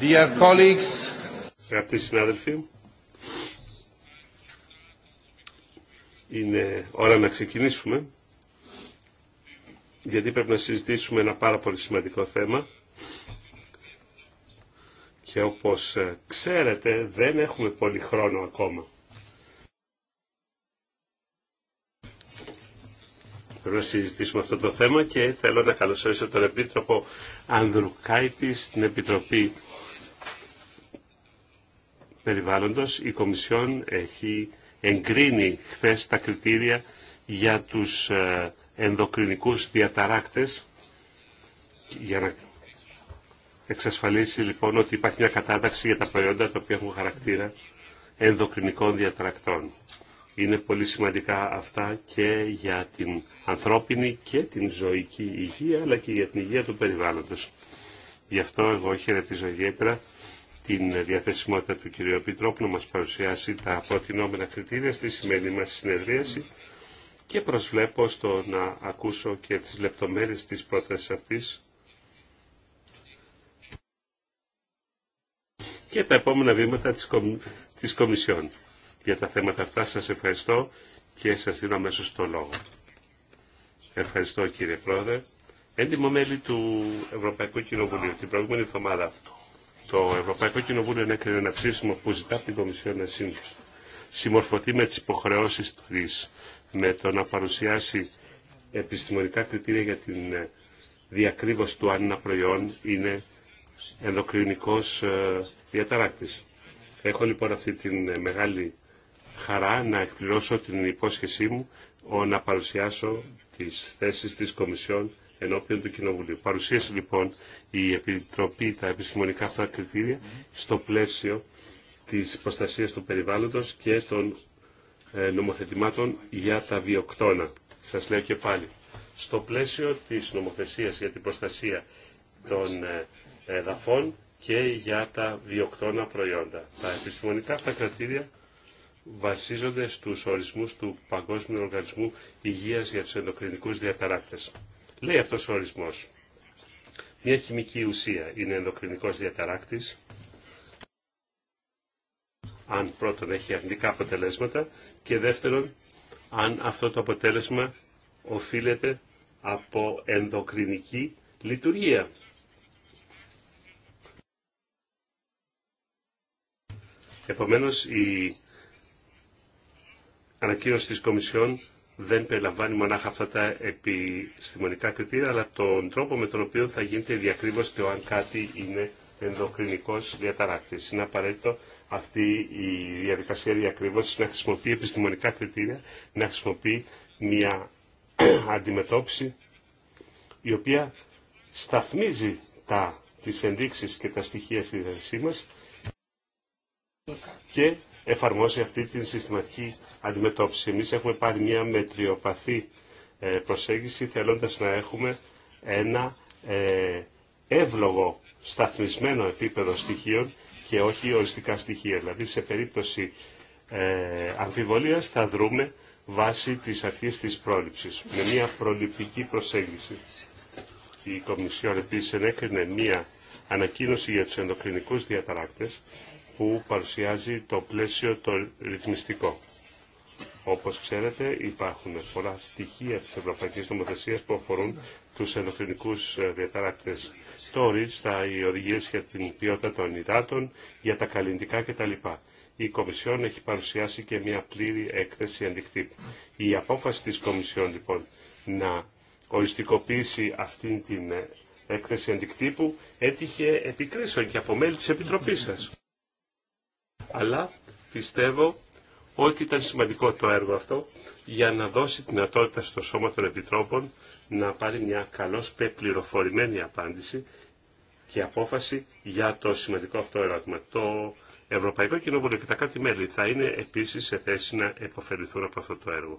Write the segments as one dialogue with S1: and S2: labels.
S1: Dear colleagues.
S2: Αγαπητοί συνάδελφοι, είναι ώρα να ξεκινήσουμε, γιατί πρέπει να συζητήσουμε ένα πάρα πολύ σημαντικό θέμα. Και όπως ε, ξέρετε δεν έχουμε πολύ χρόνο ακόμα. Πρέπει να συζητήσουμε αυτό το θέμα και θέλω να καλωσορίσω τον Επίτροπο Ανδρουκάητη στην Επιτροπή Περιβάλλοντος. Η Κομισιόν έχει εγκρίνει χθε τα κριτήρια για τους ε, ενδοκρινικούς διαταράκτες για να εξασφαλίσει λοιπόν ότι υπάρχει μια κατάταξη για τα προϊόντα τα οποία έχουν χαρακτήρα ενδοκρινικών διατρακτών. Είναι πολύ σημαντικά αυτά και για την ανθρώπινη και την ζωική υγεία, αλλά και για την υγεία του περιβάλλοντος. Γι' αυτό εγώ χαιρετίζω ιδιαίτερα την διαθεσιμότητα του κυρίου Επιτρόπου να μας παρουσιάσει τα προτινόμενα κριτήρια στη σημερινή μας συνεδρίαση και προσβλέπω στο να ακούσω και τις λεπτομέρειες της πρότασης αυτής και τα επόμενα βήματα της, Κομισιόν για τα θέματα αυτά. Σας ευχαριστώ και σας δίνω αμέσω το λόγο. Ευχαριστώ κύριε Πρόεδρε. Έντιμο μέλη του Ευρωπαϊκού Κοινοβουλίου. Την προηγούμενη εβδομάδα το Ευρωπαϊκό Κοινοβούλιο έκανε ένα ψήφισμα που ζητά από την Κομισιόν να συμμορφωθεί με τις υποχρεώσεις της, με το να παρουσιάσει επιστημονικά κριτήρια για την ε, διακρύβωση του αν ένα προϊόν είναι ενδοκρινικός ε, διαταράκτη. Έχω λοιπόν αυτή τη ε, μεγάλη χαρά να εκπληρώσω την υπόσχεσή μου να παρουσιάσω τις θέσεις της Κομισιόν ενώπιον του Κοινοβουλίου. Παρουσίασε λοιπόν η Επιτροπή τα επιστημονικά αυτά κριτήρια στο πλαίσιο της προστασίας του περιβάλλοντος και των ε, νομοθετημάτων για τα βιοκτώνα. Σας λέω και πάλι. Στο πλαίσιο της νομοθεσίας για την προστασία των ε, εδαφών και για τα βιοκτώνα προϊόντα. Τα επιστημονικά αυτά βασίζονται στους ορισμούς του Παγκόσμιου Οργανισμού Υγείας για τους ενδοκρινικούς διαταράκτες. Λέει αυτός ο ορισμός. Μια χημική ουσία είναι ενδοκρινικός διαταράκτης, αν πρώτον έχει αρνητικά αποτελέσματα και δεύτερον, αν αυτό το αποτέλεσμα οφείλεται από ενδοκρινική λειτουργία. Επομένως, η ανακοίνωση της Κομισιόν δεν περιλαμβάνει μονάχα αυτά τα επιστημονικά κριτήρια, αλλά τον τρόπο με τον οποίο θα γίνεται η διακρύβωση του αν κάτι είναι ενδοκρινικός διαταράκτη. Είναι απαραίτητο αυτή η διαδικασία διακρύβωσης να χρησιμοποιεί επιστημονικά κριτήρια, να χρησιμοποιεί μια αντιμετώπιση η οποία σταθμίζει τα, τις ενδείξεις και τα στοιχεία στη διαδικασία μας και εφαρμόζει αυτή την συστηματική αντιμετώπιση. Εμείς έχουμε πάρει μια μετριοπαθή ε, προσέγγιση θέλοντας να έχουμε ένα ε, εύλογο σταθμισμένο επίπεδο στοιχείων και όχι οριστικά στοιχεία. Δηλαδή σε περίπτωση ε, αμφιβολίας θα δρούμε βάση της αρχής της πρόληψης με μια προληπτική προσέγγιση. Η Κομισιόν επίσης ενέκρινε μια ανακοίνωση για τους ενδοκρινικούς διαταράκτες που παρουσιάζει το πλαίσιο το ρυθμιστικό. Όπως ξέρετε υπάρχουν πολλά στοιχεία της Ευρωπαϊκής Νομοθεσίας που αφορούν τους ενδοκρινικούς ε, διαταράκτες. Το RIS, τα οδηγίες για την ποιότητα των υδάτων, για τα καλλιντικά κτλ. Η Κομισιόν έχει παρουσιάσει και μια πλήρη έκθεση αντικτύπου. Η απόφαση της Κομισιόν λοιπόν να οριστικοποιήσει αυτήν την ε, έκθεση αντικτύπου έτυχε επικρίσεων και από μέλη της Επιτροπής σας. Αλλά πιστεύω ότι ήταν σημαντικό το έργο αυτό για να δώσει τη δυνατότητα στο Σώμα των Επιτρόπων να πάρει μια καλώς πεπληροφορημένη απάντηση και απόφαση για το σημαντικό αυτό ερώτημα. Το Ευρωπαϊκό Κοινόβουλιο και τα κάτι μέλη θα είναι επίσης σε θέση να επωφεληθούν από αυτό το έργο.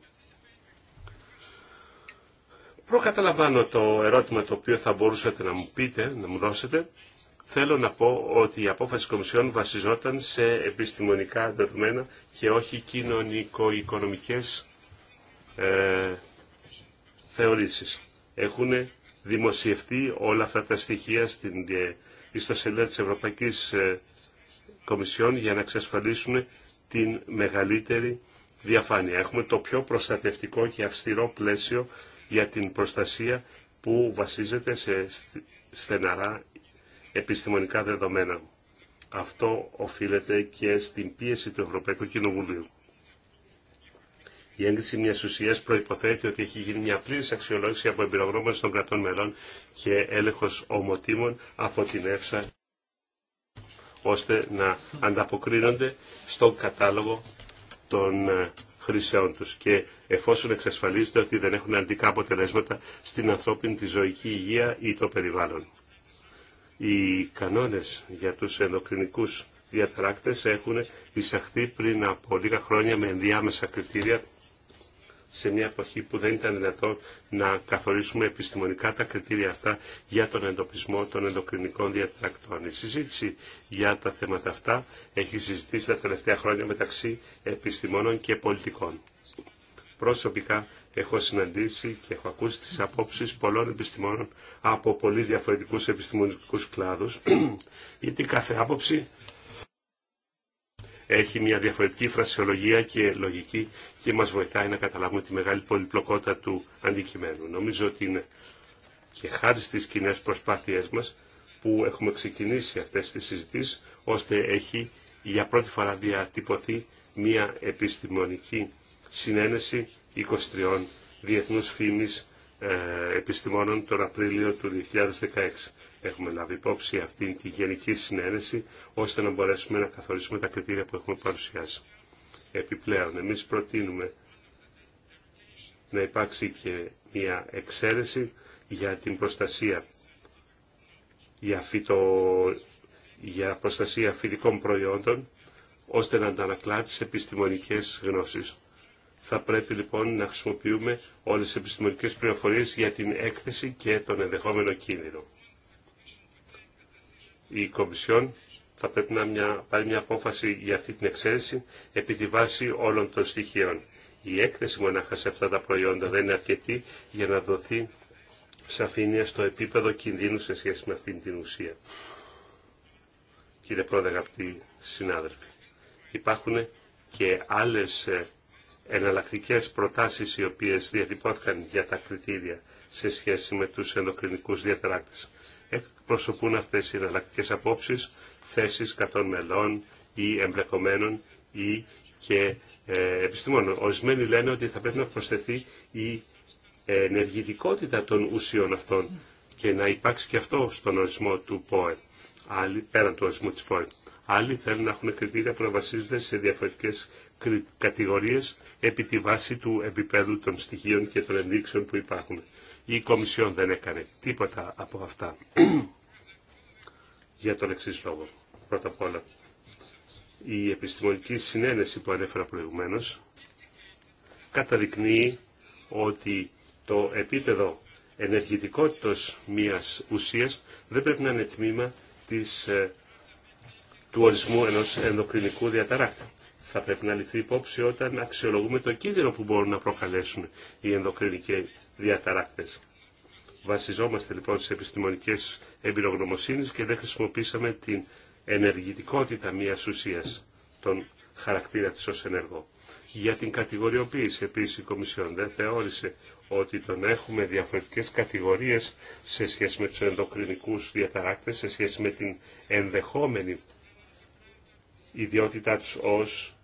S2: Προκαταλαμβάνω το ερώτημα το οποίο θα μπορούσατε να μου πείτε, να μου δώσετε, Θέλω να πω ότι η απόφαση της Κομισιόν βασιζόταν σε επιστημονικά δεδομένα και όχι κοινωνικο-οικονομικές ε, θεωρήσεις. Έχουν δημοσιευτεί όλα αυτά τα στοιχεία στην ε, ιστοσελίδα της Ευρωπαϊκής ε, Κομισιόν για να εξασφαλίσουν την μεγαλύτερη διαφάνεια. Έχουμε το πιο προστατευτικό και αυστηρό πλαίσιο για την προστασία που βασίζεται σε στεναρά επιστημονικά δεδομένα. Αυτό οφείλεται και στην πίεση του Ευρωπαϊκού Κοινοβουλίου. Η έγκριση μια ουσία προποθέτει ότι έχει γίνει μια πλήρη αξιολόγηση από εμπειρογνώμονε των κρατών μελών και έλεγχο ομοτήμων από την ΕΦΣΑ ώστε να ανταποκρίνονται στον κατάλογο των ε, χρήσεών τους και εφόσον εξασφαλίζεται ότι δεν έχουν αντικά αποτελέσματα στην ανθρώπινη τη ζωική υγεία ή το περιβάλλον οι κανόνες για τους ενδοκρινικούς διαταράκτες έχουν εισαχθεί πριν από λίγα χρόνια με ενδιάμεσα κριτήρια σε μια εποχή που δεν ήταν δυνατόν να καθορίσουμε επιστημονικά τα κριτήρια αυτά για τον εντοπισμό των ενδοκρινικών διαταρακτών. Η συζήτηση για τα θέματα αυτά έχει συζητήσει τα τελευταία χρόνια μεταξύ επιστημόνων και πολιτικών. Προσωπικά Έχω συναντήσει και έχω ακούσει τις απόψεις πολλών επιστημόνων από πολύ διαφορετικούς επιστημονικούς κλάδους, γιατί κάθε άποψη έχει μια διαφορετική φρασιολογία και λογική και μας βοηθάει να καταλάβουμε τη μεγάλη πολυπλοκότητα του αντικειμένου. Νομίζω ότι είναι και χάρη στις κοινέ προσπάθειές μας που έχουμε ξεκινήσει αυτές τις συζητήσεις, ώστε έχει για πρώτη φορά διατυπωθεί μια επιστημονική συνένεση 23 διεθνούς φήμης ε, επιστημόνων τον Απρίλιο του 2016. Έχουμε λάβει υπόψη αυτή τη γενική συνένεση ώστε να μπορέσουμε να καθορίσουμε τα κριτήρια που έχουμε παρουσιάσει. Επιπλέον, εμείς προτείνουμε να υπάρξει και μια εξαίρεση για την προστασία για, φυτο, για προστασία φυτικών προϊόντων ώστε να αντανακλά τις επιστημονικές γνώσεις. Θα πρέπει λοιπόν να χρησιμοποιούμε όλες τις επιστημονικές πληροφορίες για την έκθεση και τον ενδεχόμενο κίνδυνο. Η Κομισιόν θα πρέπει να μια, πάρει μια απόφαση για αυτή την εξαίρεση επί τη βάση όλων των στοιχείων. Η έκθεση μονάχα σε αυτά τα προϊόντα δεν είναι αρκετή για να δοθεί σαφήνεια στο επίπεδο κινδύνου σε σχέση με αυτήν την ουσία. Κύριε Πρόεδρε, αγαπητοί συνάδελφοι, υπάρχουν και άλλες ε, εναλλακτικές προτάσεις οι οποίες διατυπώθηκαν για τα κριτήρια σε σχέση με τους ενδοκρινικούς διαταράκτες. Εκπροσωπούν αυτές οι εναλλακτικές απόψεις θέσεις κατών μελών ή εμπλεκομένων ή και ε, επιστημόνων. Ορισμένοι λένε ότι θα πρέπει να προσθεθεί η ενεργητικότητα των ουσιών αυτών και να υπάρξει και αυτό στον ορισμό του ΠΟΕ, πέραν του ορισμού της ΠΟΕ. Άλλοι θέλουν να έχουν κριτήρια που να βασίζονται σε διαφορετικέ κατηγορίες επί τη βάση του επίπεδου των στοιχείων και των ενδείξεων που υπάρχουν. Η Κομισιόν δεν έκανε τίποτα από αυτά για τον εξή λόγο. Πρώτα απ' όλα, η επιστημονική συνένεση που ανέφερα προηγουμένως καταδεικνύει ότι το επίπεδο ενεργητικότητος μιας ουσίας δεν πρέπει να είναι τμήμα της, ε, του ορισμού ενός ενδοκρινικού διαταράκτη θα πρέπει να ληφθεί υπόψη όταν αξιολογούμε το κίνδυνο που μπορούν να προκαλέσουν οι ενδοκρινικοί διαταράκτες. Βασιζόμαστε λοιπόν στις επιστημονικές εμπειρογνωμοσύνες και δεν χρησιμοποίησαμε την ενεργητικότητα μιας ουσίας, τον χαρακτήρα της ως ενεργό. Για την κατηγοριοποίηση επίσης η Κομισιόν δεν θεώρησε ότι το να έχουμε διαφορετικές κατηγορίες σε σχέση με τους ενδοκρινικούς διαταράκτες, σε σχέση με την ενδεχόμενη ιδιότητά τους ως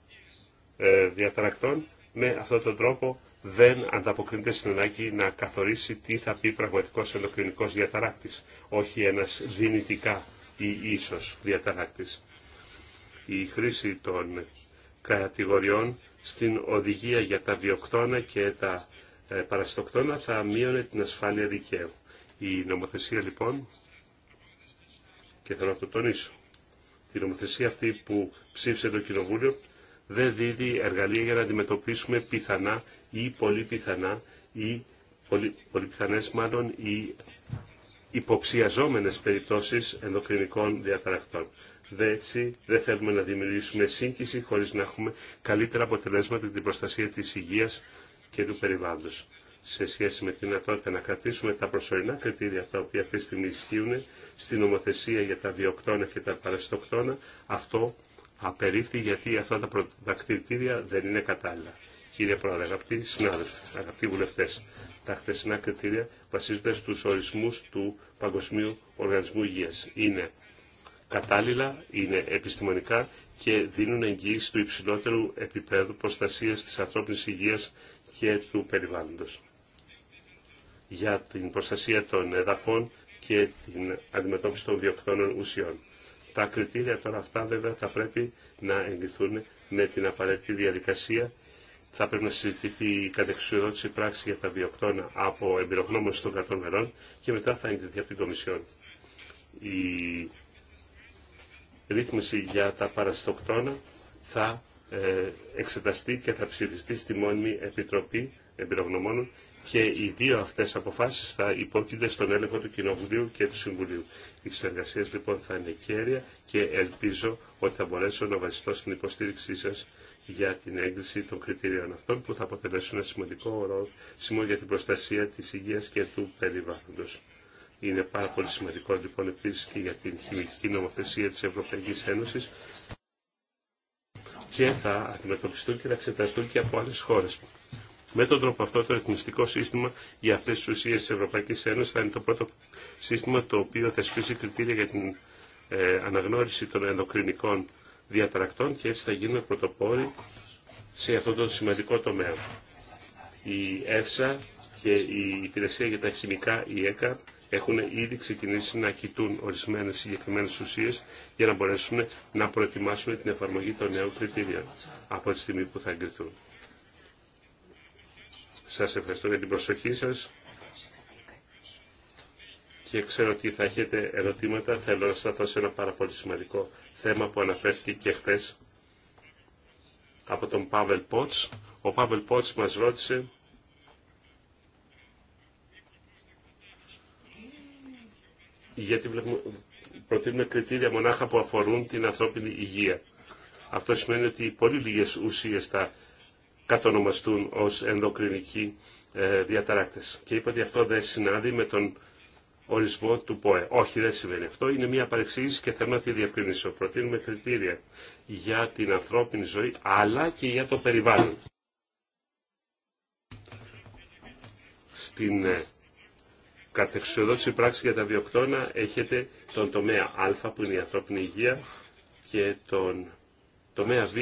S2: ε, διαταρακτών, με αυτόν τον τρόπο δεν ανταποκρίνεται στην ανάγκη να καθορίσει τι θα πει πραγματικός ενδοκρινικός διαταράκτης, όχι ένας δυνητικά ή ίσως διαταράκτης. Η χρήση των κατηγοριών στην οδηγία για τα βιοκτώνα και τα ε, παραστοκτώνα θα μείωνε την ασφάλεια δικαίου. Η νομοθεσία λοιπόν, και θέλω να το τονίσω, τη νομοθεσία αυτή που ψήφισε το Κοινοβούλιο δεν δίδει εργαλεία για να αντιμετωπίσουμε πιθανά ή πολύ πιθανά ή πολύ, πολύ πιθανές μάλλον ή υποψιαζόμενες περιπτώσεις ενδοκρινικών διαταραχτών. Δε έτσι δεν θέλουμε να δημιουργήσουμε σύγκριση χωρίς να έχουμε καλύτερα αποτελέσματα για την προστασία της υγείας και του περιβάλλοντος. Σε σχέση με τη δυνατότητα να κρατήσουμε τα προσωρινά κριτήρια τα οποία αυτή τη στιγμή ισχύουν στην νομοθεσία για τα βιοκτώνα και τα παραστοκτώνα, αυτό απερίφθη γιατί αυτά τα, κριτήρια δεν είναι κατάλληλα. Κύριε Πρόεδρε, αγαπητοί συνάδελφοι, αγαπητοί βουλευτέ, τα χθεσινά κριτήρια βασίζονται στου ορισμού του Παγκοσμίου Οργανισμού Υγεία. Είναι κατάλληλα, είναι επιστημονικά και δίνουν εγγύηση του υψηλότερου επίπεδου προστασία τη ανθρώπινη υγεία και του περιβάλλοντο. Για την προστασία των εδαφών και την αντιμετώπιση των βιοκτώνων ουσιών. Τα κριτήρια τώρα αυτά βέβαια θα πρέπει να εγκριθούν με την απαραίτητη διαδικασία. Θα πρέπει να συζητηθεί η κατεξουδότηση πράξη για τα βιοκτώνα από εμπειρογνώμονε των κρατών μερών και μετά θα εγκριθεί από την Κομισιόν. Η ρύθμιση για τα παραστοκτώνα θα ε, εξεταστεί και θα ψηφιστεί στη μόνιμη Επιτροπή Εμπειρογνωμόνων και οι δύο αυτέ αποφάσεις θα υπόκεινται στον έλεγχο του Κοινοβουλίου και του Συμβουλίου. Οι συνεργασίε λοιπόν θα είναι κέρια και ελπίζω ότι θα μπορέσω να βασιστώ στην υποστήριξή σα για την έγκριση των κριτηρίων αυτών που θα αποτελέσουν ένα σημαντικό ρόλο για την προστασία τη υγεία και του περιβάλλοντο. Είναι πάρα πολύ σημαντικό λοιπόν επίση και για την χημική νομοθεσία τη Ευρωπαϊκή Ένωση. και θα αντιμετωπιστούν και να εξεταστούν και από άλλε χώρε. Με τον τρόπο αυτό το εθνιστικό σύστημα για αυτές τις ουσίες της Ευρωπαϊκής Ένωσης θα είναι το πρώτο σύστημα το οποίο θα σπίσει κριτήρια για την ε, αναγνώριση των ενδοκρινικών διαταρακτών και έτσι θα γίνουμε πρωτοπόροι σε αυτό το σημαντικό τομέα. Η ΕΦΣΑ και η Υπηρεσία για τα Χημικά, η ΕΚΑ, έχουν ήδη ξεκινήσει να κοιτούν ορισμένες συγκεκριμένες ουσίες για να μπορέσουν να προετοιμάσουν την εφαρμογή των νέων κριτήριων από τη στιγμή που θα εγκριθούν. Σας ευχαριστώ για την προσοχή σας και ξέρω ότι θα έχετε ερωτήματα. Θέλω να σταθώ σε ένα πάρα πολύ σημαντικό θέμα που αναφέρθηκε και χθε από τον Πάβελ Πότς. Ο Πάβελ Πότς μας ρώτησε γιατί προτείνουμε κριτήρια μονάχα που αφορούν την ανθρώπινη υγεία. Αυτό σημαίνει ότι πολύ λίγες ουσίες θα κατονομαστούν ως ενδοκρινικοί ε, διαταράκτες. Και είπα ότι αυτό δεν συνάδει με τον ορισμό του ΠΟΕ. Όχι, δεν συμβαίνει αυτό. Είναι μια παρεξήγηση και θέλω να τη διευκρινίσω. Προτείνουμε κριτήρια για την ανθρώπινη ζωή, αλλά και για το περιβάλλον. Στην ε, κατεξοδότηση πράξη για τα βιοκτώνα έχετε τον τομέα Α που είναι η ανθρώπινη υγεία και τον τομέα Β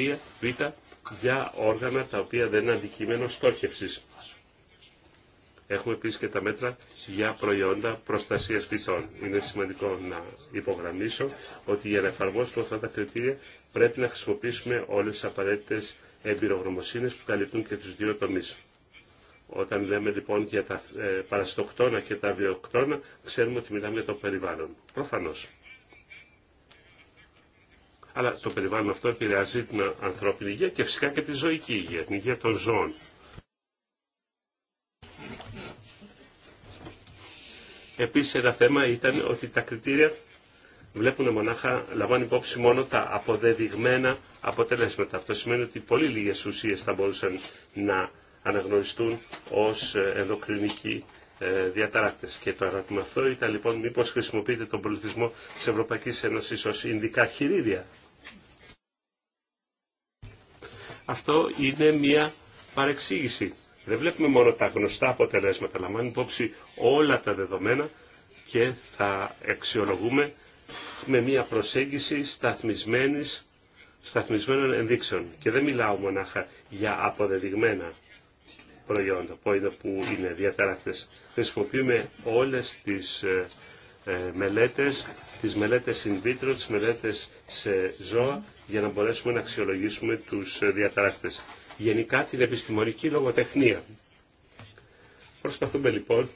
S2: για όργανα τα οποία δεν είναι αντικείμενο στόχευση. Έχουμε επίση και τα μέτρα για προϊόντα προστασίας φυσών. Είναι σημαντικό να υπογραμμίσω ότι για να εφαρμόσουμε αυτά τα κριτήρια πρέπει να χρησιμοποιήσουμε όλε τι απαραίτητε εμπειρογνωμοσύνε που καλυπτούν και του δύο τομείς. Όταν λέμε λοιπόν για τα ε, παραστοκτόνα και τα βιοκτόνα, ξέρουμε ότι μιλάμε για το περιβάλλον. Προφανώς αλλά το περιβάλλον αυτό επηρεάζει την ανθρώπινη υγεία και φυσικά και τη ζωική υγεία, την υγεία των ζώων. Επίσης ένα θέμα ήταν ότι τα κριτήρια βλέπουν μονάχα, λαμβάνουν υπόψη μόνο τα αποδεδειγμένα αποτελέσματα. Αυτό σημαίνει ότι πολύ λίγες ουσίες θα μπορούσαν να αναγνωριστούν ως ενδοκρινικοί ε, διαταράκτες. Και το ερώτημα αυτό ήταν λοιπόν μήπως χρησιμοποιείται τον πολιτισμό της Ευρωπαϊκής Ένωσης ως ειδικά χειρίδια αυτό είναι μια παρεξήγηση. Δεν βλέπουμε μόνο τα γνωστά αποτελέσματα, λαμβάνουμε υπόψη όλα τα δεδομένα και θα αξιολογούμε με μια προσέγγιση σταθμισμένης, σταθμισμένων ενδείξεων. Και δεν μιλάω μονάχα για αποδεδειγμένα προϊόντα, που είναι διαταράκτες. Χρησιμοποιούμε όλες τις ε, ε, μελέτες, τις μελέτες in vitro, τις μελέτες σε ζώα για να μπορέσουμε να αξιολογήσουμε τους ε, διαταράκτες. Γενικά την επιστημονική λογοτεχνία. Προσπαθούμε λοιπόν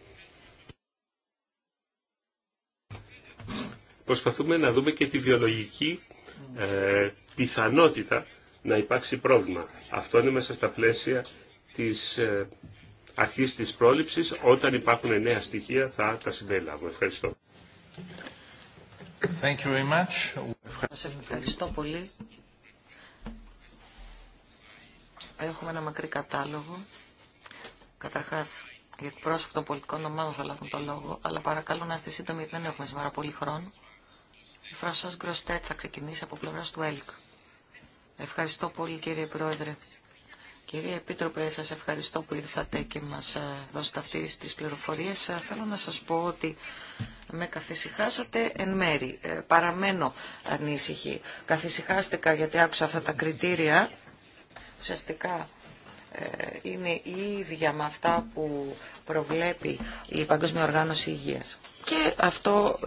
S2: προσπαθούμε να δούμε και τη βιολογική ε, πιθανότητα να υπάρξει πρόβλημα. Αυτό είναι μέσα στα πλαίσια της ε, αρχής της πρόληψης. Όταν υπάρχουν νέα στοιχεία θα τα
S3: συμπεριλάβουμε. Ευχαριστώ. Thank Σας ευχαριστώ πολύ. Έχουμε ένα μακρύ κατάλογο. Καταρχάς, οι εκπρόσωποι των πολιτικών ομάδων θα λάβουν το λόγο, αλλά παρακαλώ να είστε σύντομοι γιατί δεν έχουμε σήμερα πολύ χρόνο. Η Φρασάς Γκροστέτ θα ξεκινήσει από πλευρά του ΕΛΚ. Ευχαριστώ πολύ κύριε Πρόεδρε. Κύριε Επίτροπε, σας ευχαριστώ που ήρθατε και μας ε, δώσετε αυτές τις πληροφορίες. Ε, θέλω να σας πω ότι με καθησυχάσατε εν μέρη. Ε, παραμένω ανήσυχη. Καθησυχάστηκα γιατί άκουσα αυτά τα κριτήρια. Ουσιαστικά είναι η ίδια με αυτά που προβλέπει η Παγκόσμια Οργάνωση Υγείας. Και αυτό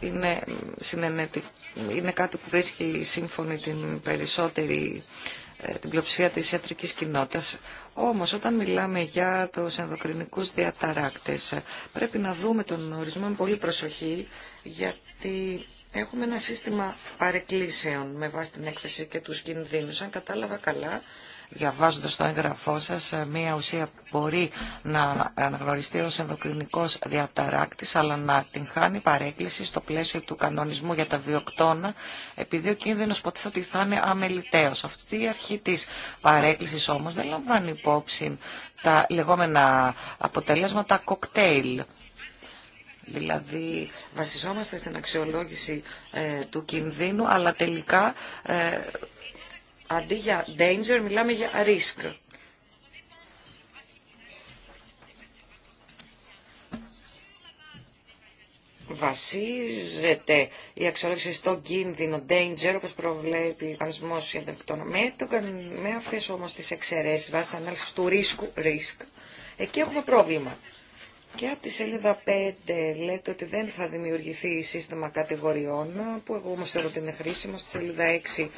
S3: είναι, συνενετι... είναι κάτι που βρίσκει σύμφωνη την περισσότερη ε, την πλειοψηφία της ιατρικής κοινότητας. Όμως όταν μιλάμε για τους ενδοκρινικούς διαταράκτες πρέπει να δούμε τον ορισμό με πολύ προσοχή γιατί έχουμε ένα σύστημα παρεκκλήσεων με βάση την έκθεση και τους κινδύνους. Αν κατάλαβα καλά διαβάζοντας το έγγραφό σας, ε, μια ουσία μπορεί να αναγνωριστεί ως ενδοκρινικός διαταράκτης, αλλά να την χάνει παρέκκληση στο πλαίσιο του κανονισμού για τα βιοκτώνα, επειδή ο κίνδυνος ποτέ ότι θα είναι αμεληταίος. Αυτή η αρχή της παρέκκλησης όμως δεν λαμβάνει υπόψη τα λεγόμενα αποτελέσματα κοκτέιλ. Δηλαδή βασιζόμαστε στην αξιολόγηση ε, του κινδύνου αλλά τελικά ε, Αντί για danger μιλάμε για risk. Βασίζεται η αξιολόγηση στο κίνδυνο danger, όπως προβλέπει ο κανονισμός για Με, το, με αυτές όμως τις εξαιρέσεις βάσει ανάλυσης του risk, εκεί έχουμε πρόβλημα. Και από τη σελίδα 5 λέτε ότι δεν θα δημιουργηθεί σύστημα κατηγοριών, που εγώ όμως θεωρώ ότι είναι χρήσιμο. Στη σελίδα 6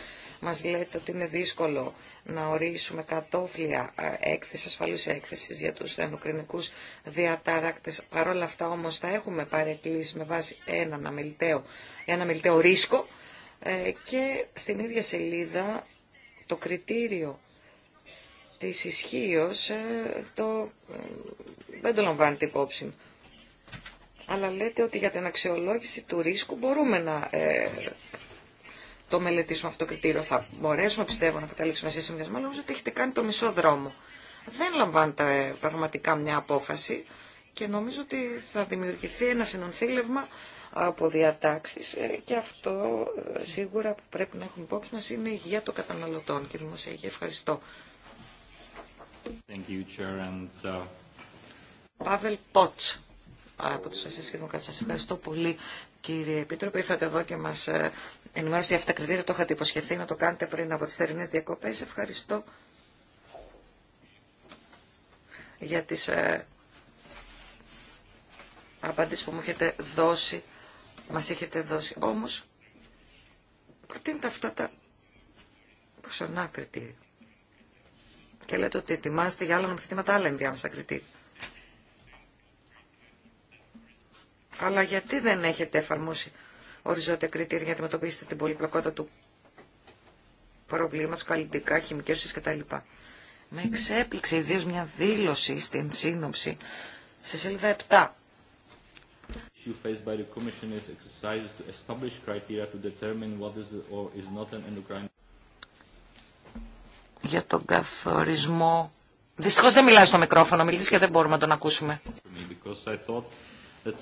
S3: μας λέτε ότι είναι δύσκολο να ορίσουμε κατόφλια ε, έκθεση, ασφαλούς έκθεση για τους ενδοκρινικούς διαταράκτες. Παρ' όλα αυτά όμως θα έχουμε παρεκκλήσει με βάση έναν αμεληταίο, ένα αμεληταίο ρίσκο ε, και στην ίδια σελίδα το κριτήριο της ισχύω ε, το, δεν το λαμβάνετε υπόψη. Αλλά λέτε ότι για την αξιολόγηση του ρίσκου μπορούμε να το μελετήσουμε αυτό το κριτήριο. Θα μπορέσουμε, πιστεύω, να καταλήξουμε σε συμβιασμό, αλλά νομίζω ότι έχετε κάνει το μισό δρόμο. Δεν λαμβάνετε πραγματικά μια απόφαση και νομίζω ότι θα δημιουργηθεί ένα συνονθήλευμα από διατάξει ε, και αυτό ε, σίγουρα που πρέπει να έχουμε υπόψη μα είναι η υγεία των καταναλωτών. Κύριε Δημοσιακή, ευχαριστώ. Thank you, Chair, and, uh, από τους Σας ευχαριστώ πολύ κύριε Επίτροπε. Ήρθατε εδώ και μας ε, ενημέρωσε για αυτά τα κριτήρια. Το είχατε υποσχεθεί να το κάνετε πριν από τις θερινές διακοπές. Ευχαριστώ για τις ε, απαντήσεις που μου έχετε δώσει, μας έχετε δώσει. Όμως, προτείνετε αυτά τα προσωνά κριτήρια. Και λέτε ότι ετοιμάστε για άλλα νομοθετήματα άλλα ενδιάμεσα κριτήρια. Αλλά γιατί δεν έχετε εφαρμόσει οριζόντια κριτήρια για να αντιμετωπίσετε την πολυπλοκότητα του προβλήματο, καλλιτικά, χημικέ ουσίε κτλ. Με εξέπληξε ιδίω μια δήλωση στην σύνοψη στη σελίδα 7. Για τον καθορισμό. Δυστυχώ δεν μιλάει στο μικρόφωνο, μιλήσει και δεν μπορούμε να τον ακούσουμε. Uh,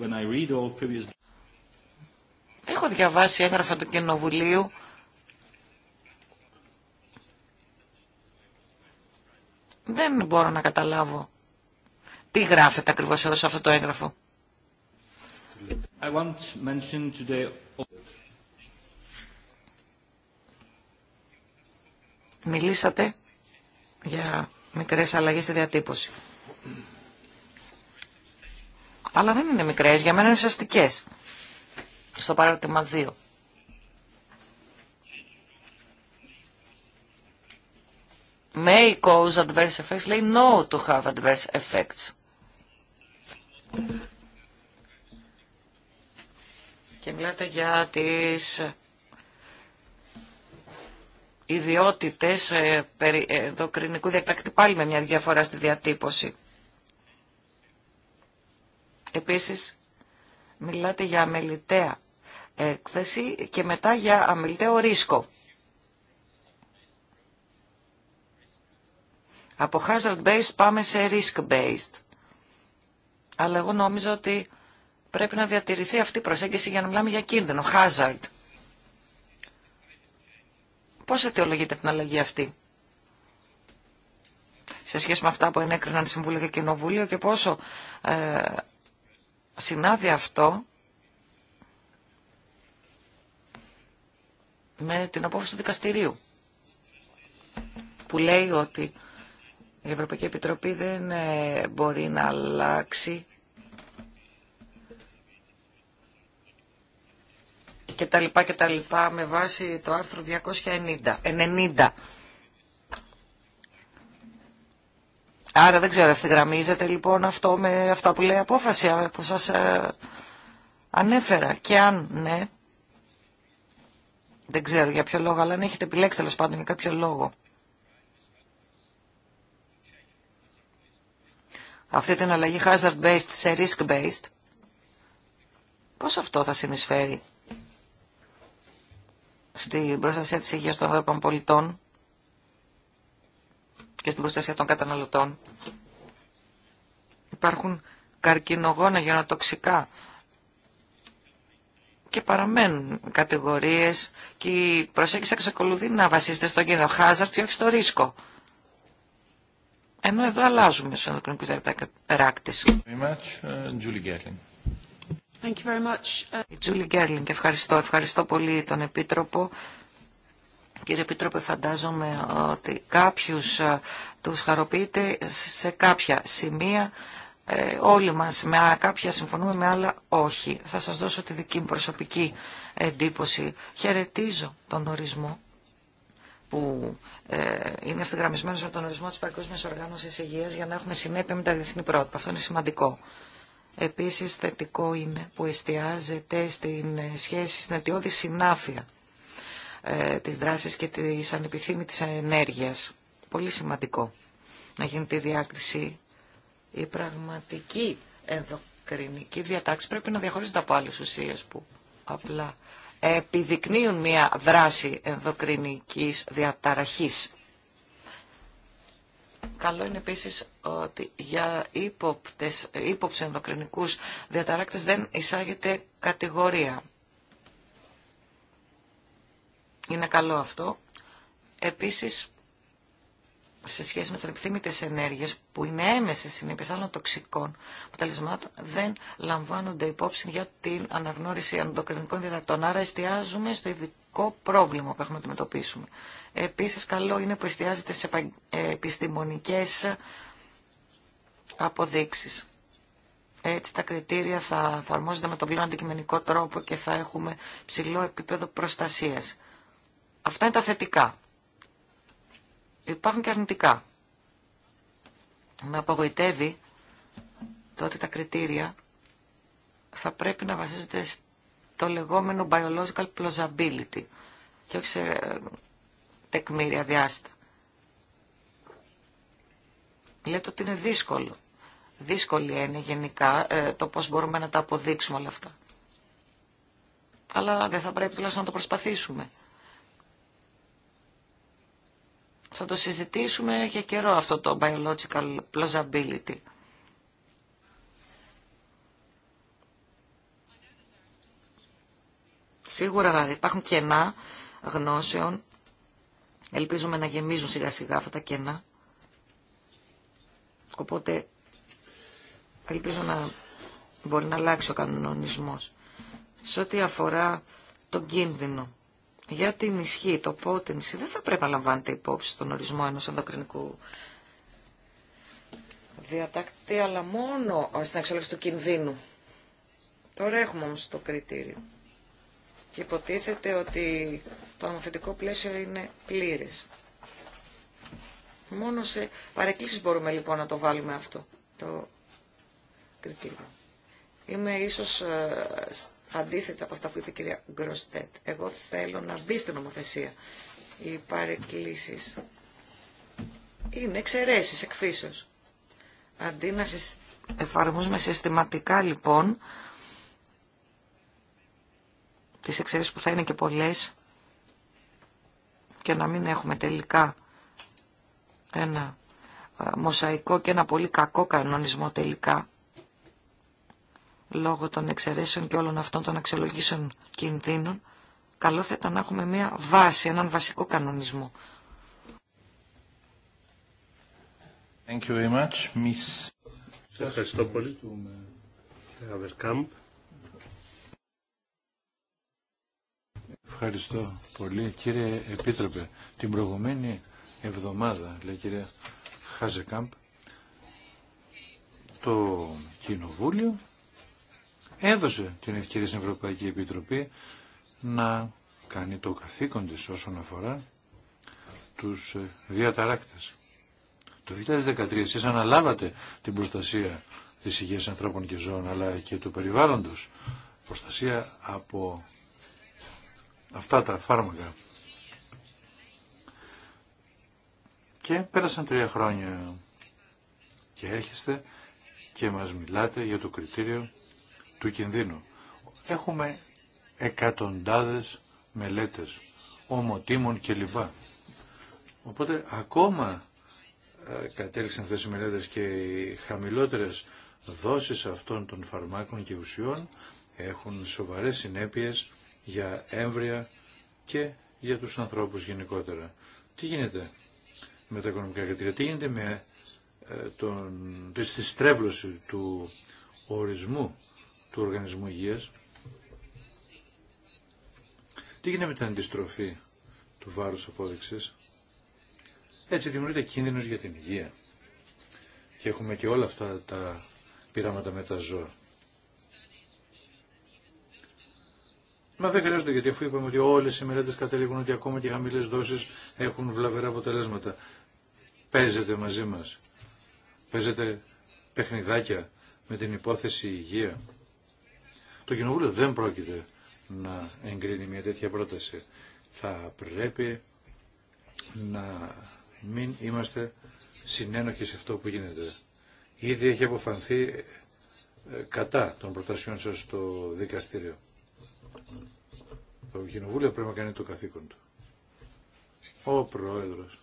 S2: uh,
S3: Έχω διαβάσει έγγραφα του Κοινοβουλίου Δεν μπορώ να καταλάβω τι γράφεται ακριβώς εδώ σε αυτό το έγγραφο.
S1: I want mention today...
S3: Μιλήσατε για μικρέ αλλαγές στη διατύπωση. Αλλά δεν είναι μικρές, για μένα είναι ουσιαστικέ. Στο παράδειγμα 2. May cause adverse effects, λέει no to have adverse effects. Και μιλάτε για τις ιδιότητες ε, ενδοκρινικού διακράκτη πάλι με μια διαφορά στη διατύπωση. Επίσης, μιλάτε για αμεληταία έκθεση και μετά για αμεληταίο ρίσκο. Από hazard-based πάμε σε risk-based. Αλλά εγώ νόμιζα ότι πρέπει να διατηρηθεί αυτή η προσέγγιση για να μιλάμε για κίνδυνο, hazard. Πώς αιτιολογείται την αλλαγή αυτή σε σχέση με αυτά που ενέκριναν Συμβούλιο και Κοινοβούλιο και πόσο ε, συνάδει αυτό με την απόφαση του δικαστηρίου που λέει ότι η Ευρωπαϊκή Επιτροπή δεν ε, μπορεί να αλλάξει και τα λοιπά και τα λοιπά με βάση το άρθρο 290. 90. Άρα δεν ξέρω, ευθυγραμμίζεται λοιπόν αυτό με αυτά που λέει η απόφαση ε, που σας ε, ανέφερα. Και αν ναι, δεν ξέρω για ποιο λόγο, αλλά αν έχετε επιλέξει τέλο πάντων για κάποιο λόγο. Αυτή την αλλαγή hazard-based σε risk-based, πώς αυτό θα συνεισφέρει στην προστασία της υγείας των Ευρωπαϊκών πολιτών και στην προστασία των καταναλωτών. Υπάρχουν καρκινογόνα, γενοτοξικά και παραμένουν κατηγορίες και η προσέγγιση εξακολουθεί να βασίζεται στον κίνδυνο χάζαρτ και όχι στο ρίσκο. Ενώ εδώ αλλάζουμε στους ενδοκρινικούς διαταράκτες. Uh, η Τζούλη Γκέρλινγκ, ευχαριστώ. Ευχαριστώ πολύ τον Επίτροπο Κύριε Επίτροπε, φαντάζομαι ότι κάποιους ε, τους χαροποιείτε σε κάποια σημεία. Ε, όλοι μας με κάποια συμφωνούμε, με άλλα όχι. Θα σας δώσω τη δική μου προσωπική εντύπωση. Χαιρετίζω τον ορισμό που ε, είναι ευθυγραμμισμένος με τον ορισμό της Παγκόσμιας Οργάνωσης Υγείας για να έχουμε συνέπεια με τα διεθνή πρότυπα. Αυτό είναι σημαντικό. Επίσης θετικό είναι που εστιάζεται στην σχέση, στην αιτιώδη συνάφεια ε, της δράσης και της ανεπιθύμητης ενέργειας. Πολύ σημαντικό να γίνεται η διάκριση η πραγματική ενδοκρινική διατάξη πρέπει να διαχωρίζεται από άλλες ουσίες που απλά επιδεικνύουν μια δράση ενδοκρινικής διαταραχής. Καλό είναι επίσης ότι για ύποψη ενδοκρινικούς διαταράκτες δεν εισάγεται κατηγορία. Είναι καλό αυτό. Επίσης, σε σχέση με τι επιθυμητέ ενέργειε που είναι έμεσε συνέπειε άλλων τοξικών αποτελεσμάτων δεν λαμβάνονται υπόψη για την αναγνώριση αντοκρινικών διδακτών. Άρα εστιάζουμε στο ειδικό πρόβλημα που έχουμε να αντιμετωπίσουμε. Επίση, καλό είναι που εστιάζεται σε επιστημονικέ αποδείξει. Έτσι τα κριτήρια θα εφαρμόζονται με τον πλέον αντικειμενικό τρόπο και θα έχουμε ψηλό επίπεδο προστασίας. Αυτά είναι τα θετικά. Υπάρχουν και αρνητικά. Με απογοητεύει το ότι τα κριτήρια θα πρέπει να βασίζονται στο λεγόμενο biological plausibility και όχι σε ε, τεκμήρια διάστα. Λέτε ότι είναι δύσκολο. Δύσκολη είναι γενικά ε, το πώς μπορούμε να τα αποδείξουμε όλα αυτά. Αλλά δεν θα πρέπει τουλάχιστον να το προσπαθήσουμε. Θα το συζητήσουμε για καιρό αυτό το biological plausibility. Σίγουρα υπάρχουν κενά γνώσεων. Ελπίζουμε να γεμίζουν σιγά σιγά αυτά τα κενά. Οπότε ελπίζω να μπορεί να αλλάξει ο κανονισμός. Σε ό,τι αφορά τον κίνδυνο για την ισχύ, το πότενση, δεν θα πρέπει να λαμβάνετε υπόψη στον ορισμό ενός ενδοκρινικού διατάκτη, αλλά μόνο στην αξιολόγηση του κινδύνου. Τώρα έχουμε όμως το κριτήριο. Και υποτίθεται ότι το αναθετικό πλαίσιο είναι πλήρες. Μόνο σε παρεκκλήσεις μπορούμε λοιπόν να το βάλουμε αυτό το κριτήριο. Είμαι ίσως ε, αντίθετα από αυτά που είπε η κυρία Γκροστέτ. Εγώ θέλω να μπει στην νομοθεσία οι παρεκκλήσει. Είναι εξαιρέσει εκφύσεως. Αντί να εφαρμόζουμε συστηματικά λοιπόν τις εξαιρέσεις που θα είναι και πολλές και να μην έχουμε τελικά ένα ε, μοσαϊκό και ένα πολύ κακό κανονισμό τελικά λόγω των εξαιρέσεων και όλων αυτών των αξιολογήσεων κινδύνων, καλό θα ήταν να έχουμε μια βάση, έναν βασικό κανονισμό.
S1: Thank you very much. Miss...
S2: ευχαριστώ πολύ.
S1: Ευχαριστώ πολύ. Κύριε Επίτροπε, την προηγουμένη εβδομάδα, λέει κύριε Χάζεκάμπ, το Κοινοβούλιο έδωσε την ευκαιρία στην Ευρωπαϊκή Επιτροπή να κάνει το καθήκον της όσον αφορά τους ε, διαταράκτες. Το 2013 εσείς αναλάβατε την προστασία της υγείας ανθρώπων και ζώων αλλά και του περιβάλλοντος. Προστασία από αυτά τα φάρμακα. Και πέρασαν τρία χρόνια και έρχεστε και μας μιλάτε για το κριτήριο του κινδύνου. Έχουμε εκατοντάδες μελέτες, ομοτήμων κλπ. Οπότε ακόμα ε, κατέληξαν αυτές οι μελέτες και οι χαμηλότερες δόσεις αυτών των φαρμάκων και ουσιών έχουν σοβαρές συνέπειες για έμβρια και για τους ανθρώπους γενικότερα. Τι γίνεται με τα οικονομικά κριτήρια, τι γίνεται με ε, τον, τη στρέβλωση του ορισμού του Οργανισμού Υγείας. Τι γίνεται με την αντιστροφή του βάρους απόδειξης. Έτσι δημιουργείται κίνδυνος για την υγεία. Και έχουμε και όλα αυτά τα πειράματα με τα ζώα. Μα δεν χρειάζονται γιατί αφού είπαμε ότι όλες οι μελέτες κατέληγουν ότι ακόμα και οι χαμηλές δόσεις έχουν βλαβερά αποτελέσματα. Παίζετε μαζί μας. Παίζετε παιχνιδάκια με την υπόθεση υγεία. Το Κοινοβούλιο δεν πρόκειται να εγκρίνει μια τέτοια πρόταση. Θα πρέπει να μην είμαστε συνένοχοι σε αυτό που γίνεται. Ήδη έχει αποφανθεί ε, κατά των προτασιών σας στο δικαστήριο. Το Κοινοβούλιο πρέπει να κάνει το καθήκον του. Ο Πρόεδρος.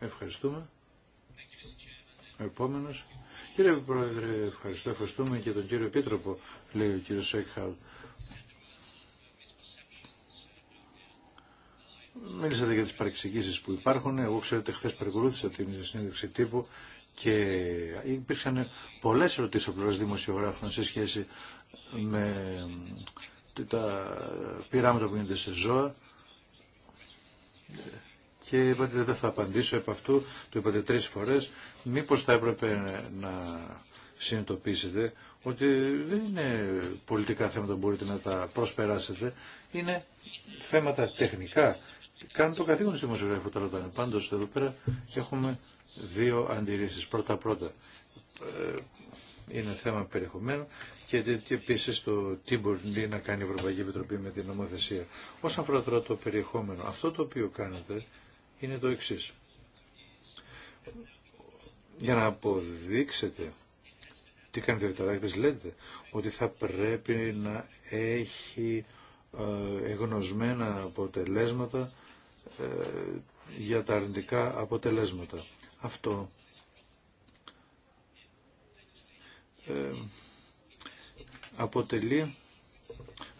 S1: Ευχαριστούμε. Επόμενος. Κύριε Πρόεδρε, ευχαριστώ. Ευχαριστούμε και τον κύριο Επίτροπο, λέει ο κύριος Σέκχαλ. Μίλησατε για τις παρεξηγήσεις που υπάρχουν. Εγώ ξέρετε χθε παρακολούθησα την συνέντευξη τύπου και υπήρξαν πολλέ ερωτήσει από πλευράς δημοσιογράφων σε σχέση με τα πειράματα που γίνονται σε ζώα και είπατε δεν θα απαντήσω επ' αυτού, το είπατε τρεις φορές, μήπως θα έπρεπε να συνειδητοποιήσετε ότι δεν είναι πολιτικά θέματα που μπορείτε να τα προσπεράσετε, είναι θέματα τεχνικά. Κάνουν το καθήκον στη δημοσιογραφία που τα ρωτάνε. Πάντως εδώ πέρα έχουμε δύο αντιρρήσεις. Πρώτα-πρώτα ε, είναι θέμα περιεχομένου και επίση το τι μπορεί να κάνει η Ευρωπαϊκή Επιτροπή με την νομοθεσία. Όσον αφορά τώρα το περιεχόμενο, αυτό το οποίο κάνετε είναι το εξής. Για να αποδείξετε τι κάνει διαταράκτης λέτε ότι θα πρέπει να έχει ε, εγνωσμένα αποτελέσματα ε, για τα αρνητικά αποτελέσματα. Αυτό ε, αποτελεί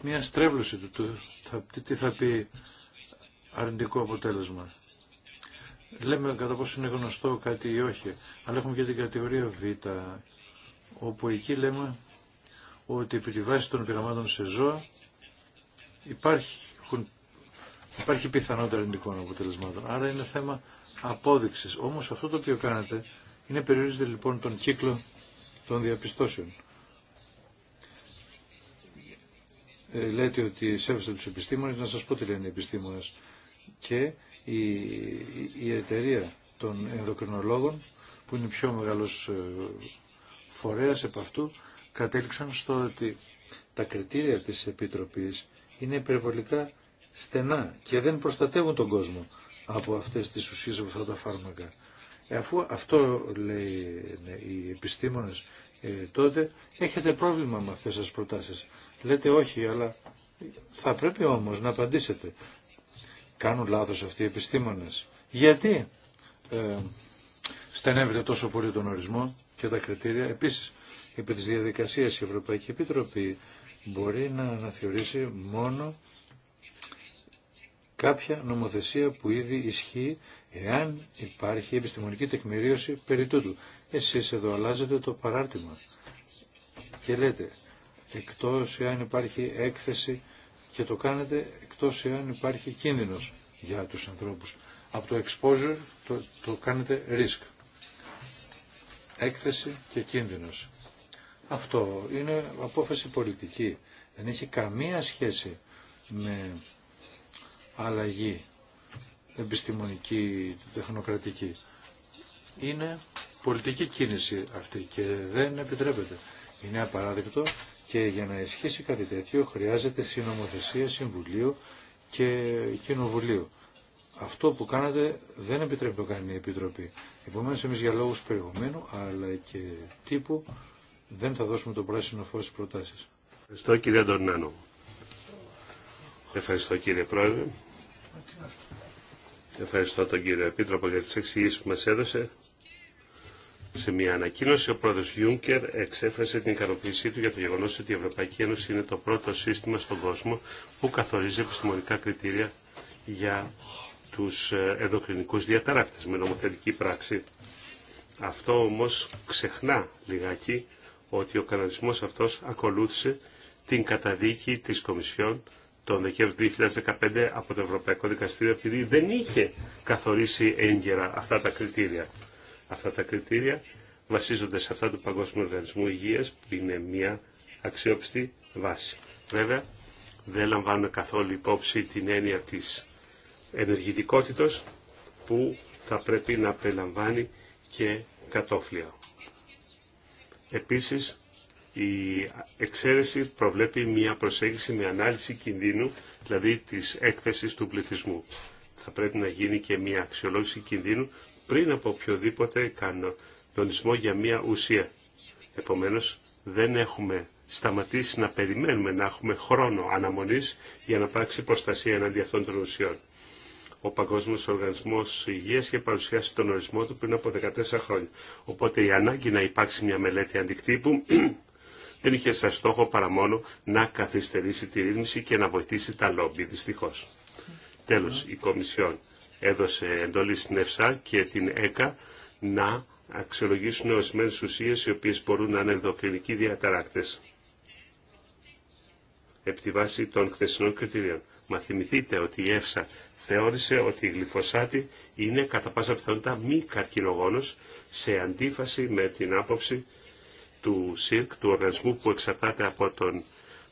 S1: μια στρέβλωση του, θα, τι θα πει αρνητικό αποτέλεσμα λέμε κατά πόσο είναι γνωστό κάτι ή όχι, αλλά έχουμε και την κατηγορία Β, όπου εκεί λέμε ότι επί τη βάση των πειραμάτων σε ζώα υπάρχουν, υπάρχει πιθανότητα αρνητικών αποτελεσμάτων. Άρα είναι θέμα απόδειξης. Όμως αυτό το οποίο κάνετε είναι περιορίζεται λοιπόν τον κύκλο των διαπιστώσεων. Ε, λέτε ότι σέβεστε τους επιστήμονες, να σας πω τι λένε οι επιστήμονες. Και η, εταιρεία των ενδοκρινολόγων που είναι πιο μεγάλος ε, φορέας επ' αυτού κατέληξαν στο ότι τα κριτήρια της Επιτροπής είναι υπερβολικά στενά και δεν προστατεύουν τον κόσμο από αυτές τις ουσίες από αυτά τα φάρμακα. Ε, αφού αυτό λέει ναι, οι επιστήμονες ε, τότε έχετε πρόβλημα με αυτές τις προτάσεις. Λέτε όχι αλλά θα πρέπει όμως να απαντήσετε Κάνουν λάθος αυτοί οι επιστήμονες. Γιατί ε, στενεύεται τόσο πολύ τον ορισμό και τα κριτήρια. Επίσης, επί της διαδικασίας η Ευρωπαϊκή Επιτροπή μπορεί να αναθεωρήσει μόνο κάποια νομοθεσία που ήδη ισχύει εάν υπάρχει επιστημονική τεκμηρίωση περί τούτου. Εσείς εδώ αλλάζετε το παράρτημα και λέτε εκτός εάν υπάρχει έκθεση και το κάνετε εκτός εάν υπάρχει κίνδυνος για τους ανθρώπους. Από το exposure το, κάνετε risk. Έκθεση και κίνδυνος. Αυτό είναι απόφαση πολιτική. Δεν έχει καμία σχέση με αλλαγή επιστημονική, τεχνοκρατική. Είναι πολιτική κίνηση αυτή και δεν επιτρέπεται. Είναι απαράδεκτο και για να ισχύσει κάτι τέτοιο χρειάζεται συνομοθεσία Συμβουλίου και Κοινοβουλίου. Αυτό που κάνατε δεν επιτρέπει το κάνει η Επιτροπή. Επομένω, εμεί για λόγου περιεχομένου αλλά και τύπου δεν θα δώσουμε το πράσινο φω στι προτάσει.
S2: Ευχαριστώ κύριε Αντωνάνο. Ευχαριστώ κύριε Πρόεδρε. Ευχαριστώ τον κύριο Επίτροπο για τις εξηγήσεις που μας έδωσε. Σε μια ανακοίνωση, ο πρόεδρος Γιούνκερ εξέφρασε την ικανοποίησή του για το γεγονός ότι η Ευρωπαϊκή Ένωση είναι το πρώτο σύστημα στον κόσμο που καθορίζει επιστημονικά κριτήρια για τους ε, ενδοκρινικούς διαταράκτες με νομοθετική πράξη. Αυτό όμως ξεχνά λιγάκι ότι ο κανονισμός αυτός ακολούθησε την καταδίκη της Κομισιόν τον Δεκέμβριο 2015 από το Ευρωπαϊκό Δικαστήριο επειδή δεν είχε καθορίσει έγκαιρα αυτά τα κριτήρια. Αυτά τα κριτήρια βασίζονται σε αυτά του Παγκόσμιου Οργανισμού Υγείας που είναι μια αξιόπιστη βάση. Βέβαια δεν λαμβάνουμε καθόλου υπόψη την έννοια της ενεργητικότητος που θα πρέπει να περιλαμβάνει και κατόφλια. Επίσης, η εξαίρεση προβλέπει μια προσέγγιση με ανάλυση κινδύνου, δηλαδή της έκθεσης του πληθυσμού. Θα πρέπει να γίνει και μια αξιολόγηση κινδύνου πριν από οποιοδήποτε κανονισμό για μια ουσία. Επομένως, δεν έχουμε σταματήσει να περιμένουμε να έχουμε χρόνο αναμονής για να υπάρξει προστασία εναντί αυτών των ουσιών. Ο Παγκόσμιο Οργανισμό Υγεία είχε παρουσιάσει τον ορισμό του πριν από 14 χρόνια. Οπότε η ανάγκη να υπάρξει μια μελέτη αντικτύπου δεν είχε σαν στόχο παρά μόνο να καθυστερήσει τη ρύθμιση και να βοηθήσει τα λόμπι, δυστυχώ. Τέλο, η Κομισιόν έδωσε εντολή στην ΕΦΣΑ και την ΕΚΑ να αξιολογήσουν ορισμένε ουσίε οι οποίε μπορούν να είναι ενδοκρινικοί διαταράκτε. Επί τη βάση των χθεσινών κριτηρίων. Μα θυμηθείτε ότι η ΕΦΣΑ θεώρησε ότι η γλυφοσάτη είναι κατά πάσα πιθανότητα μη καρκινογόνο σε αντίφαση με την άποψη του ΣΥΡΚ, του οργανισμού που εξαρτάται από τον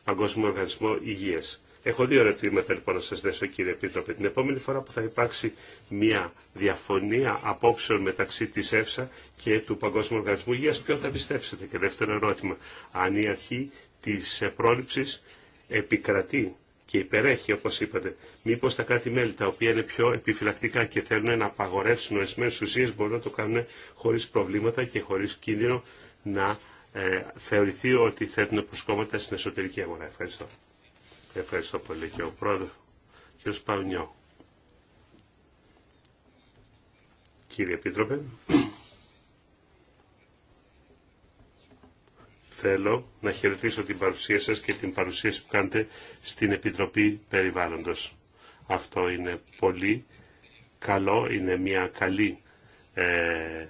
S2: Παγκόσμιο Οργανισμό Υγείας. Έχω δύο ερωτήματα λοιπόν να σας δέσω κύριε Επίτροπε. Την επόμενη φορά που θα υπάρξει μια διαφωνία απόψεων μεταξύ της ΕΦΣΑ και του Παγκόσμιου Οργανισμού Υγείας, ποιον θα πιστέψετε. Και δεύτερο ερώτημα, αν η αρχή της πρόληψης επικρατεί και υπερέχει όπως είπατε, μήπως τα κράτη-μέλη τα οποία είναι πιο επιφυλακτικά και θέλουν να απαγορεύσουν ορισμένε ουσίες μπορούν να το κάνουν χωρίς προβλήματα και χωρίς κίνδυνο να ε, θεωρηθεί ότι θέτουν προσκόμματα στην εσωτερική αγορά. Ευχαριστώ. Ευχαριστώ πολύ και ο πρόεδρος, Κύριε Σπαρνιώ. Κύριε Επίτροπε, θέλω να χαιρετήσω την παρουσία σας και την παρουσίαση που κάνετε στην Επιτροπή Περιβάλλοντος. Αυτό είναι πολύ καλό, είναι μια καλή ε,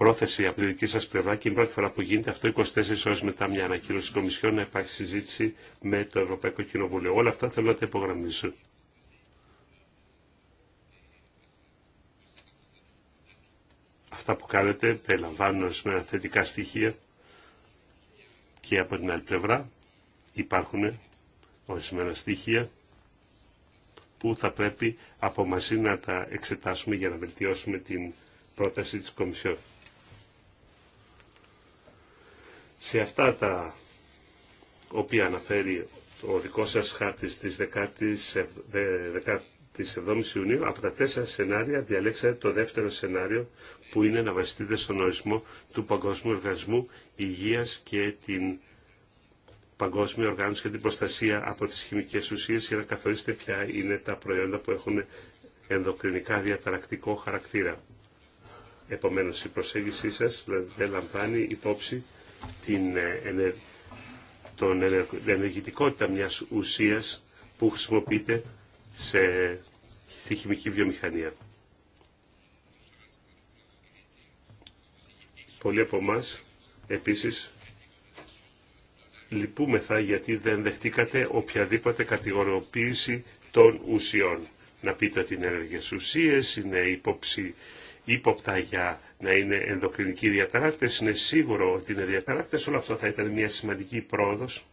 S2: πρόθεση από τη δική σα πλευρά και είναι η πρώτη φορά που γίνεται αυτό 24 ώρε μετά μια ανακοίνωση τη Κομισιόν να υπάρχει συζήτηση με το Ευρωπαϊκό Κοινοβούλιο. Όλα αυτά θέλω να τα υπογραμμίσω. Αυτά που κάνετε περιλαμβάνουν ορισμένα θετικά στοιχεία και από την άλλη πλευρά υπάρχουν ορισμένα στοιχεία που θα πρέπει από μαζί να τα εξετάσουμε για να βελτιώσουμε την πρόταση της Κομισιόν. Σε αυτά τα οποία αναφέρει ο δικός σας χάρτης της 17ης Ιουνίου, από τα τέσσερα σενάρια διαλέξατε το δεύτερο σενάριο που είναι να βασιστείτε στον ορισμό του Παγκόσμιου Οργανισμού Υγείας και την Παγκόσμια Οργάνωση και την Προστασία από τις Χημικές Ουσίες για να καθορίσετε ποια είναι τα προϊόντα που έχουν ενδοκρινικά διαταρακτικό χαρακτήρα. Επομένως, η προσέγγιση σας δεν λαμβάνει υπόψη την, ε, τον ενεργητικότητα μιας ουσίας που χρησιμοποιείται σε, στη χημική βιομηχανία. Πολλοί από εμά επίσης λυπούμεθα γιατί δεν δεχτήκατε οποιαδήποτε κατηγοριοποίηση των ουσιών. Να πείτε ότι είναι ενεργές ουσίες, είναι υποψη, ύποπτα για να είναι ενδοκρινικοί διαταράκτες, είναι σίγουρο ότι είναι διαταράκτες, όλο αυτό θα ήταν μια σημαντική πρόοδος.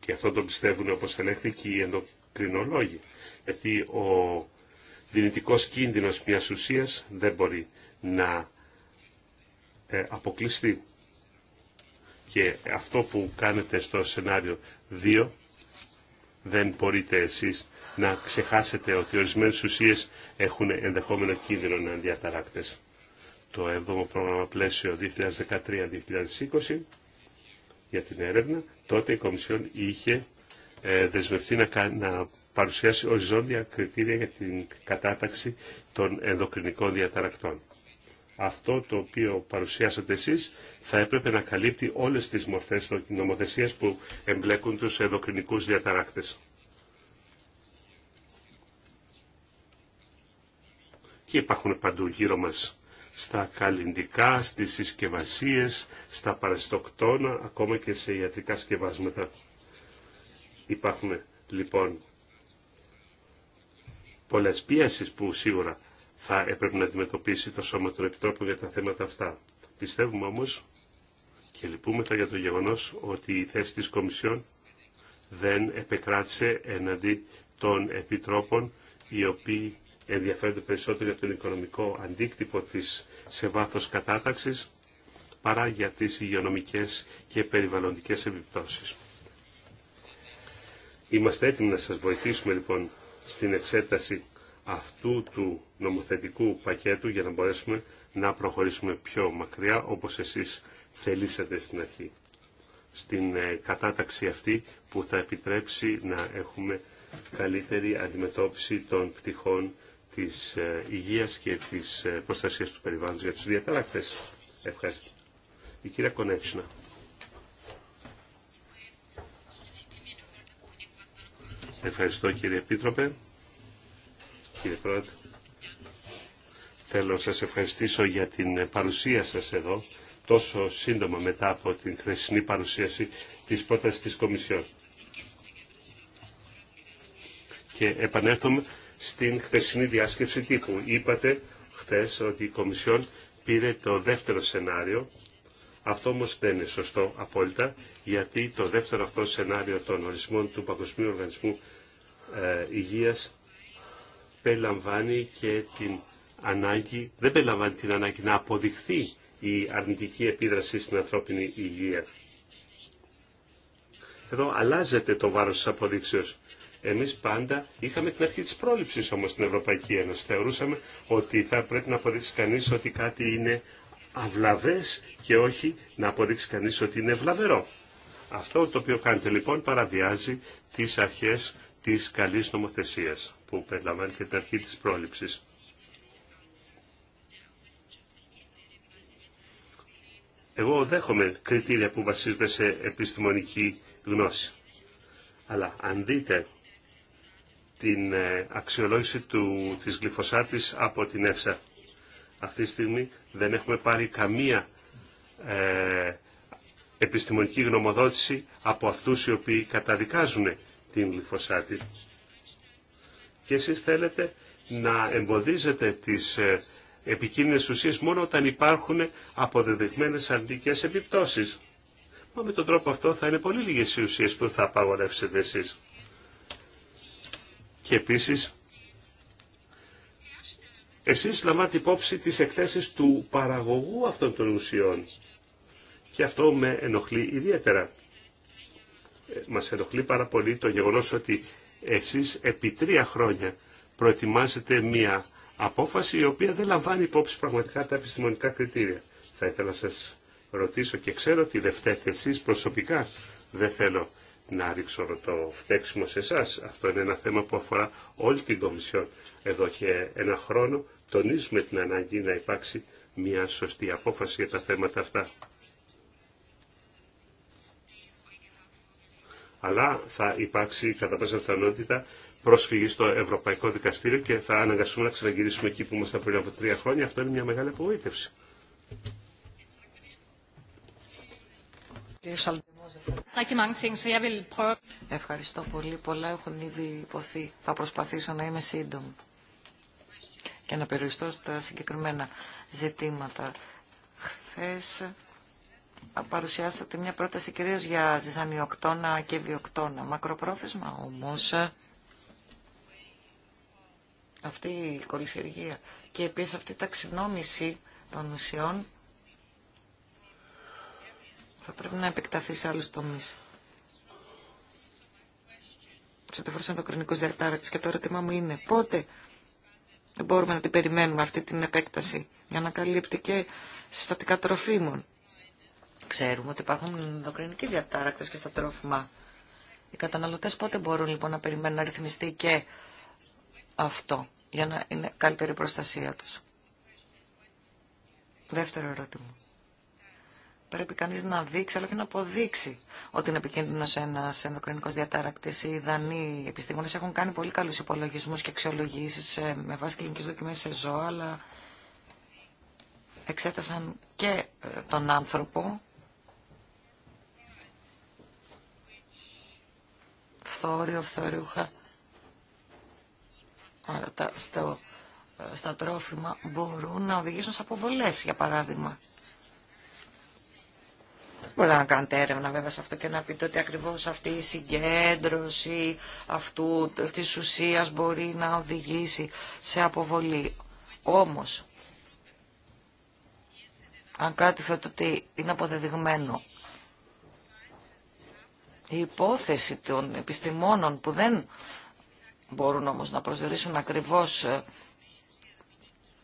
S2: Και αυτό το πιστεύουν όπως ελέγχθη και οι ενδοκρινολόγοι. Γιατί ο δυνητικός κίνδυνος μιας ουσίας δεν μπορεί να ε, αποκλειστεί. Και αυτό που κάνετε στο σενάριο 2 δεν μπορείτε εσείς να ξεχάσετε ότι ορισμένες ουσίες έχουν ενδεχόμενο κίνδυνο να είναι διαταράκτες. Το 7ο πρόγραμμα πλαίσιο 2013-2020 για την έρευνα, τότε η Κομισιόν είχε ε, δεσμευτεί να, παρουσιάσει οριζόντια κριτήρια για την κατάταξη των ενδοκρινικών διαταρακτών. Αυτό το οποίο παρουσιάσατε εσείς θα έπρεπε να καλύπτει όλες τις μορφές νομοθεσίας που εμπλέκουν τους ενδοκρινικούς διαταράκτες. και υπάρχουν παντού γύρω μας στα καλλιντικά, στις συσκευασίες, στα παραστοκτόνα, ακόμα και σε ιατρικά σκευάσματα. Υπάρχουν λοιπόν πολλές πίεσεις που σίγουρα θα έπρεπε να αντιμετωπίσει το Σώμα των Επιτρόπων για τα θέματα αυτά. Πιστεύουμε όμως και λυπούμεθα για το γεγονός ότι η θέση της Κομισιόν δεν επεκράτησε έναντι των Επιτρόπων οι οποίοι ενδιαφέρονται περισσότερο για τον οικονομικό αντίκτυπο της σε βάθος κατάταξης παρά για τις υγειονομικές και περιβαλλοντικές επιπτώσεις. Είμαστε έτοιμοι να σας βοηθήσουμε λοιπόν στην εξέταση αυτού του νομοθετικού πακέτου για να μπορέσουμε να προχωρήσουμε πιο μακριά όπως εσείς θελήσατε στην αρχή. Στην ε, κατάταξη αυτή που θα επιτρέψει να έχουμε καλύτερη αντιμετώπιση των πτυχών της ε, υγείας και της ε, προστασίας του περιβάλλοντος για του διαταράκτες. Ευχαριστώ. Η κυρία Κονέτσινα. Ευχαριστώ κύριε Επίτροπε. Κύριε Πρόεδρε. Θέλω να σας ευχαριστήσω για την παρουσία σας εδώ, τόσο σύντομα μετά από την χρεσινή παρουσίαση της πρότασης της Κομισιόν. Και επανέρχομαι στην χθεσινή διάσκεψη τύπου. Είπατε χθες ότι η Κομισιόν πήρε το δεύτερο σενάριο. Αυτό όμως δεν είναι σωστό απόλυτα, γιατί το δεύτερο αυτό σενάριο των ορισμών του Παγκοσμίου Οργανισμού ε, Υγείας περιλαμβάνει και την ανάγκη, δεν περιλαμβάνει την ανάγκη να αποδειχθεί η αρνητική επίδραση στην ανθρώπινη υγεία. Εδώ αλλάζεται το βάρος της αποδείξεως. Εμείς πάντα είχαμε την αρχή της πρόληψης όμως στην Ευρωπαϊκή Ένωση. Θεωρούσαμε ότι θα πρέπει να αποδείξει κανείς ότι κάτι είναι αυλαβές και όχι να αποδείξει κανείς ότι είναι βλαβερό. Αυτό το οποίο κάνετε λοιπόν παραβιάζει τις αρχές της καλής νομοθεσίας που περιλαμβάνει και την αρχή της πρόληψης. Εγώ δέχομαι κριτήρια που βασίζονται σε επιστημονική γνώση. Αλλά αν δείτε την ε, αξιολόγηση του, της γλυφοσάτης από την ΕΦΣΑ. Αυτή τη στιγμή δεν έχουμε πάρει καμία ε, επιστημονική γνωμοδότηση από αυτούς οι οποίοι καταδικάζουν την γλυφοσάτη. Και εσείς θέλετε να εμποδίζετε τις ε, επικίνδυνες ουσίες μόνο όταν υπάρχουν αποδεδειγμένες αρνητικές επιπτώσεις. Μα με τον τρόπο αυτό θα είναι πολύ λίγες οι ουσίες που θα απαγορεύσετε εσείς. Και επίσης, εσείς λαμβάνετε υπόψη τις εκθέσεις του παραγωγού αυτών των ουσιών. Και αυτό με ενοχλεί ιδιαίτερα. Ε, μας ενοχλεί πάρα πολύ το γεγονός ότι εσείς επί τρία χρόνια προετοιμάζετε μία απόφαση η οποία δεν λαμβάνει υπόψη πραγματικά τα επιστημονικά κριτήρια. Θα ήθελα να σας ρωτήσω και ξέρω ότι δεν φταίτε εσείς προσωπικά. Δεν θέλω να ρίξω το φταίξιμο σε εσά. Αυτό είναι ένα θέμα που αφορά όλη την Κομισιόν. Εδώ και ένα χρόνο τονίζουμε την ανάγκη να υπάρξει μια σωστή απόφαση για τα θέματα αυτά. Αλλά θα υπάρξει κατά πάσα πιθανότητα πρόσφυγη στο Ευρωπαϊκό Δικαστήριο και θα αναγκαστούμε να ξαναγυρίσουμε εκεί που ήμασταν πριν από τρία χρόνια. Αυτό είναι μια μεγάλη απογοήτευση.
S3: Ευχαριστώ πολύ. Πολλά έχουν ήδη υποθεί. Θα προσπαθήσω να είμαι σύντομη και να περιοριστώ στα συγκεκριμένα ζητήματα. Χθες παρουσιάσατε μια πρόταση κυρίως για ζυζανιοκτώνα και βιοκτώνα. Μακροπρόθεσμα όμως αυτή η κολυσιεργία και επίσης αυτή η ταξινόμηση των ουσιών θα πρέπει να επεκταθεί σε άλλου τομεί. Σε το φορές διατάραξης και το ερώτημά μου είναι πότε μπορούμε να την περιμένουμε αυτή την επέκταση για να καλύπτει και συστατικά τροφίμων. Ξέρουμε ότι υπάρχουν ενδοκρινικοί διατάρακτε και στα τρόφιμα. Οι καταναλωτές πότε μπορούν λοιπόν να περιμένουν να ρυθμιστεί και αυτό για να είναι καλύτερη προστασία τους. Δεύτερο ερώτημα. Πρέπει κανείς να δείξει, αλλά και να αποδείξει ότι είναι επικίνδυνος ένα ενδοκρινικός διατάρακτης. Οι Δανείοι επιστήμονες έχουν κάνει πολύ καλούς υπολογισμούς και αξιολογήσεις ε, με βάση κλινικές δοκιμές σε ζώα, αλλά εξέτασαν και ε, τον άνθρωπο, φθόριο, φθόριουχα, Άρα ε, στα τρόφιμα μπορούν να οδηγήσουν σε αποβολές, για παράδειγμα. Μπορείτε να κάνετε έρευνα βέβαια σε αυτό και να πείτε ότι ακριβώς αυτή η συγκέντρωση αυτού, αυτής της ουσίας μπορεί να οδηγήσει σε αποβολή. Όμως, αν κάτι θέλετε ότι είναι αποδεδειγμένο, η υπόθεση των επιστημόνων που δεν μπορούν όμως να προσδιορίσουν ακριβώς ε,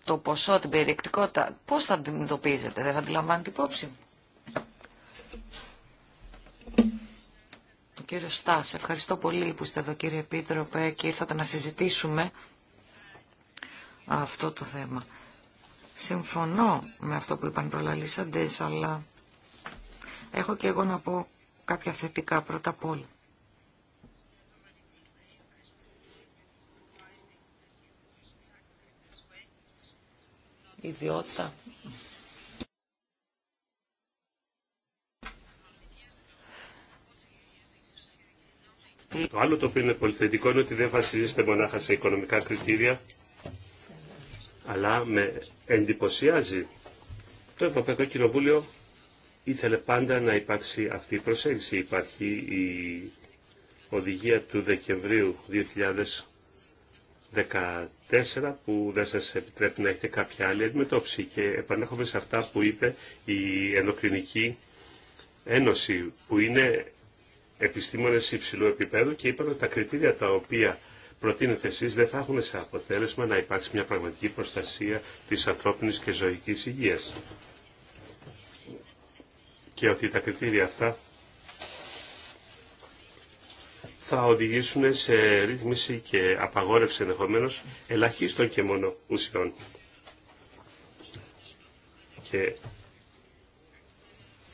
S3: το ποσό, την περιεκτικότητα, πώς θα αντιμετωπίζετε, δεν θα αντιλαμβάνετε υπόψη. Κύριε Στάς, ευχαριστώ πολύ που είστε εδώ κύριε Επίτροπε και ήρθατε να συζητήσουμε αυτό το θέμα. Συμφωνώ με αυτό που είπαν οι προλαλήσαντες, αλλά έχω και εγώ να πω κάποια θετικά πρώτα απ' όλα. ιδιότητα
S2: Το άλλο το οποίο είναι πολυθετικό είναι ότι δεν βασίζεστε μονάχα σε οικονομικά κριτήρια, αλλά με εντυπωσιάζει. Το Ευρωπαϊκό Κοινοβούλιο ήθελε πάντα να υπάρξει αυτή η προσέγγιση. Υπάρχει η οδηγία του Δεκεμβρίου 2014 που δεν σας επιτρέπει να έχετε κάποια άλλη αντιμετώπιση και επανέρχομαι σε αυτά που είπε η Ενδοκρινική Ένωση που είναι επιστήμονες υψηλού επίπεδου και είπαν ότι τα κριτήρια τα οποία προτείνετε εσείς δεν θα έχουν σε αποτέλεσμα να υπάρξει μια πραγματική προστασία της ανθρώπινης και ζωικής υγείας. Και ότι τα κριτήρια αυτά θα οδηγήσουν σε ρύθμιση και απαγόρευση ενδεχομένω ελαχίστων και μόνο ουσιών. Και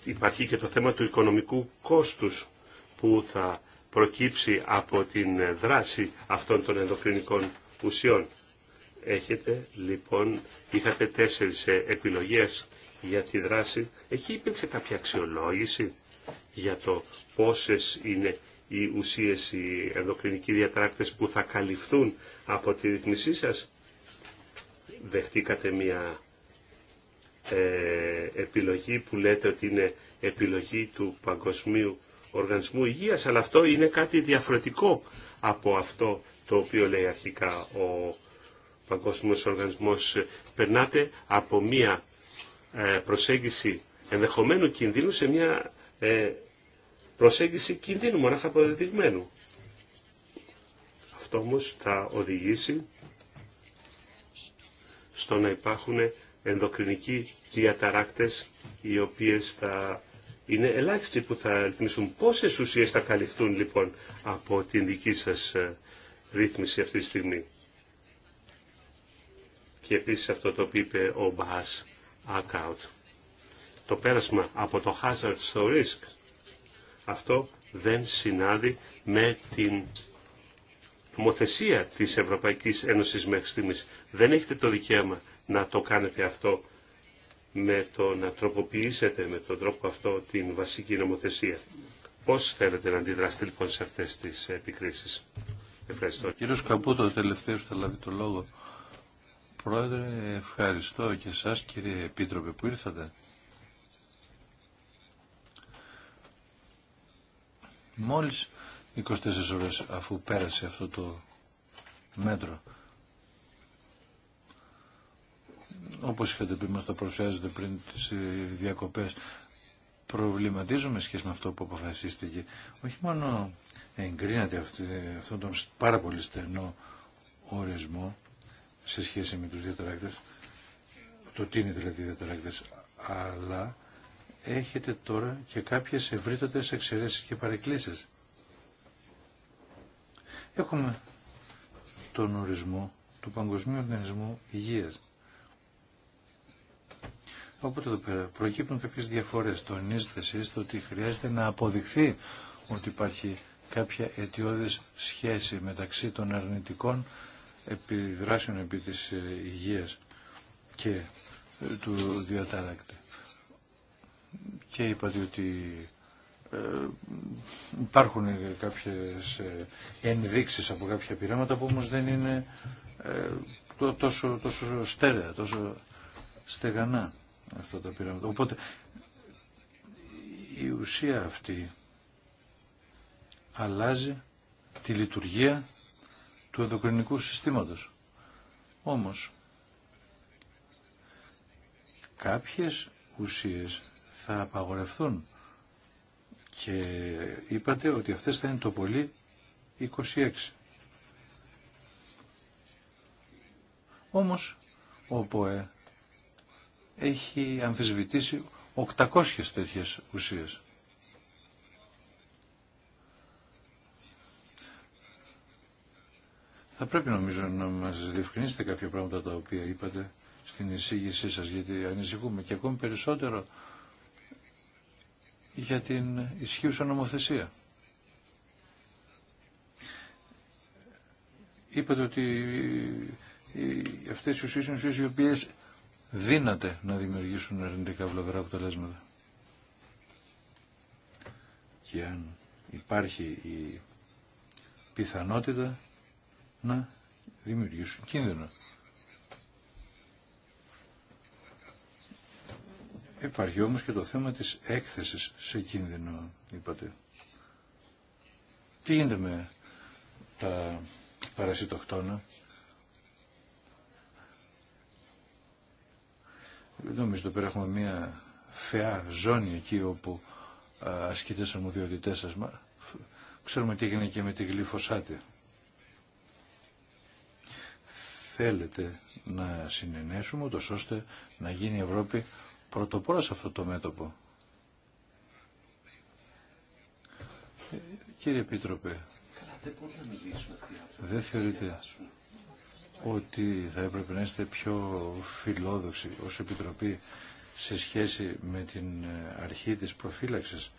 S2: υπάρχει και το θέμα του οικονομικού κόστους που θα προκύψει από την δράση αυτών των ενδοκρινικών ουσιών. Έχετε λοιπόν, είχατε τέσσερις ε, επιλογές για τη δράση. Εκεί υπήρξε κάποια αξιολόγηση για το πόσες είναι οι ουσίες, οι ενδοκρινικοί διατράκτες που θα καλυφθούν από τη ρυθμισή σας. Δεχτήκατε μια ε, επιλογή που λέτε ότι είναι επιλογή του Παγκοσμίου Οργανισμού Υγείας, αλλά αυτό είναι κάτι διαφορετικό από αυτό το οποίο λέει αρχικά ο Παγκόσμιος Οργανισμός. Περνάτε από μία ε, προσέγγιση ενδεχομένου κινδύνου σε μία ε, προσέγγιση κινδύνου μονάχα αποδεδειγμένου. Αυτό όμως θα οδηγήσει στο να υπάρχουν ενδοκρινικοί διαταράκτες οι οποίες θα είναι ελάχιστοι που θα ρυθμίσουν. Πόσες ουσίες θα καλυφθούν λοιπόν από την δική σας ε, ρύθμιση αυτή τη στιγμή. Και επίσης αυτό το οποίο είπε ο Μπάς Ακάουτ. Το πέρασμα από το hazard στο risk, αυτό δεν συνάδει με την νομοθεσία της Ευρωπαϊκής Ένωσης μέχρι στιγμής. Δεν έχετε το δικαίωμα να το κάνετε αυτό με το να τροποποιήσετε με τον τρόπο αυτό την βασική νομοθεσία. Πώς θέλετε να αντιδράσετε λοιπόν σε αυτές τις επικρίσεις. Ευχαριστώ. Κύριος Καπούτο, τελευταίο θα λάβει το λόγο. Πρόεδρε, ευχαριστώ και εσάς
S1: κύριε Επίτροπε που ήρθατε. Μόλις 24 ώρες αφού πέρασε αυτό το μέτρο όπως είχατε πει μας τα προσφέρετε πριν τις ε, διακοπές, προβληματίζουμε σχέση με αυτό που αποφασίστηκε. Όχι μόνο εγκρίνατε αυτόν τον πάρα πολύ στενό ορισμό σε σχέση με τους διαταράκτε, το τι είναι δηλαδή διαταράκτε, αλλά έχετε τώρα και κάποιες ευρύτατες εξαιρέσεις και παρεκκλήσεις. Έχουμε τον ορισμό του Παγκοσμίου Οργανισμού Υγείας. Οπότε εδώ πέρα προκύπτουν κάποιες διαφορές. Τονίζετε εσείς το ότι χρειάζεται να αποδειχθεί ότι υπάρχει κάποια αιτιώδης σχέση μεταξύ των αρνητικών επιδράσεων επί της ε, υγείας και ε, του διατάρακτη. Και είπατε ότι ε, υπάρχουν κάποιες ενδείξεις από κάποια πειράματα που όμως δεν είναι τόσο, τόσο στέρεα, τόσο στεγανά αυτά τα Οπότε η ουσία αυτή αλλάζει τη λειτουργία του ενδοκρινικού συστήματος. Όμως, κάποιες ουσίες θα απαγορευθούν και είπατε ότι αυτές θα είναι το πολύ 26. Όμως, ο έχει αμφισβητήσει 800 τέτοιες ουσίες. Θα πρέπει νομίζω να μας διευκρινίσετε κάποια πράγματα τα οποία είπατε στην εισήγησή σας, γιατί ανησυχούμε και ακόμη περισσότερο για την ισχύουσα νομοθεσία. Είπατε ότι αυτές οι ουσίες είναι ουσίες οι οποίες δύναται να δημιουργήσουν αρνητικά βλαβερά αποτελέσματα. Και αν υπάρχει η πιθανότητα να δημιουργήσουν κίνδυνο. Υπάρχει όμως και το θέμα της έκθεσης σε κίνδυνο, είπατε. Τι γίνεται με τα παρασιτοκτόνα, Νομίζω ότι πέρα έχουμε μια φαιά ζώνη εκεί όπου ε, ασκείται σαν μου σα. Μα ξέρουμε τι έγινε και με τη γλυφοσάτη. Θέλετε να συνενέσουμε ούτως ώστε να γίνει η Ευρώπη πρωτοπόρα σε αυτό το μέτωπο. Ε, κύριε Επίτροπε, δεν θεωρείτε ότι θα έπρεπε να είστε πιο φιλόδοξοι ως Επιτροπή σε σχέση με την ε, αρχή της προφύλαξης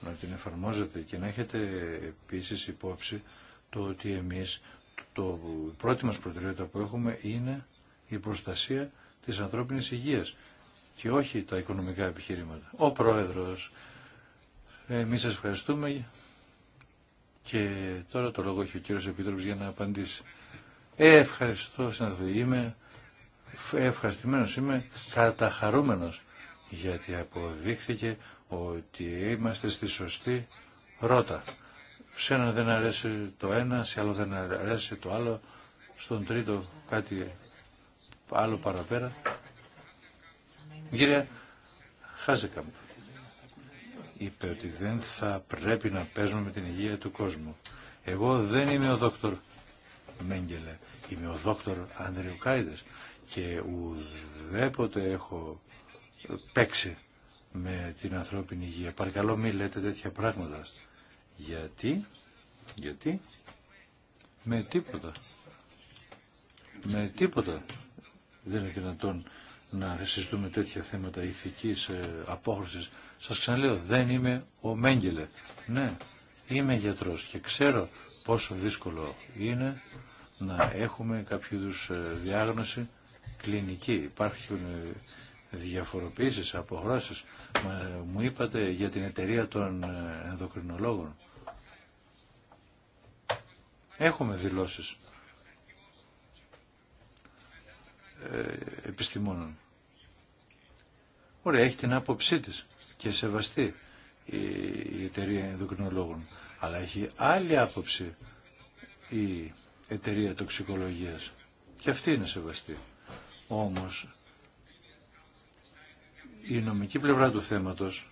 S1: να την εφαρμόζετε και να έχετε επίσης υπόψη το ότι εμείς το πρώτη μας προτεραιότητα που έχουμε είναι η προστασία της ανθρώπινης υγείας και όχι τα οικονομικά επιχειρήματα. Ο Πρόεδρος, ε, εμείς σας ευχαριστούμε και τώρα το λόγο έχει ο κύριος Επίτροπος για να απαντήσει. Ευχαριστώ συνάδελφε. Είμαι ευχαριστημένος, είμαι καταχαρούμενος γιατί αποδείχθηκε ότι είμαστε στη σωστή ρότα. Σε έναν δεν αρέσει το ένα, σε άλλο δεν αρέσει το άλλο, στον τρίτο κάτι άλλο παραπέρα. Κύριε Χάζεκαμπ, είπε ότι δεν θα πρέπει να παίζουμε με την υγεία του κόσμου. Εγώ δεν είμαι ο δόκτωρ Μέγκελε. Είμαι ο δόκτωρ Κάιδες και ουδέποτε έχω παίξει με την ανθρώπινη υγεία. Παρακαλώ μη λέτε τέτοια πράγματα. Γιατί, γιατί, με τίποτα, με τίποτα δεν είναι δυνατόν να συζητούμε τέτοια θέματα ηθικής ε, απόχρωσης. Σας ξαναλέω, δεν είμαι ο Μέγκελε. Ναι, είμαι γιατρός και ξέρω πόσο δύσκολο είναι να έχουμε κάποιο είδου ε, διάγνωση κλινική. Υπάρχουν ε, διαφοροποίησει, αποχρώσεις. Μου είπατε για την εταιρεία των ε, ενδοκρινολόγων. Έχουμε δηλώσεις επιστημόνων. Ωραία, έχει την άποψή τη και σεβαστή η εταιρεία ενδοκρινολόγων. Αλλά έχει άλλη άποψη η εταιρεία τοξικολογίας. Και αυτή είναι σεβαστή. Όμως, η νομική πλευρά του θέματος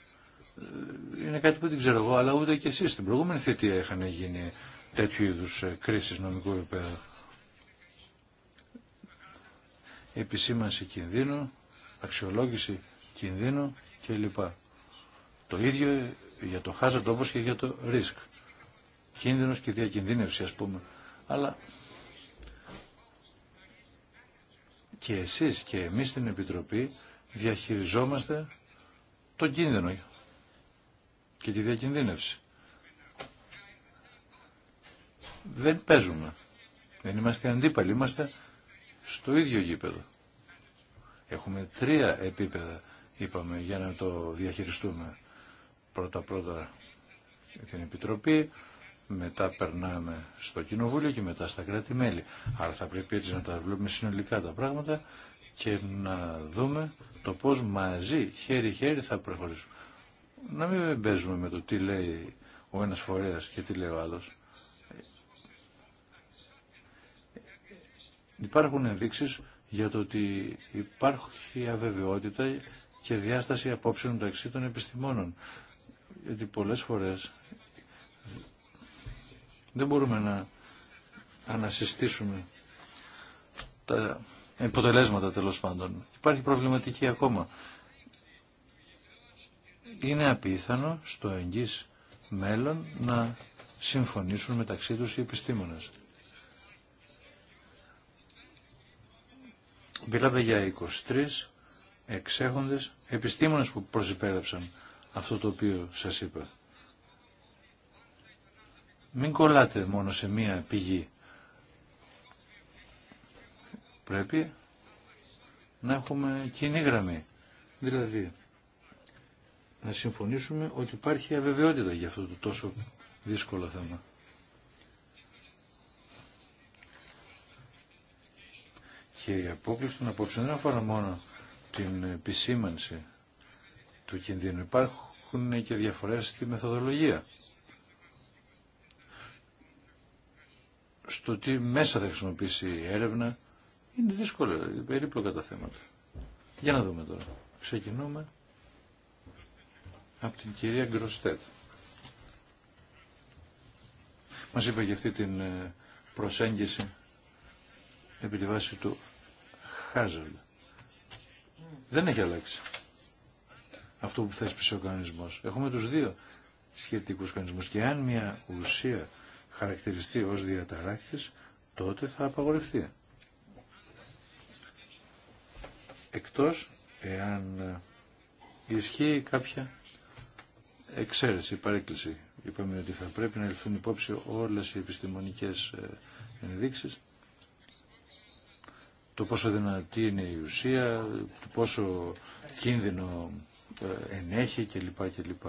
S1: ε, είναι κάτι που δεν ξέρω εγώ, αλλά ούτε και εσείς. Στην προηγούμενη θητεία είχαν γίνει τέτοιου είδους ε, κρίσεις νομικού επίπεδου. Επισήμανση κινδύνου, αξιολόγηση κινδύνου κλπ. Το ίδιο για το χάζατο όπως και για το ρίσκ. Κίνδυνος και διακινδύνευση ας πούμε αλλά και εσείς και εμείς στην Επιτροπή διαχειριζόμαστε το κίνδυνο και τη διακινδύνευση. Δεν παίζουμε. Δεν είμαστε αντίπαλοι, είμαστε στο ίδιο γήπεδο. Έχουμε τρία επίπεδα, είπαμε, για να το διαχειριστούμε. Πρώτα-πρώτα την Επιτροπή, μετά περνάμε στο Κοινοβούλιο και μετά στα κράτη-μέλη. Άρα θα πρέπει έτσι να τα βλέπουμε συνολικά τα πράγματα και να δούμε το πώς μαζί, χέρι-χέρι θα προχωρήσουμε. Να μην παίζουμε με το τι λέει ο ένας φορέας και τι λέει ο άλλος. Υπάρχουν ενδείξεις για το ότι υπάρχει αβεβαιότητα και διάσταση απόψεων των επιστημόνων. Γιατί πολλές φορές δεν μπορούμε να ανασυστήσουμε τα αποτελέσματα τέλο πάντων. Υπάρχει προβληματική ακόμα. Είναι απίθανο στο εγγύς μέλλον να συμφωνήσουν μεταξύ τους οι επιστήμονες. Μιλάμε για 23 εξέχοντες επιστήμονες που προσυπέραψαν αυτό το οποίο σας είπα. Μην κολλάτε μόνο σε μία πηγή. Πρέπει να έχουμε κοινή γραμμή. Δηλαδή, να συμφωνήσουμε ότι υπάρχει αβεβαιότητα για αυτό το τόσο δύσκολο θέμα. Και η απόκληση των απόψεων δεν αφορά μόνο την επισήμανση του κινδύνου. Υπάρχουν και διαφορές στη μεθοδολογία. στο τι μέσα θα χρησιμοποιήσει η έρευνα είναι δύσκολο, περίπλοκα τα θέματα. Για να δούμε τώρα. Ξεκινούμε από την κυρία Γκροστέτ. Μας είπε και αυτή την ε, προσέγγιση επί τη βάση του Χάζελ. Δεν έχει αλλάξει αυτό που θέσπισε ο κανονισμός. Έχουμε τους δύο σχετικούς κανονισμούς και αν μια ουσία χαρακτηριστεί ως διαταράχης, τότε θα απαγορευτεί. Εκτός εάν ισχύει κάποια εξαίρεση, παρέκκληση. Είπαμε ότι θα πρέπει να ληφθούν υπόψη όλες οι επιστημονικές ε, ενδείξεις το πόσο δυνατή είναι η ουσία, το πόσο κίνδυνο ε, ενέχει κλπ. κλπ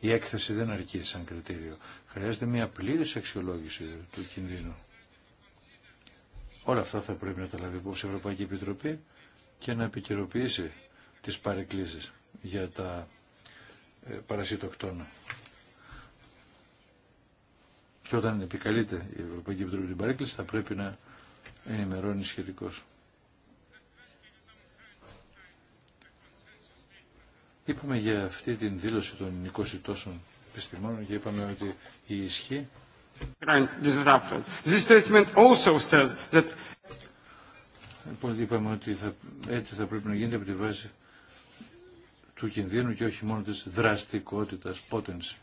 S1: η έκθεση δεν αρκεί σαν κριτήριο. Χρειάζεται μια πλήρης αξιολόγηση του κινδύνου. Όλα αυτά θα πρέπει να τα λάβει η Ευρωπαϊκή Επιτροπή και να επικαιροποιήσει τις παρεκκλήσεις για τα ε, παρασύτοκτονα. Και όταν επικαλείται η Ευρωπαϊκή Επιτροπή την παρέκκληση θα πρέπει να ενημερώνει σχετικώς. Είπαμε για αυτή την δήλωση των 20 τόσων επιστημόνων και είπαμε ότι η ισχύ statement also that... Λοιπόν, είπαμε ότι έτσι θα πρέπει να γίνεται από τη βάση του κινδύνου και όχι μόνο της δραστικότητας, potency.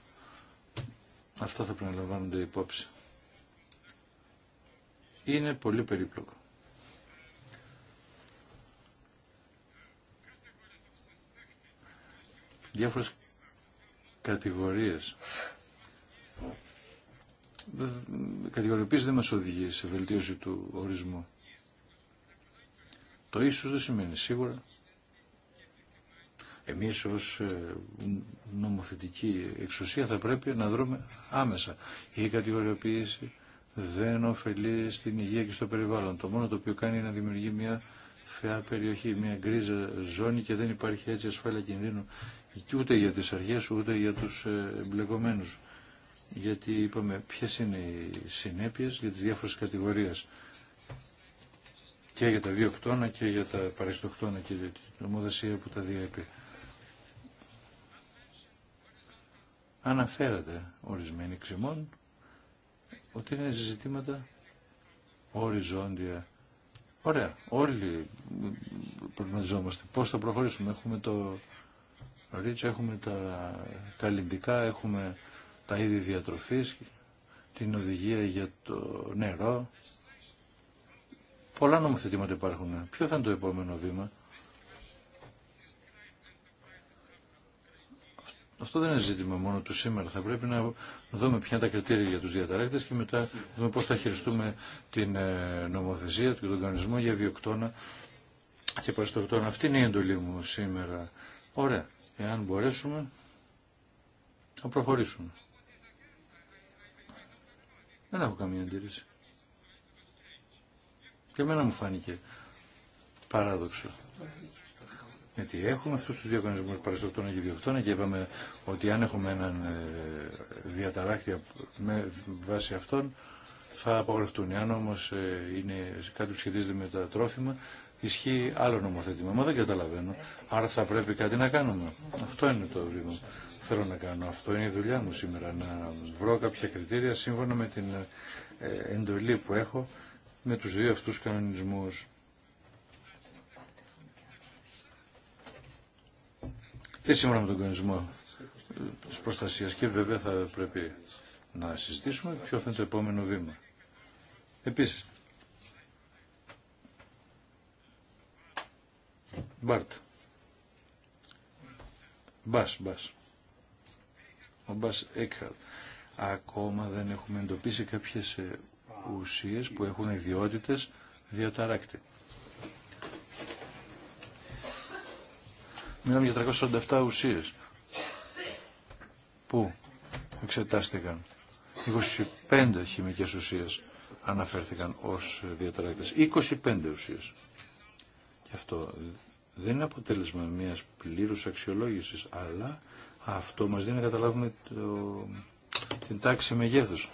S1: Αυτά θα πρέπει να λαμβάνονται υπόψη. Είναι πολύ περίπλοκο. διάφορες κατηγορίες. Κατηγοριοποίηση δεν μας οδηγεί σε βελτίωση του ορισμού. Το ίσως δεν σημαίνει σίγουρα. Εμείς ως ε, νομοθετική εξουσία θα πρέπει να δρούμε άμεσα. Η κατηγοριοποίηση δεν ωφελεί στην υγεία και στο περιβάλλον. Το μόνο το οποίο κάνει είναι να δημιουργεί μια φαιά περιοχή, μια γκρίζα ζώνη και δεν υπάρχει έτσι ασφάλεια κινδύνου ούτε για τις αρχές ούτε για τους ε, εμπλεκομένους. Γιατί είπαμε ποιες είναι οι συνέπειες για τις διάφορες κατηγορίες και για τα βιοκτώνα και για τα παριστοκτώνα και για την ομοδασία που τα διέπει. Αναφέρατε ορισμένοι ξημών ότι είναι ζητήματα οριζόντια. Ωραία, όλοι προβληματιζόμαστε. Πώς θα προχωρήσουμε. Έχουμε το Ρίτσα, έχουμε τα καλλιντικά, έχουμε τα είδη διατροφής, την οδηγία για το νερό. Πολλά νομοθετήματα υπάρχουν. Ποιο θα είναι το επόμενο βήμα. Αυτό δεν είναι ζήτημα μόνο του σήμερα. Θα πρέπει να δούμε ποια είναι τα κριτήρια για τους διαταράκτες και μετά δούμε πώς θα χειριστούμε την ε, νομοθεσία και τον κανονισμό για βιοκτώνα και παραστοκτώνα. Αυτή είναι η εντολή μου σήμερα. Ωραία, εάν μπορέσουμε θα προχωρήσουμε. Δεν έχω καμία αντίρρηση. Και εμένα μου φάνηκε παράδοξο. Γιατί έχουμε αυτού του διαγωνισμού παρεστοκτών και διοκτώνα και είπαμε ότι αν έχουμε έναν ε, διαταράκτη με βάση αυτών θα απογραφτούν. Αν όμω ε, είναι κάτι που σχετίζεται με τα τρόφιμα, ισχύει άλλο νομοθέτημα. Μα δεν καταλαβαίνω. Άρα θα πρέπει κάτι να κάνουμε. Αυτό είναι το βήμα που θέλω να κάνω. Αυτό είναι η δουλειά μου σήμερα. Να βρω κάποια κριτήρια σύμφωνα με την ε, εντολή που έχω με τους δύο αυτούς κανονισμούς. Και σήμερα με τον κανονισμό ε, της προστασίας και βέβαια θα πρέπει να συζητήσουμε ποιο θα είναι το επόμενο βήμα. Επίσης, Μπάρτ. Μπάς, μπάς. Ο μπάς Έκχαλ. Ακόμα δεν έχουμε εντοπίσει κάποιες ε, ουσίες που έχουν ιδιότητες διαταράκτη. Μιλάμε για 347 ουσίες που εξετάστηκαν. 25 χημικές ουσίες αναφέρθηκαν ως διαταράκτες. 25 ουσίες. Και αυτό δεν είναι αποτέλεσμα μιας πλήρους αξιολόγησης, αλλά αυτό μας δίνει να καταλάβουμε το, την τάξη μεγέθους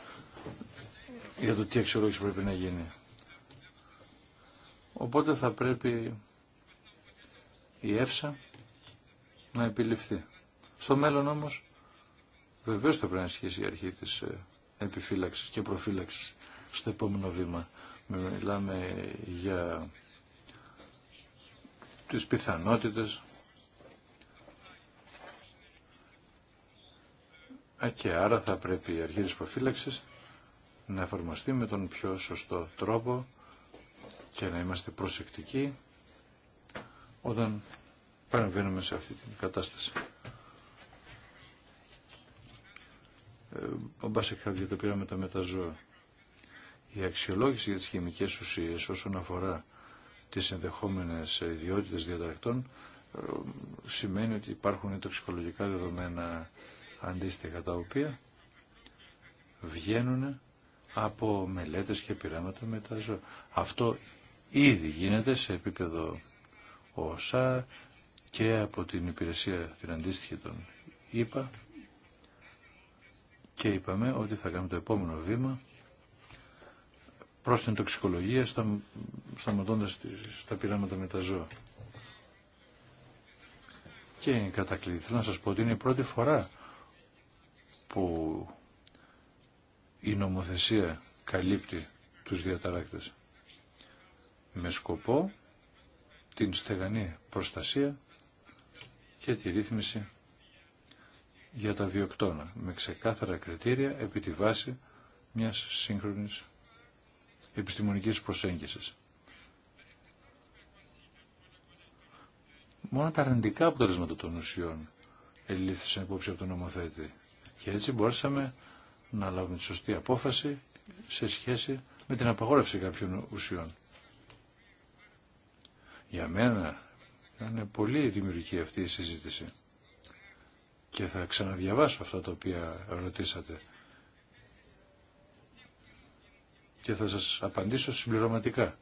S1: για το τι αξιολόγηση πρέπει να γίνει. Οπότε θα πρέπει η ΕΦΣΑ να επιληφθεί. Στο μέλλον όμως βεβαίως θα πρέπει να ισχύσει η αρχή της ε, επιφύλαξης και προφύλαξης στο επόμενο βήμα. Μιλάμε για τις πιθανότητες και άρα θα πρέπει η αρχή της προφύλαξης να εφαρμοστεί με τον πιο σωστό τρόπο και να είμαστε προσεκτικοί όταν παρεμβαίνουμε σε αυτή την κατάσταση. Ε, ο Μπάσεκ Χαβγε το πήραμε τα μεταζώα. Η αξιολόγηση για τις χημικές ουσίες όσον αφορά τις ενδεχόμενες ιδιότητες διαταρακτών ε, σημαίνει ότι υπάρχουν τοξικολογικά δεδομένα αντίστοιχα τα οποία βγαίνουν από μελέτες και πειράματα με τα ζώα. Αυτό ήδη γίνεται σε επίπεδο ΩΣΑ και από την υπηρεσία την αντίστοιχη των ΙΠΑ και είπαμε ότι θα κάνουμε το επόμενο βήμα προς την τοξικολογία στα, σταματώντας τα πειράματα με τα ζώα. Και κατά θέλω να σας πω ότι είναι η πρώτη φορά που η νομοθεσία καλύπτει τους διαταράκτες με σκοπό την στεγανή προστασία και τη ρύθμιση για τα βιοκτώνα με ξεκάθαρα κριτήρια επί τη βάση μιας σύγχρονης επιστημονικής προσέγγισης. Μόνο τα αρνητικά αποτελέσματα των ουσιών ελήφθησαν υπόψη από τον νομοθέτη. Και έτσι μπορούσαμε να λάβουμε τη σωστή απόφαση σε σχέση με την απαγόρευση κάποιων ουσιών. Για μένα ήταν πολύ δημιουργική αυτή η συζήτηση. Και θα ξαναδιαβάσω αυτά τα οποία ρωτήσατε και θα σας απαντήσω συμπληρωματικά.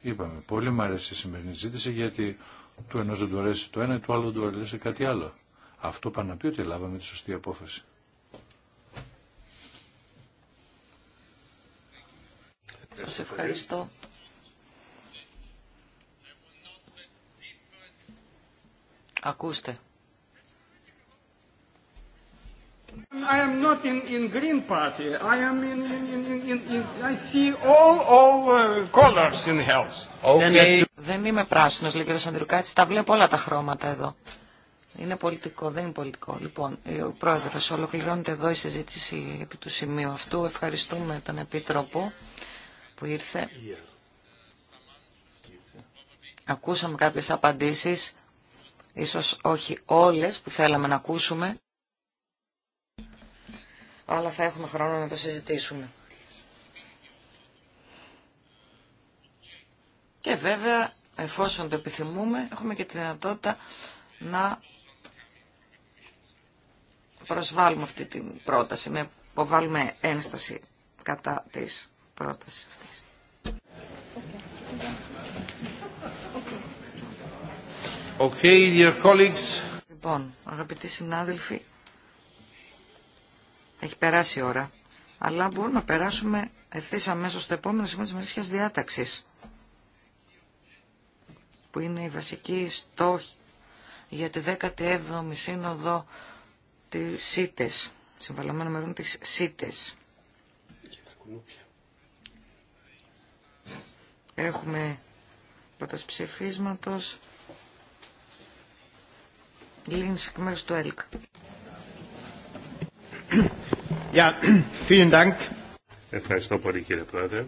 S1: Είπαμε, πολύ μου αρέσει η σημερινή ζήτηση γιατί του ενός δεν του αρέσει το ένα, του άλλου δεν του αρέσει κάτι άλλο. Αυτό πάνω να ότι λάβαμε τη σωστή απόφαση.
S3: Σας ευχαριστώ. Ακούστε. I am in, Green Party. I am in, in, I see all, all uh, colors in Δεν είμαι πράσινος, λέει ο κ. Τα βλέπω όλα τα χρώματα εδώ. Είναι πολιτικό, δεν είναι πολιτικό. Λοιπόν, ε, ο Πρόεδρος, ολοκληρώνεται εδώ η συζήτηση επί του σημείου αυτού. Ευχαριστούμε τον Επίτροπο που ήρθε. Ακούσαμε κάποιες απαντήσεις, ίσως όχι όλες που θέλαμε να ακούσουμε αλλά θα έχουμε χρόνο να το συζητήσουμε. Και βέβαια, εφόσον το επιθυμούμε, έχουμε και τη δυνατότητα να προσβάλλουμε αυτή την πρόταση, να υποβάλουμε ένσταση κατά της πρότασης αυτής. Okay, dear colleagues. Λοιπόν, αγαπητοί συνάδελφοι, έχει περάσει η ώρα. Αλλά μπορούμε να περάσουμε ευθύ αμέσω στο επόμενο σημείο τη μερίσια διάταξη. Που είναι η βασική στόχη για τη 17η Σύνοδο τη ΣΥΤΕ. Συμβαλωμένο μερών τη ΣΥΤΕ. Έχουμε ψηφίσματος ψηφίσματο. εκ μέρου του ΕΛΚ.
S2: Ευχαριστώ πολύ κύριε Πρόεδρε.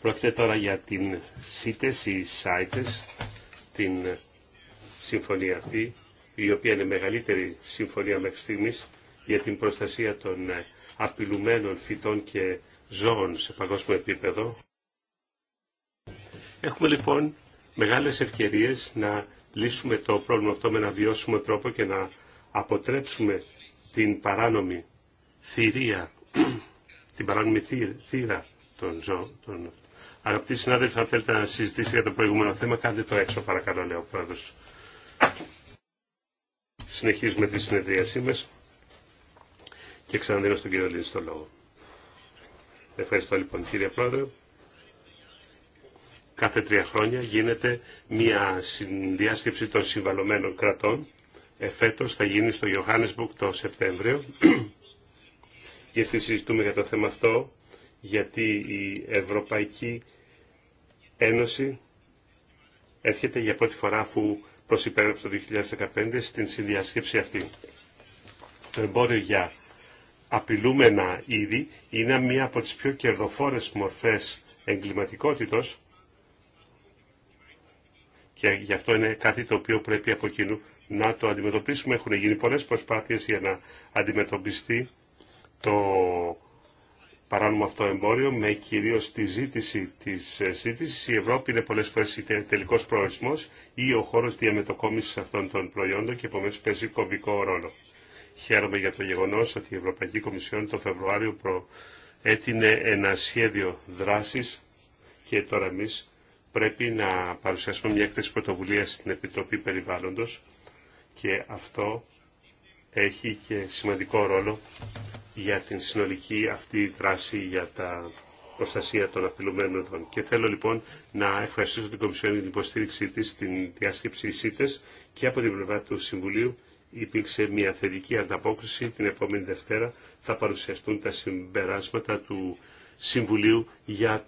S2: Πρόκειται τώρα για την ΣΥΤΕΣ ή ΣΑΙΤΕΣ, την συμφωνία αυτή, η οποία είναι μεγαλύτερη συμφωνία μέχρι στιγμή για την προστασία των απειλουμένων φυτών και ζώων σε παγκόσμιο επίπεδο. Έχουμε λοιπόν μεγάλες ευκαιρίες να λύσουμε το πρόβλημα αυτό με ένα βιώσιμο τρόπο και να αποτρέψουμε την παράνομη θηρία, την παράνομη θύρα των ζώων. Αγαπητοί συνάδελφοι, αν θέλετε να συζητήσετε για το προηγούμενο θέμα, κάντε το έξω παρακαλώ, λέει ο Συνεχίζουμε τη συνεδρίασή μα και ξαναδίνω στον κύριο Λίνη το λόγο. Ευχαριστώ λοιπόν κύριε πρόεδρε. Κάθε τρία χρόνια γίνεται μια συνδιάσκεψη των συμβαλωμένων κρατών εφέτος θα γίνει στο Johannesburg το Σεπτέμβριο γιατί συζητούμε για το θέμα αυτό γιατί η Ευρωπαϊκή Ένωση έρχεται για πρώτη φορά αφού προσυπέραψε το 2015 στην συνδιάσκεψη αυτή. Το εμπόριο για απειλούμενα είδη είναι μία από τις πιο κερδοφόρες μορφές εγκληματικότητος και γι' αυτό είναι κάτι το οποίο πρέπει από κοινού να το αντιμετωπίσουμε. Έχουν γίνει πολλές προσπάθειες για να αντιμετωπιστεί το παράνομο αυτό εμπόριο με κυρίως τη ζήτηση της ζήτησης. Η Ευρώπη είναι πολλές φορές η τελικός προορισμός ή ο χώρος διαμετωκόμησης αυτών των προϊόντων και επομένω παίζει κομβικό ρόλο. Χαίρομαι για το γεγονός ότι η Ευρωπαϊκή Κομισιόν το Φεβρουάριο προ... έτεινε ένα σχέδιο δράσης και τώρα εμείς πρέπει να παρουσιάσουμε μια έκθεση πρωτοβουλία στην Επιτροπή Περιβάλλοντος και αυτό έχει και σημαντικό ρόλο για την συνολική αυτή δράση για τα προστασία των απειλουμένων ειδών. Και θέλω λοιπόν να ευχαριστήσω την Κομισιόν για την υποστήριξή τη στην διάσκεψη ΣΥΤΕΣ και από την πλευρά του Συμβουλίου υπήρξε μια θετική ανταπόκριση. Την επόμενη Δευτέρα θα παρουσιαστούν τα συμπεράσματα του Συμβουλίου για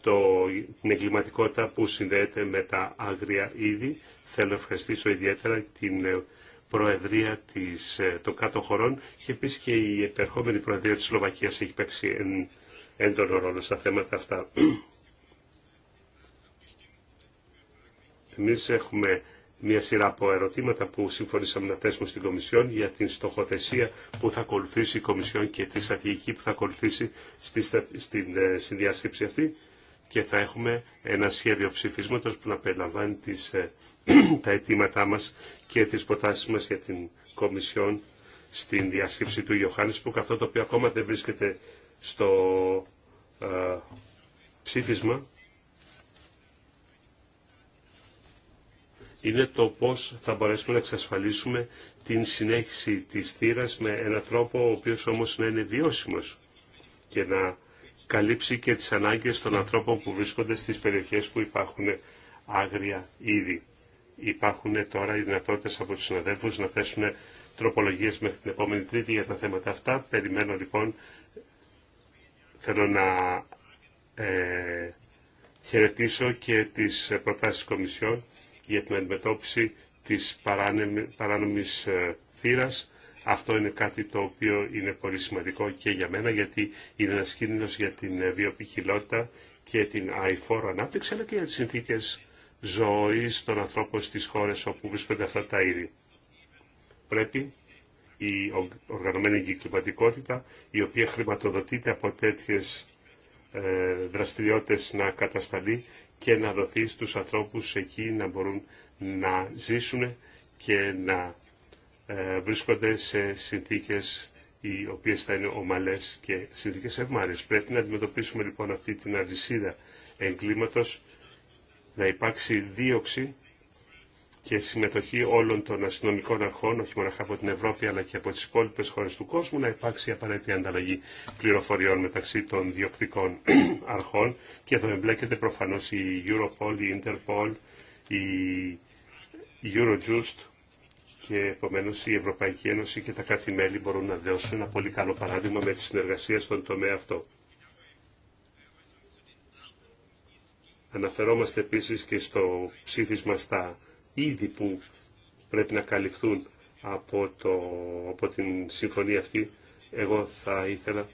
S2: την εγκληματικότητα που συνδέεται με τα άγρια είδη. Θέλω να ευχαριστήσω ιδιαίτερα την Προεδρία της, ε, των κάτω χωρών και επίσης και η επερχόμενη Προεδρία της Σλοβακίας έχει παίξει έντονο ρόλο στα θέματα αυτά. Εμείς έχουμε μια σειρά από ερωτήματα που συμφωνήσαμε να θέσουμε στην Κομισιόν για την στοχοθεσία που θα ακολουθήσει η Κομισιόν και τη στρατηγική που θα ακολουθήσει στη, στην ε, συνδιάσκεψη αυτή και θα έχουμε ένα σχέδιο ψηφίσματος που να περιλαμβάνει τις ε, τα αιτήματά μας και τις προτάσεις μας για την Κομισιόν στην διασκευή του που αυτό το οποίο ακόμα δεν βρίσκεται στο ε, ψήφισμα, είναι το πώς θα μπορέσουμε να εξασφαλίσουμε την συνέχιση της θύρας με έναν τρόπο ο οποίος όμως να είναι βιώσιμος και να καλύψει και τις ανάγκες των ανθρώπων που βρίσκονται στις περιοχές που υπάρχουν άγρια ήδη υπάρχουν τώρα οι δυνατότητες από τους συναδέλφους να θέσουν τροπολογίες μέχρι την επόμενη Τρίτη για τα θέματα αυτά. Περιμένω λοιπόν, θέλω να ε, χαιρετήσω και τις προτάσεις Κομισιόν για την αντιμετώπιση της παράνομης ε, θύρας. Αυτό είναι κάτι το οποίο είναι πολύ σημαντικό και για μένα γιατί είναι ένας κίνδυνος για την ε, βιοποικιλότητα και την αηφόρο ανάπτυξη αλλά και για τις συνθήκες ζωής των ανθρώπων στις χώρες όπου βρίσκονται αυτά τα είδη. Πρέπει η οργανωμένη εγκληματικότητα, η οποία χρηματοδοτείται από τέτοιες ε, δραστηριότητες να κατασταλεί και να δοθεί στους ανθρώπους εκεί να μπορούν να ζήσουν και να ε, βρίσκονται σε συνθήκες οι οποίες θα είναι ομαλές και συνθήκες ευμάρειες. Πρέπει να αντιμετωπίσουμε λοιπόν αυτή την αρισίδα εγκλήματος να υπάρξει δίωξη και συμμετοχή όλων των αστυνομικών αρχών, όχι μόνο από την Ευρώπη αλλά και από τις υπόλοιπε χώρες του κόσμου, να υπάρξει απαραίτητη ανταλλαγή πληροφοριών μεταξύ των διοκτικών αρχών και εδώ εμπλέκεται προφανώς η Europol, η Interpol, η Eurojust και επομένως η Ευρωπαϊκή Ένωση και τα κράτη-μέλη μπορούν να δώσουν ένα πολύ καλό παράδειγμα με τη συνεργασία στον τομέα αυτό. Αναφερόμαστε επίσης και στο ψήφισμα στα είδη που πρέπει να καλυφθούν από, το, από την συμφωνία αυτή. Εγώ θα ήθελα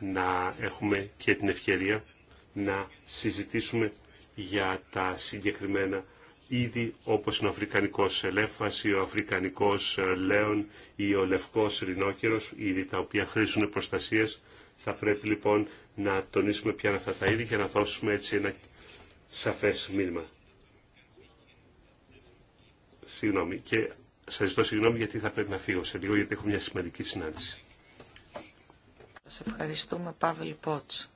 S2: να έχουμε και την ευκαιρία να συζητήσουμε για τα συγκεκριμένα είδη όπως είναι ο Αφρικανικός ελέφας ή ο Αφρικανικός λέων ή ο Λευκός ρινόκερος, είδη τα οποία χρήσουν προστασίες. Θα πρέπει λοιπόν να τονίσουμε πια αυτά τα είδη και να δώσουμε έτσι ένα σαφές μήνυμα. Συγγνώμη και σας ζητώ συγγνώμη γιατί θα πρέπει να φύγω σε λίγο γιατί έχω μια σημαντική συνάντηση.
S3: Σας ευχαριστούμε Παύλ Πότς,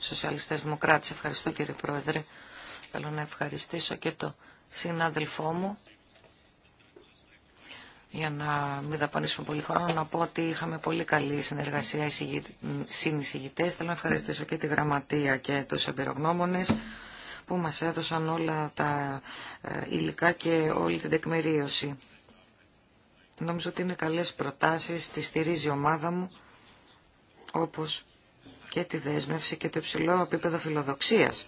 S3: Σοσιαλιστές Δημοκράτες. Ευχαριστώ κύριε Πρόεδρε. Θέλω να ευχαριστήσω και το συνάδελφό μου για να μην δαπανίσουμε πολύ χρόνο, να πω ότι είχαμε πολύ καλή συνεργασία οι συνεισηγητές. Θέλω να ευχαριστήσω και τη Γραμματεία και τους εμπειρογνώμονες που μας έδωσαν όλα τα ε, υλικά και όλη την τεκμηρίωση. Νομίζω ότι είναι καλές προτάσεις, τη στηρίζει η ομάδα μου, όπως και τη δέσμευση και το υψηλό επίπεδο φιλοδοξίας.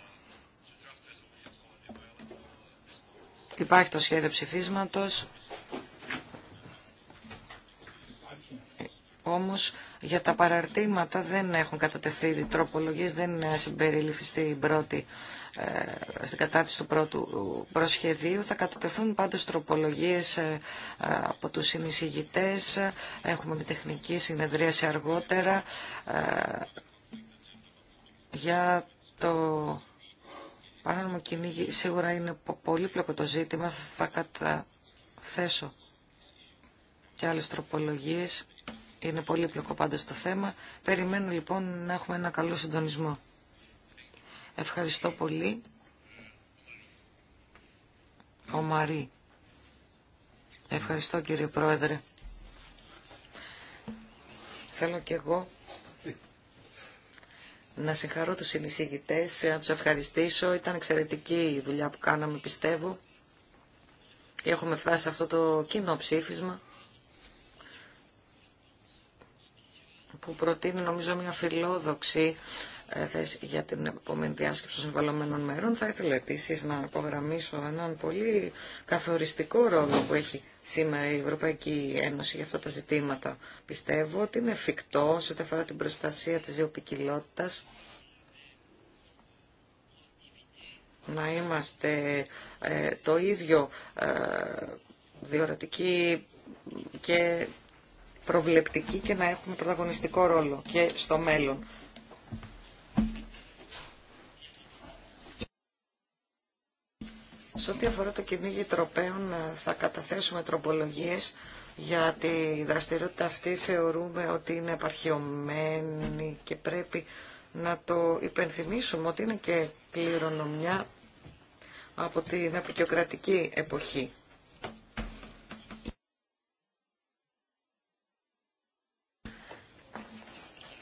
S3: Υπάρχει το σχέδιο ψηφίσματος, όμως για τα παραρτήματα δεν έχουν κατατεθεί τροπολογίες, δεν συμπεριληφθεί η πρώτη ε, στην κατάρτιση του πρώτου ε, προσχεδίου. Θα κατατεθούν πάντως τροπολογίες ε, από τους συνεισηγητές. Έχουμε με τεχνική συνεδρίαση αργότερα για το παράνομο κυνήγι. Σίγουρα είναι πολύπλοκο το ζήτημα. Θα καταθέσω και άλλες τροπολογίες. Είναι πλοκό πάντως το θέμα. Περιμένω λοιπόν να έχουμε ένα καλό συντονισμό. Ευχαριστώ πολύ. Ο Μαρή. Ευχαριστώ κύριε Πρόεδρε. Θέλω και εγώ να συγχαρώ τους συνεισηγητές, να τους ευχαριστήσω. Ήταν εξαιρετική η δουλειά που κάναμε, πιστεύω. Έχουμε φτάσει σε αυτό το κοινό ψήφισμα που προτείνει νομίζω μια φιλόδοξη θέση για την επόμενη διάσκεψη των συμβαλωμένων μέρων. Θα ήθελα επίση να απογραμμίσω έναν πολύ καθοριστικό ρόλο που έχει σήμερα η Ευρωπαϊκή Ένωση για αυτά τα ζητήματα. Πιστεύω ότι είναι εφικτό σε αφορά την προστασία της βιοπικιλότητα. να είμαστε ε, το ίδιο ε, διορατικοί και προβλεπτικοί και να έχουμε πρωταγωνιστικό ρόλο και στο μέλλον. Σε ό,τι αφορά το κυνήγι τροπέων ε, θα καταθέσουμε τροπολογίες γιατί τη δραστηριότητα αυτή θεωρούμε ότι είναι επαρχιωμένη και πρέπει να το υπενθυμίσουμε ότι είναι και κληρονομιά από την αποικιοκρατική εποχή.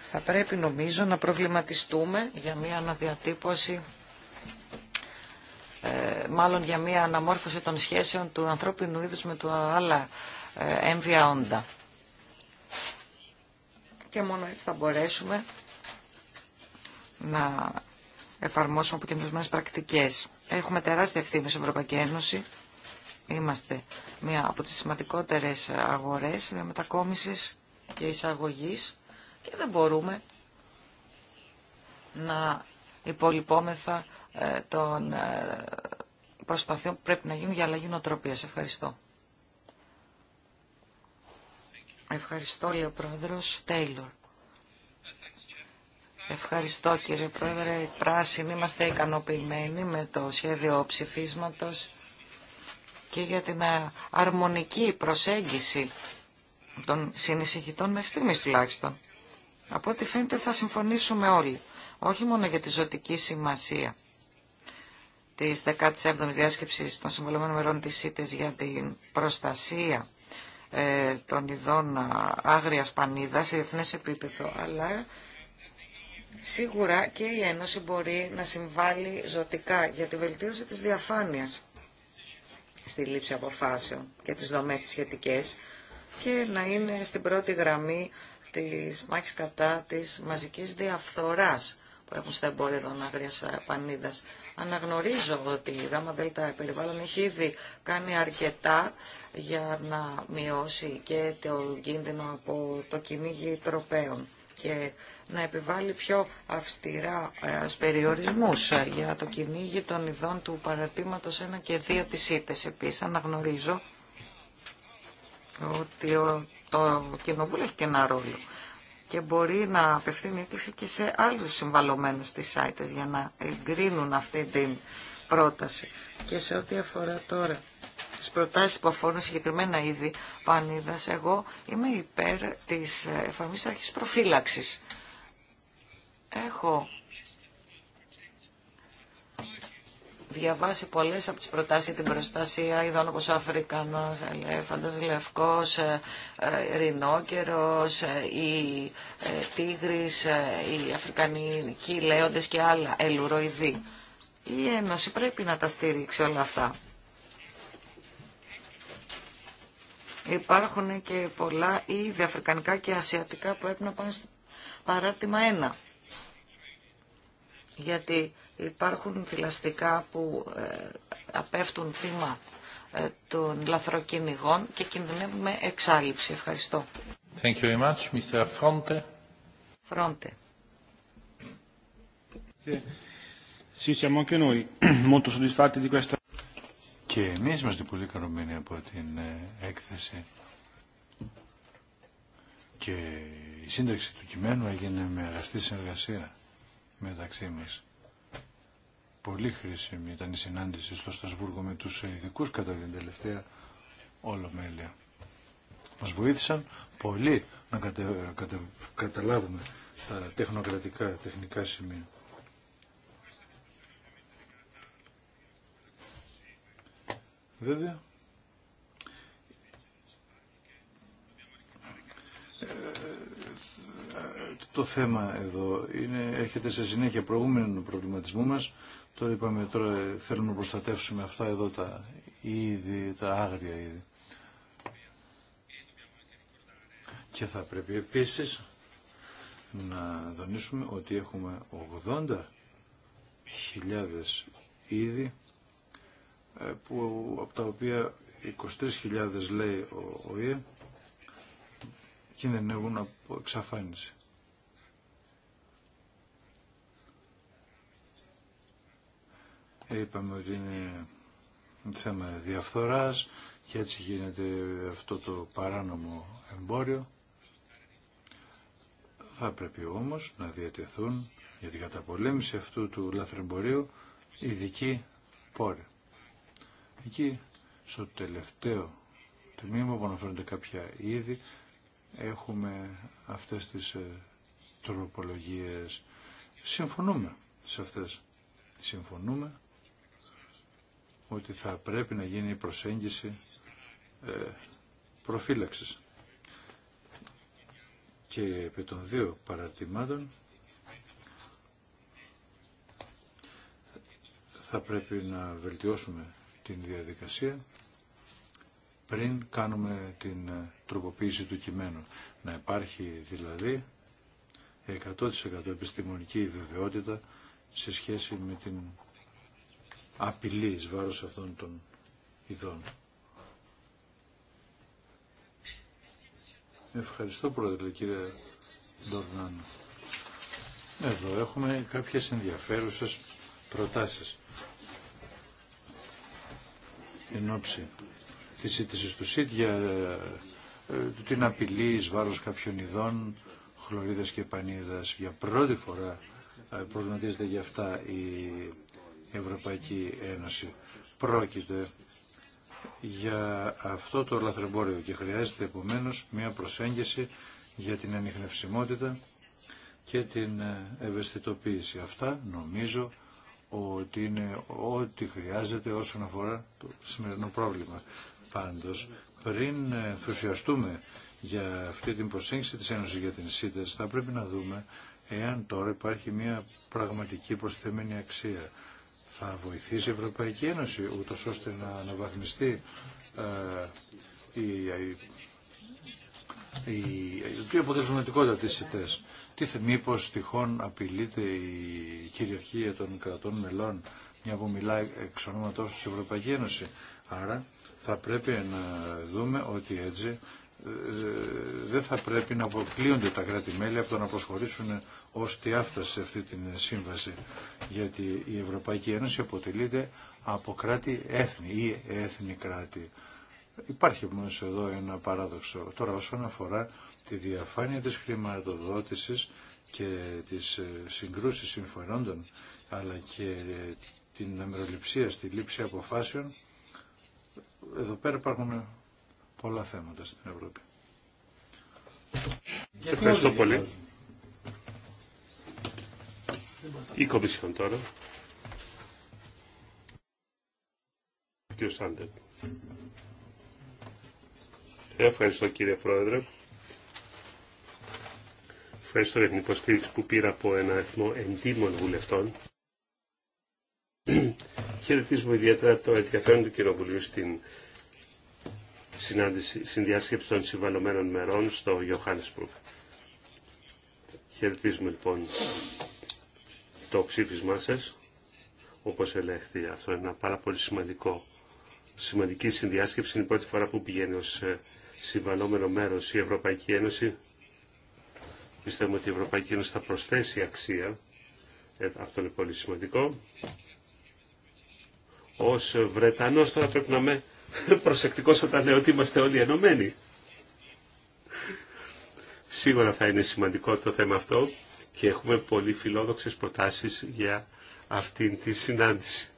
S3: Θα πρέπει νομίζω να προβληματιστούμε για μια αναδιατύπωση ε, μάλλον για μια αναμόρφωση των σχέσεων του ανθρώπινου είδους με το άλλα ε, έμβια όντα. Και μόνο έτσι θα μπορέσουμε να εφαρμόσουμε αποκεντρωσμένες πρακτικές. Έχουμε τεράστια ευθύνη στην Ευρωπαϊκή Ένωση. Είμαστε μία από τις σημαντικότερες αγορές μετακόμισης και εισαγωγής και δεν μπορούμε να υπολοιπόμεθα ε, των ε, προσπαθειών που πρέπει να γίνουν για αλλαγή νοοτροπίας. Ευχαριστώ. Ευχαριστώ, λέει ο Πρόεδρος Τέιλορ. Ευχαριστώ κύριε Πρόεδρε. πράσινοι είμαστε ικανοποιημένοι με το σχέδιο ψηφίσματος και για την ε, αρμονική προσέγγιση των συνεισυχητών μέχρι στιγμής τουλάχιστον. Από ό,τι φαίνεται θα συμφωνήσουμε όλοι όχι μόνο για τη ζωτική σημασία της 17ης διάσκεψης των συμβολωμένων μερών τη ΣΥΤΕΣ για την προστασία ε, των ειδών άγρια πανίδα σε διεθνέ επίπεδο, αλλά σίγουρα και η Ένωση μπορεί να συμβάλλει ζωτικά για τη βελτίωση της διαφάνειας στη λήψη αποφάσεων και τις δομές τις σχετικές και να είναι στην πρώτη γραμμή της μάχης κατά της μαζικής διαφθοράς που έχουν στα εμπόρια των Αγρία πανίδας. Αναγνωρίζω ότι η ΓΑΜΑ ΔΕΛΤΑ περιβάλλον έχει ήδη κάνει αρκετά για να μειώσει και το κίνδυνο από το κυνήγι τροπέων και να επιβάλλει πιο αυστηρά ε, περιορισμούς ε, για το κυνήγι των ειδών του παρατήματο 1 και 2 της ΉΤΕΣ. Επίσης αναγνωρίζω ότι το Κοινοβούλιο έχει και ένα ρόλο και μπορεί να απευθύνει έκκληση και σε άλλους συμβαλωμένους στις σάιτες για να εγκρίνουν αυτή την πρόταση. Και σε ό,τι αφορά τώρα τις προτάσεις που αφορούν συγκεκριμένα είδη πανίδας, εγώ είμαι υπέρ της εφαρμής αρχής προφύλαξης. Έχω διαβάσει πολλές από τις προτάσεις για την προστασία ειδών όπως ο Αφρικανός ελέφαντος, λευκός, ε, ε, ρινόκερος, ε, η τίγρης, οι αφρικανικοί λέοντες και άλλα ελουροειδή. Η Ένωση πρέπει να τα στηρίξει όλα αυτά. Υπάρχουν και πολλά ήδη αφρικανικά και ασιατικά που έπρεπε να πάνε στο παράρτημα 1. Γιατί υπάρχουν φυλαστικά που ε, απέφτουν θύμα ε, των λαθροκυνηγών και κινδυνεύουμε εξάλληψη. Ευχαριστώ.
S1: Thank you very much. Mr. Fronte. Fronte. Sì, siamo anche noi molto soddisfatti di questa. Che mi sembra di più che non mi ne può di un'eccesse. Che i sindaci tutti meno hanno messo Πολύ χρήσιμη ήταν η συνάντηση στο Στασβούργο με τους ειδικού κατά την τελευταία ολομέλεια. Μας βοήθησαν πολύ να κατε, καταλάβουμε τα τεχνοκρατικά, τεχνικά σημεία. Βέβαια,
S2: ε, ε,
S1: το θέμα εδώ είναι, έρχεται σε συνέχεια προηγούμενου προβληματισμού μας Τώρα είπαμε, τώρα θέλουμε να προστατεύσουμε αυτά εδώ τα είδη, τα άγρια είδη. Και θα πρέπει επίσης να δονήσουμε ότι έχουμε 80.000 είδη ε, που, από τα οποία 23.000 λέει ο ΙΕ κινδυνεύουν από εξαφάνιση. Είπαμε ότι είναι θέμα διαφθοράς και έτσι γίνεται αυτό το παράνομο εμπόριο. Θα πρέπει όμως να διατεθούν για την καταπολέμηση αυτού του λαθρεμπορίου ειδικοί πόροι. Εκεί στο τελευταίο τμήμα που αναφέρονται κάποια είδη έχουμε αυτές τις ε, τροπολογίες. Συμφωνούμε σε αυτές. Συμφωνούμε ότι θα πρέπει να γίνει προσέγγιση ε, προφύλαξης. Και επί των δύο παρατημάτων θα πρέπει να βελτιώσουμε την διαδικασία πριν κάνουμε την ε, τροποποίηση του κειμένου. Να υπάρχει δηλαδή 100% επιστημονική βεβαιότητα σε σχέση με την απειλή εις βάρος αυτών των ειδών. Ευχαριστώ πρόεδρε κύριε Ντορνάνο. Εδώ έχουμε κάποιες ενδιαφέρουσες προτάσεις εν ώψη της σύντησης του ΣΥΤ για ε, την απειλή εις βάρος κάποιων ειδών, χλωρίδας και πανίδας. Για πρώτη φορά ε, προβληματίζεται για αυτά η Ευρωπαϊκή Ένωση. Πρόκειται για αυτό το λαθρεμπόριο και χρειάζεται επομένως μια προσέγγιση για την ανιχνευσιμότητα και την ευαισθητοποίηση. Αυτά νομίζω ότι είναι ό,τι χρειάζεται όσον αφορά το σημερινό πρόβλημα. Πάντως, πριν ενθουσιαστούμε για αυτή την προσέγγιση της Ένωσης για την ΣΥΤΕΣ, θα πρέπει να δούμε εάν τώρα υπάρχει μια πραγματική προσθεμένη αξία θα βοηθήσει η Ευρωπαϊκή Ένωση ούτως ώστε να αναβαθμιστεί ε, η, η, η, αποτελεσματικότητα της ΣΥΤΕΣ. Τι θε, μήπως τυχόν απειλείται η κυριαρχία των κρατών μελών μια που μιλάει εξ ονόματός της Ευρωπαϊκή Ένωση. Άρα θα πρέπει να δούμε ότι έτσι ε, ε, δεν θα πρέπει να αποκλείονται τα κράτη-μέλη από το να προσχωρήσουν ώστε άφτασε σε αυτή την σύμβαση. Γιατί η Ευρωπαϊκή Ένωση αποτελείται από κράτη έθνη ή έθνη κράτη. Υπάρχει όμω εδώ ένα παράδοξο. Τώρα όσον αφορά τη διαφάνεια της χρηματοδότησης και της ε, συγκρούσεις συμφερόντων αλλά και ε, την αμεροληψία στη λήψη αποφάσεων εδώ πέρα υπάρχουν πολλά θέματα στην Ευρώπη.
S2: Ευχαριστώ πολύ. Η Κομισιόν τώρα. Κύριο Σάντερ. Ευχαριστώ κύριε Πρόεδρε. Ευχαριστώ για την υποστήριξη που πήρα από ένα αριθμό εντύμων βουλευτών. Χαιρετίζουμε ιδιαίτερα το ενδιαφέρον του Κοινοβουλίου στην συνδιάσκεψη των συμβαλωμένων μερών στο Johannesburg. Χαιρετίζουμε λοιπόν το ψήφισμά σας, όπως ελέγχθη. Αυτό είναι ένα πάρα πολύ σημαντικό, σημαντική συνδιάσκεψη. Είναι η πρώτη φορά που πηγαίνει ως ε, συμβαλόμενο μέρος η Ευρωπαϊκή Ένωση. Πιστεύουμε ότι η Ευρωπαϊκή Ένωση θα προσθέσει αξία. Ε, αυτό είναι πολύ σημαντικό. Ως Βρετανός τώρα πρέπει να είμαι προσεκτικός όταν λέω ότι είμαστε όλοι ενωμένοι. Σίγουρα θα είναι σημαντικό το θέμα αυτό και έχουμε πολύ φιλόδοξες προτάσεις για αυτήν τη συνάντηση.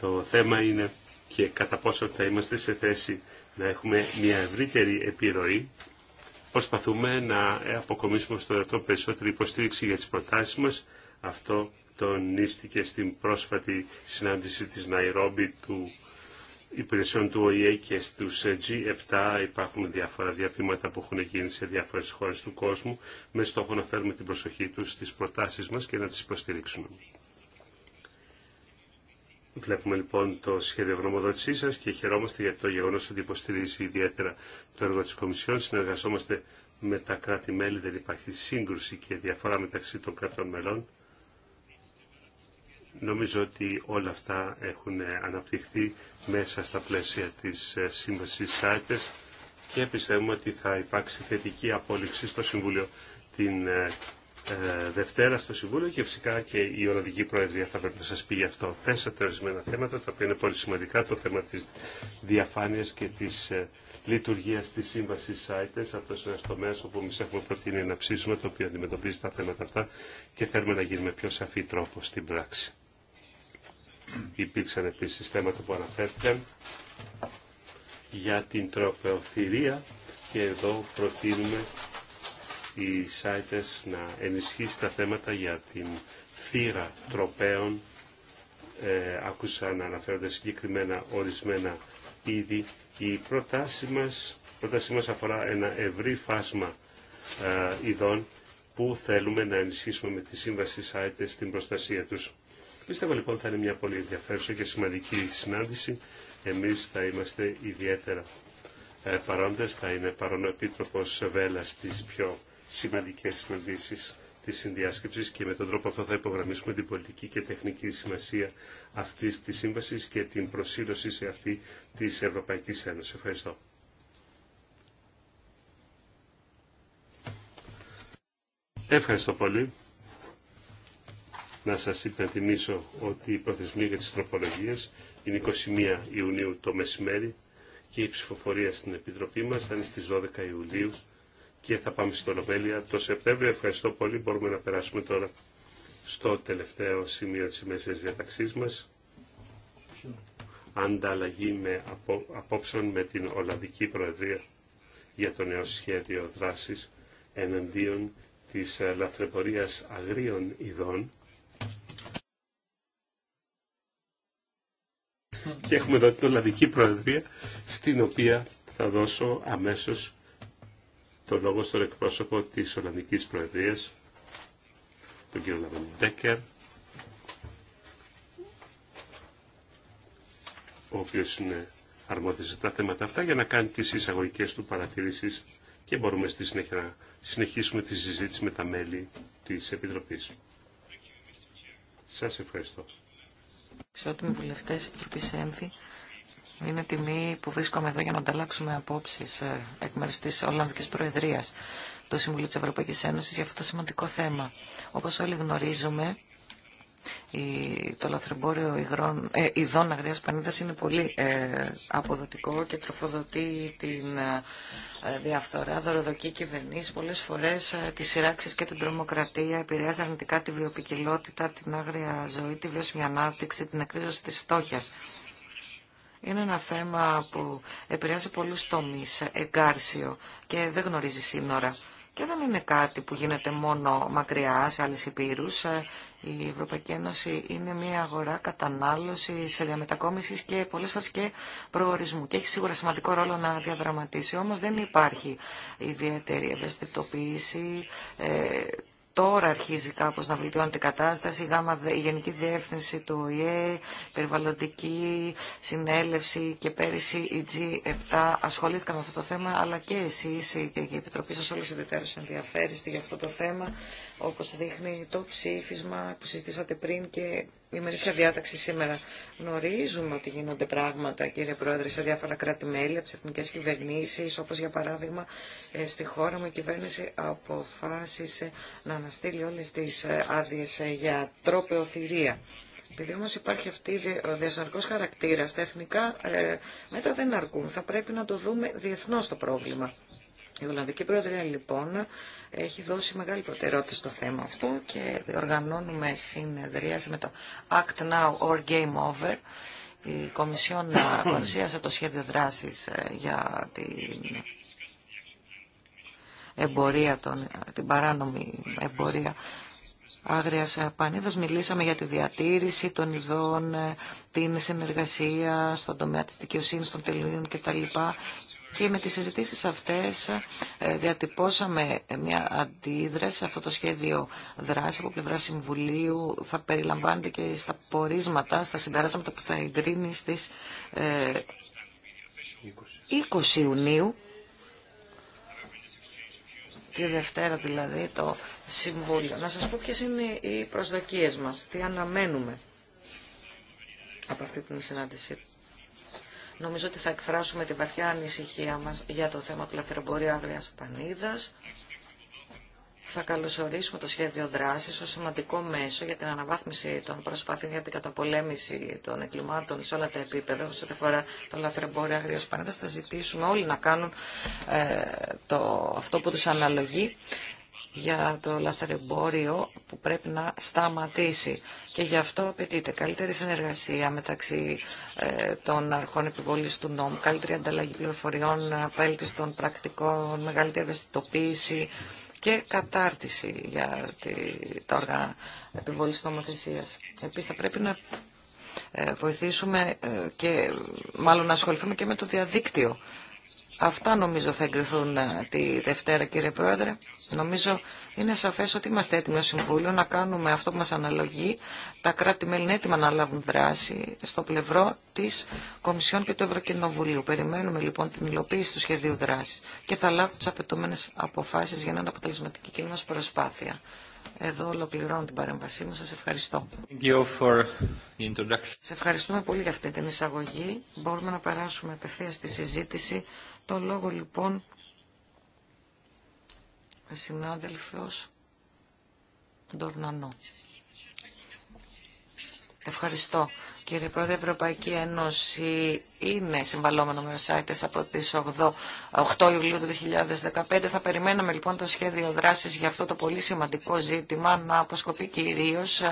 S2: Το θέμα είναι και κατά πόσο θα είμαστε σε θέση να έχουμε μια ευρύτερη επιρροή. Προσπαθούμε να αποκομίσουμε στο δεύτερο περισσότερη υποστήριξη για τις προτάσεις μας. Αυτό τονίστηκε στην πρόσφατη συνάντηση της Ναϊρόμπη του υπηρεσιών του ΟΗΕ και στους G7 υπάρχουν διάφορα διαβήματα που έχουν γίνει σε διάφορες χώρες του κόσμου με στόχο να φέρουμε την προσοχή τους στις προτάσεις μας και να τις υποστηρίξουμε. Βλέπουμε λοιπόν το σχέδιο γνωμοδότησή σα και χαιρόμαστε για το γεγονό ότι υποστηρίζει ιδιαίτερα το έργο τη Κομισιόν. Συνεργαζόμαστε με τα κράτη-μέλη, δεν υπάρχει σύγκρουση και διαφορά μεταξύ των κρατών μελών. Νομίζω ότι όλα αυτά έχουν αναπτυχθεί μέσα στα πλαίσια της ε, Σύμβασης Σάιτες και πιστεύουμε ότι θα υπάρξει θετική απόλυξη στο Συμβούλιο την ε, ε, Δευτέρα στο Συμβούλιο και φυσικά και η Ολλανδική Προεδρία θα πρέπει να σας πει γι' αυτό. Θέσατε ορισμένα θέματα τα οποία είναι πολύ σημαντικά, το θέμα της διαφάνειας και της λειτουργίας της Σύμβασης ΣΑΙΤΕΣ. αυτό είναι ένας τομέας όπου εμείς έχουμε προτείνει ένα ψήσιμο το οποίο αντιμετωπίζει τα θέματα αυτά και θέλουμε να γίνουμε πιο σαφή τρόπο στην πράξη. Υπήρξαν επίσης θέματα που αναφέρθηκαν για την τροπεοθυρία και εδώ προτείνουμε οι σάιτες να ενισχύσει τα θέματα για την θύρα τροπέων. Ε, άκουσα να αναφέρονται συγκεκριμένα ορισμένα είδη. Η προτάση μας, αφορά ένα ευρύ φάσμα ε, ειδών που θέλουμε να ενισχύσουμε με τη σύμβαση σάιτες στην προστασία τους. Πιστεύω λοιπόν θα είναι μια πολύ ενδιαφέρουσα και σημαντική συνάντηση. Εμείς θα είμαστε ιδιαίτερα ε, παρόντες, θα είναι παρόν ο Επίτροπος Βέλα στις πιο σημαντικές συναντήσεις της συνδιάσκεψης και με τον τρόπο αυτό θα υπογραμμίσουμε την πολιτική και τεχνική σημασία αυτής της σύμβασης και την προσήλωση σε αυτή της Ευρωπαϊκής Ένωσης. Ευχαριστώ. Ευχαριστώ πολύ. Να σας υπενθυμίσω ότι η προθεσμία για τις τροπολογίες είναι 21 Ιουνίου το μεσημέρι και η ψηφοφορία στην Επιτροπή μας θα είναι στις 12 Ιουλίου και θα πάμε στο Ολομέλεια το Σεπτέμβριο. Ευχαριστώ πολύ. Μπορούμε να περάσουμε τώρα στο τελευταίο σημείο της ημέρας διαταξής μας. Ανταλλαγή με απόψεων με την Ολλανδική Προεδρία για το νέο σχέδιο δράσης εναντίον της λαθρεπορίας αγρίων ειδών και έχουμε εδώ την Ολλανδική Προεδρία, στην οποία θα δώσω αμέσως το λόγο στον εκπρόσωπο της Ολλανδικής Προεδρίας, τον κύριο Λαμπεντέκερ, ο οποίος είναι αρμόδιος τα θέματα αυτά, για να κάνει τις εισαγωγικές του παρατηρήσεις και μπορούμε στη συνέχεια να συνεχίσουμε τη συζήτηση με τα μέλη της Επιτροπής. Σας ευχαριστώ.
S3: Ισότιμοι βουλευτέ τη Επιτροπή ΕΜΦΗ, είναι τιμή που βρίσκομαι εδώ για να ανταλλάξουμε απόψει ε, εκ μέρου τη Ολλανδική Προεδρία του Συμβουλίου τη Ευρωπαϊκή Ένωση για αυτό το σημαντικό θέμα. Όπω όλοι γνωρίζουμε, το λαθρεμπόριο υγρών, ε, ειδών αγριάς πανίδας είναι πολύ ε, αποδοτικό και τροφοδοτεί την ε, ε διαφθορά, δωροδοκεί κυβερνήσει. Πολλές φορές ε, τις σειράξεις και την τρομοκρατία επηρεάζει αρνητικά τη βιοπικιλότητα, την άγρια ζωή, τη βιώσιμη ανάπτυξη, την εκρίζωση της φτώχειας. Είναι ένα θέμα που επηρεάζει πολλούς τομείς, εγκάρσιο και δεν γνωρίζει σύνορα. Και δεν είναι κάτι που γίνεται μόνο μακριά σε άλλε υπήρου. Ε, η Ευρωπαϊκή Ένωση είναι μια αγορά σε διαμετακόμισης και πολλέ φορέ και προορισμού. Και έχει σίγουρα σημαντικό ρόλο να διαδραματίσει. Όμω δεν υπάρχει ιδιαίτερη ευαισθητοποίηση ε, Τώρα αρχίζει κάπως να βελτιώνεται η κατάσταση. Η, Γενική Διεύθυνση του ΟΗΕ, Περιβαλλοντική Συνέλευση και πέρυσι η G7 ασχολήθηκαν με αυτό το θέμα, αλλά και εσείς και η Επιτροπή σας όλους ιδιαίτερως ενδιαφέρεστε για αυτό το θέμα, όπως δείχνει το ψήφισμα που συζητήσατε πριν και η ημερήσια διάταξη σήμερα. Γνωρίζουμε ότι γίνονται πράγματα, κύριε Πρόεδρε, σε διάφορα κράτη-μέλη, από τι εθνικέ κυβερνήσει, όπω για παράδειγμα ε, στη χώρα μου η κυβέρνηση αποφάσισε να αναστείλει όλε τι ε, άδειε ε, για τρόπεοθυρία. Επειδή όμω υπάρχει αυτή ο διασαρκό χαρακτήρα, τα εθνικά μέτρα δεν αρκούν. Θα πρέπει να το δούμε διεθνώ το πρόβλημα. Η Ολλανδική Προεδρία λοιπόν έχει δώσει μεγάλη προτεραιότητα στο θέμα αυτό και οργανώνουμε συνεδρίαση με το Act Now or Game Over. Η Κομισιόν ε, παρουσίασε το σχέδιο δράσης ε, για την εμπορία, των, ε, την παράνομη εμπορία άγριας πανίδας. Μιλήσαμε για τη διατήρηση των ειδών, την συνεργασία στον τομέα της δικαιοσύνης, των τελείων κτλ. Και με τις συζητήσεις αυτές ε, διατυπώσαμε μια αντίδραση σε αυτό το σχέδιο δράση από πλευρά Συμβουλίου. Θα περιλαμβάνεται και στα πορίσματα, στα συμπεράσματα που θα εγκρίνει στις 20 ε, Ιουνίου τη Δευτέρα δηλαδή το Συμβούλιο. Να σας πω ποιες είναι οι προσδοκίες μας, τι αναμένουμε από αυτή την συνάντηση. Νομίζω ότι θα εκφράσουμε την βαθιά ανησυχία μας για το θέμα του λαθρεμπορίου αγριάς πανίδας. Θα καλωσορίσουμε το σχέδιο δράσης ως σημαντικό μέσο για την αναβάθμιση των προσπαθειών για την καταπολέμηση των εγκλημάτων σε όλα τα επίπεδα. όσο ό,τι φορά το λαθρεμπόριο Αγρίας θα ζητήσουμε όλοι να κάνουν ε, το, αυτό που του αναλογεί για το λαθρεμπόριο που πρέπει να σταματήσει. Και γι' αυτό απαιτείται καλύτερη συνεργασία μεταξύ ε, των αρχών επιβολής του νόμου, καλύτερη ανταλλαγή πληροφοριών, απέλτιση των πρακτικών, μεγαλύτερη ευαισθητοποίηση και κατάρτιση για τα όργανα επιβολής νομοθεσίας. Επίσης θα πρέπει να ε, βοηθήσουμε ε, και μάλλον να ασχοληθούμε και με το διαδίκτυο Αυτά νομίζω θα εγκριθούν ε, τη Δευτέρα κύριε Πρόεδρε. Νομίζω είναι σαφές ότι είμαστε έτοιμοι ως Συμβούλιο να κάνουμε αυτό που μας αναλογεί. Τα κράτη-μέλη είναι έτοιμα να λάβουν δράση στο πλευρό της Κομισιόν και του Ευρωκοινοβουλίου. Περιμένουμε λοιπόν την υλοποίηση του σχεδίου δράσης και θα λάβουν τις απαιτούμενες αποφάσεις για να είναι αποτελεσματική κοινή μα προσπάθεια. Εδώ ολοκληρώνω την παρέμβασή μου. Σας ευχαριστώ. Thank you for the introduction. Σας ευχαριστούμε πολύ για αυτή την εισαγωγή. Μπορούμε να περάσουμε απευθεία στη συζήτηση. Το λόγο λοιπόν, συνάδελφος Ντορνανό. Ευχαριστώ. Κύριε Πρόεδρε, η Ευρωπαϊκή Ένωση είναι συμβαλόμενο με σάιτες από τις 8 Ιουλίου του 2015. Θα περιμέναμε λοιπόν το σχέδιο δράσης για αυτό το πολύ σημαντικό ζήτημα να αποσκοπεί κυρίως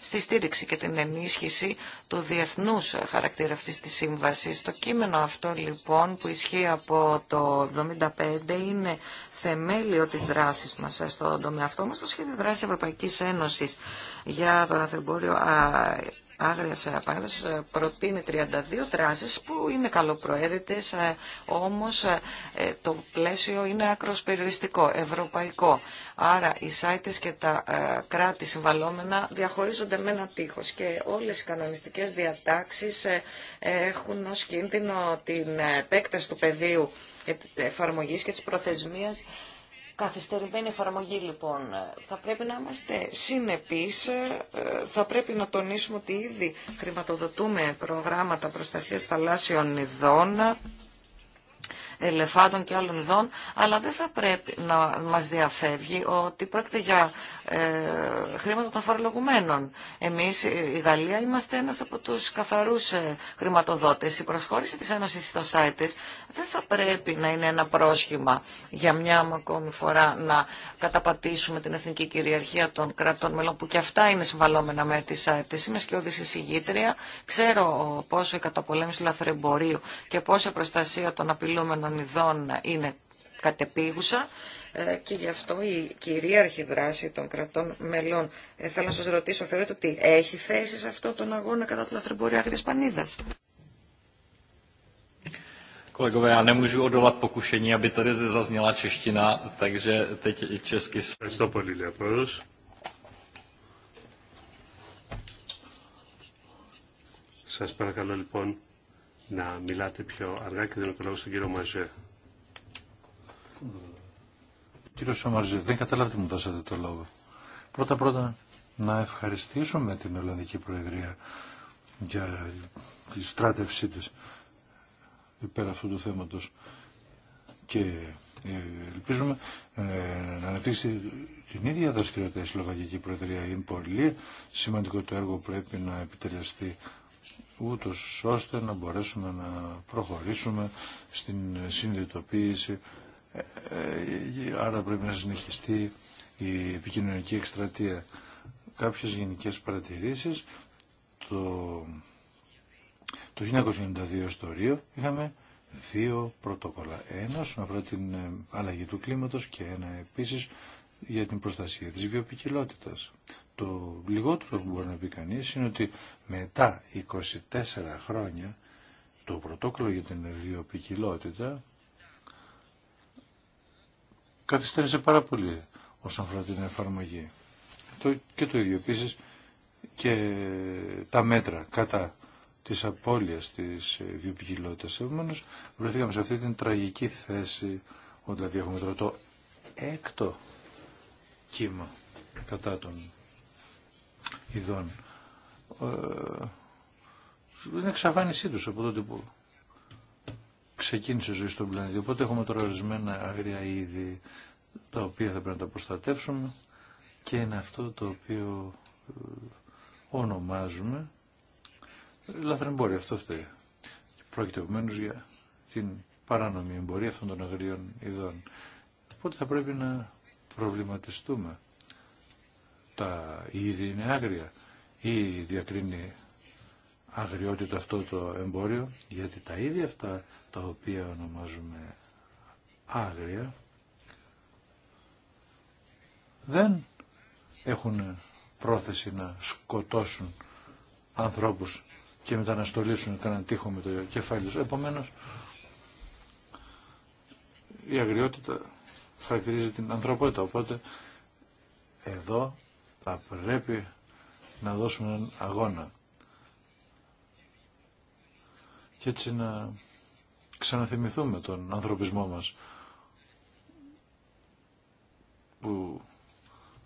S3: στη στήριξη και την ενίσχυση του διεθνούς χαρακτήρα αυτής της σύμβασης. Το κείμενο αυτό λοιπόν που ισχύει από το 1975 είναι θεμέλιο της δράσης μας στον τομέα αυτό, όμως το σχέδιο δράσης Ευρωπαϊκής Ένωσης για τον άγρια παράδοση ε, προτείνει 32 τράσεις που είναι καλοπροαίρετες, ε, όμως ε, το πλαίσιο είναι άκρος ευρωπαϊκό. Άρα οι σάιτες και τα κράτη συμβαλόμενα διαχωρίζονται με ένα τείχος και όλες οι κανονιστικές διατάξεις έχουν ως κίνδυνο την επέκταση του πεδίου εφαρμογής και της προθεσμίας Καθυστερημένη εφαρμογή λοιπόν. Θα πρέπει να είμαστε συνεπείς, ε, θα πρέπει να τονίσουμε ότι ήδη χρηματοδοτούμε προγράμματα προστασίας θαλάσσιων ειδών ελεφάντων και άλλων ειδών, αλλά δεν θα πρέπει να μας διαφεύγει ότι πρόκειται για ε, χρήματα των φορολογουμένων. Εμείς, η Γαλλία, είμαστε ένας από τους καθαρούς ε, χρηματοδότες. Η προσχώρηση της Ένωσης στο site της δεν θα πρέπει να είναι ένα πρόσχημα για μια ακόμη φορά να καταπατήσουμε την εθνική κυριαρχία των κρατών μελών, που και αυτά είναι συμβαλόμενα με τη site της. Είμαι σκιώδης εισηγήτρια. Ξέρω πόσο η καταπολέμηση του λαθρεμπορίου και πόσο προστασία των απειλούμενων των ειδών είναι κατεπίγουσα ε, και γι' αυτό η κυρίαρχη δράση των κρατών μελών. Ε, θέλω να σας ρωτήσω, θεωρείτε ότι έχει θέση σε αυτό τον αγώνα κατά του λαθρεμπορίου άγριας πανίδας.
S1: Kolegové, já nemůžu odolat
S2: pokušení, aby tady zazněla čeština, takže teď i česky. se... Σας παρακαλώ λοιπόν να μιλάτε πιο αργά και δίνω το λόγο στον κύριο Μαζέ.
S1: Κύριο Σομαρζέ, δεν που μου δώσατε το λόγο. Πρώτα πρώτα να ευχαριστήσουμε την Ολλανδική Προεδρία για τη στράτευσή της υπέρ αυτού του θέματος και ε, ελπίζουμε ε, να αναπτύξει την ίδια δραστηριότητα η Σλοβακική Προεδρία. Είναι πολύ σημαντικό το έργο πρέπει να επιτελεστεί ούτως ώστε να μπορέσουμε να προχωρήσουμε στην συνειδητοποίηση. Ε, ε, άρα πρέπει να συνεχιστεί η επικοινωνική εκστρατεία. Κάποιες γενικές παρατηρήσεις. Το, το 1992 στο Ρίο είχαμε δύο πρωτόκολλα. Ένα όσον αφορά την ε, αλλαγή του κλίματος και ένα επίσης για την προστασία της βιοπικιλότητας. Το λιγότερο που μπορεί να πει κανεί είναι ότι μετά 24 χρόνια το πρωτόκολλο για την βιοπικιλότητα καθυστέρησε πάρα πολύ όσον αφορά την εφαρμογή. Και το ίδιο επίση και τα μέτρα κατά της απώλειας της βιοπικιλότητας. Επομένως βρεθήκαμε σε αυτή την τραγική θέση όταν δηλαδή έχουμε τώρα το έκτο κύμα κατά τον ειδών. Ε, είναι εξαφάνισή του από τότε που ξεκίνησε η ζωή στον πλανήτη. Οπότε έχουμε τώρα ορισμένα αγρία είδη τα οποία θα πρέπει να τα προστατεύσουμε και είναι αυτό το οποίο ε, ονομάζουμε λαθρεμπόρια. Αυτό φταίει. Πρόκειται επομένω για την παράνομη εμπορία αυτών των αγριών ειδών. Οπότε θα πρέπει να προβληματιστούμε τα είδη είναι άγρια ή διακρίνει αγριότητα αυτό το εμπόριο γιατί τα ίδια αυτά τα οποία ονομάζουμε άγρια δεν έχουν πρόθεση να σκοτώσουν ανθρώπους και μετά να στολίσουν κανέναν τείχο με το κεφάλι τους. Επομένως, η αγριότητα χαρακτηρίζει την ανθρωπότητα, οπότε εδώ θα πρέπει να δώσουμε έναν αγώνα και έτσι να ξαναθυμηθούμε τον ανθρωπισμό μας που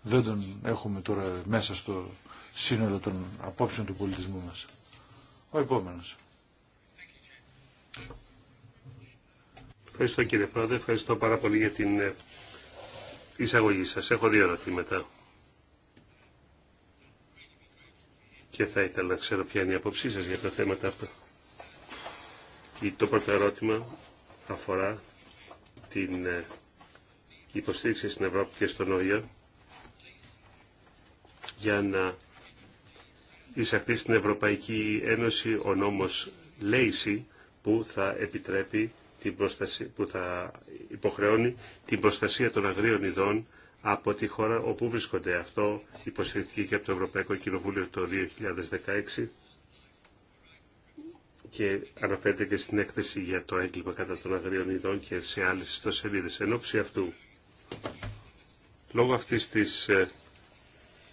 S1: δεν τον έχουμε τώρα μέσα στο σύνολο των απόψεων του πολιτισμού μας. Ο επόμενος.
S2: Ευχαριστώ κύριε Πρόεδρε, ευχαριστώ πάρα πολύ για την ε, εισαγωγή σας. Έχω δύο ερωτήματα. και θα ήθελα να ξέρω ποια είναι η απόψή σας για τα θέματα αυτά. Το πρώτο ερώτημα αφορά την ε, υποστήριξη στην Ευρώπη και στον ΟΗΕ για να εισαχθεί στην Ευρωπαϊκή Ένωση ο νόμος Λέιση που θα επιτρέπει την προστασία, που θα υποχρεώνει την προστασία των αγρίων ειδών από τη χώρα όπου βρίσκονται. Αυτό υποστηρίχθηκε και από το Ευρωπαϊκό Κοινοβούλιο το 2016 και αναφέρεται και στην έκθεση για το έγκλημα κατά των αγρίων ειδών και σε άλλες ιστοσελίδες. Εν όψη αυτού, λόγω αυτής της ε,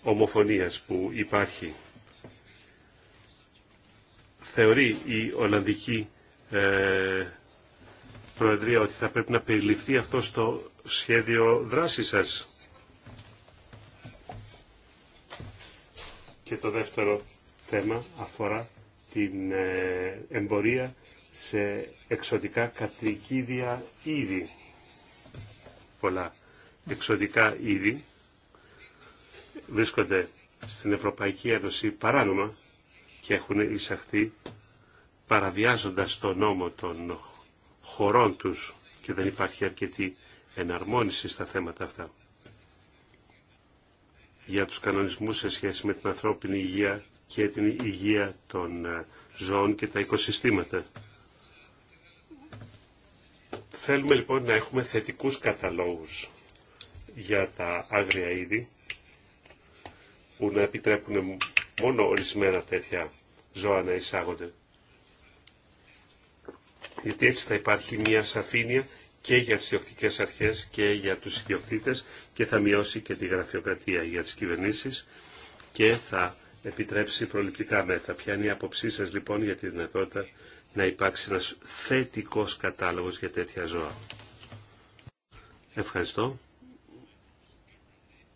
S2: ομοφωνίας που υπάρχει, θεωρεί η Ολλανδική ε, Προεδρία ότι θα πρέπει να περιληφθεί αυτό στο σχέδιο δράσης σας. Και το δεύτερο θέμα αφορά την ε, εμπορία σε εξωτικά κατοικίδια ήδη. Πολλά εξωτικά είδη βρίσκονται στην Ευρωπαϊκή Ένωση παράνομα και έχουν εισαχθεί παραβιάζοντας τον νόμο των χωρών τους και δεν υπάρχει αρκετή εναρμόνιση στα θέματα αυτά για τους κανονισμούς σε σχέση με την ανθρώπινη υγεία και την υγεία των ε, ζώων και τα οικοσυστήματα. Θέλουμε λοιπόν να έχουμε θετικούς καταλόγους για τα άγρια είδη που να επιτρέπουν μόνο ορισμένα τέτοια ζώα να εισάγονται. Γιατί έτσι θα υπάρχει μια σαφήνεια και για τις διοκτικές αρχές και για τους ιδιοκτήτες και θα μειώσει και τη γραφειοκρατία για τις κυβερνήσεις και θα επιτρέψει προληπτικά μέτρα. Ποια είναι η άποψή σας λοιπόν για τη δυνατότητα να υπάρξει ένας θετικός κατάλογος για τέτοια ζώα. Ευχαριστώ.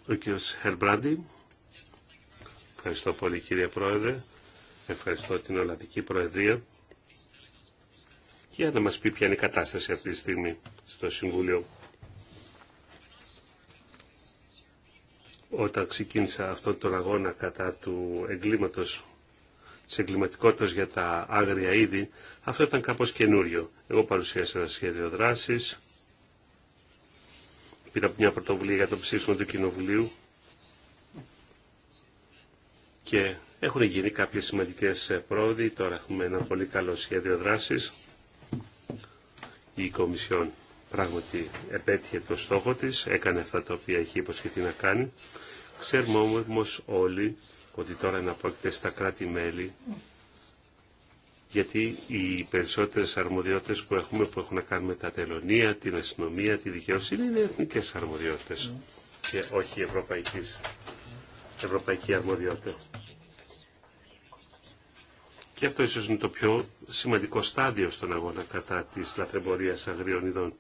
S2: Ο κ. Χερμπράντι. Ευχαριστώ πολύ κύριε Πρόεδρε. Ευχαριστώ την Ολλανδική Προεδρία για να μας πει ποια είναι η κατάσταση αυτή τη στιγμή στο Συμβούλιο. Όταν ξεκίνησα αυτόν τον αγώνα κατά του εγκλήματος, της εγκληματικότητας για τα άγρια είδη, αυτό ήταν κάπως καινούριο. Εγώ παρουσίασα ένα σχέδιο δράσης, πήρα από μια πρωτοβουλία για το ψήφισμα του Κοινοβουλίου και έχουν γίνει κάποιες σημαντικές πρόοδοι. Τώρα έχουμε ένα πολύ καλό σχέδιο δράσης η Κομισιόν πράγματι επέτυχε το στόχο της, έκανε αυτά τα οποία έχει υποσχεθεί να κάνει. Ξέρουμε όμως όλοι ότι τώρα να πρόκειται στα κράτη-μέλη γιατί οι περισσότερες αρμοδιότητες που έχουμε, που έχουν να κάνουν με τα τελωνία, την αστυνομία, τη δικαιοσύνη, είναι ναι. εθνικές αρμοδιότητες ναι. και όχι ευρωπαϊκής, ευρωπαϊκή αρμοδιότητα. Και αυτό ίσως είναι το πιο σημαντικό στάδιο στον αγώνα κατά της λαθρεμπορίας αγριών ειδών.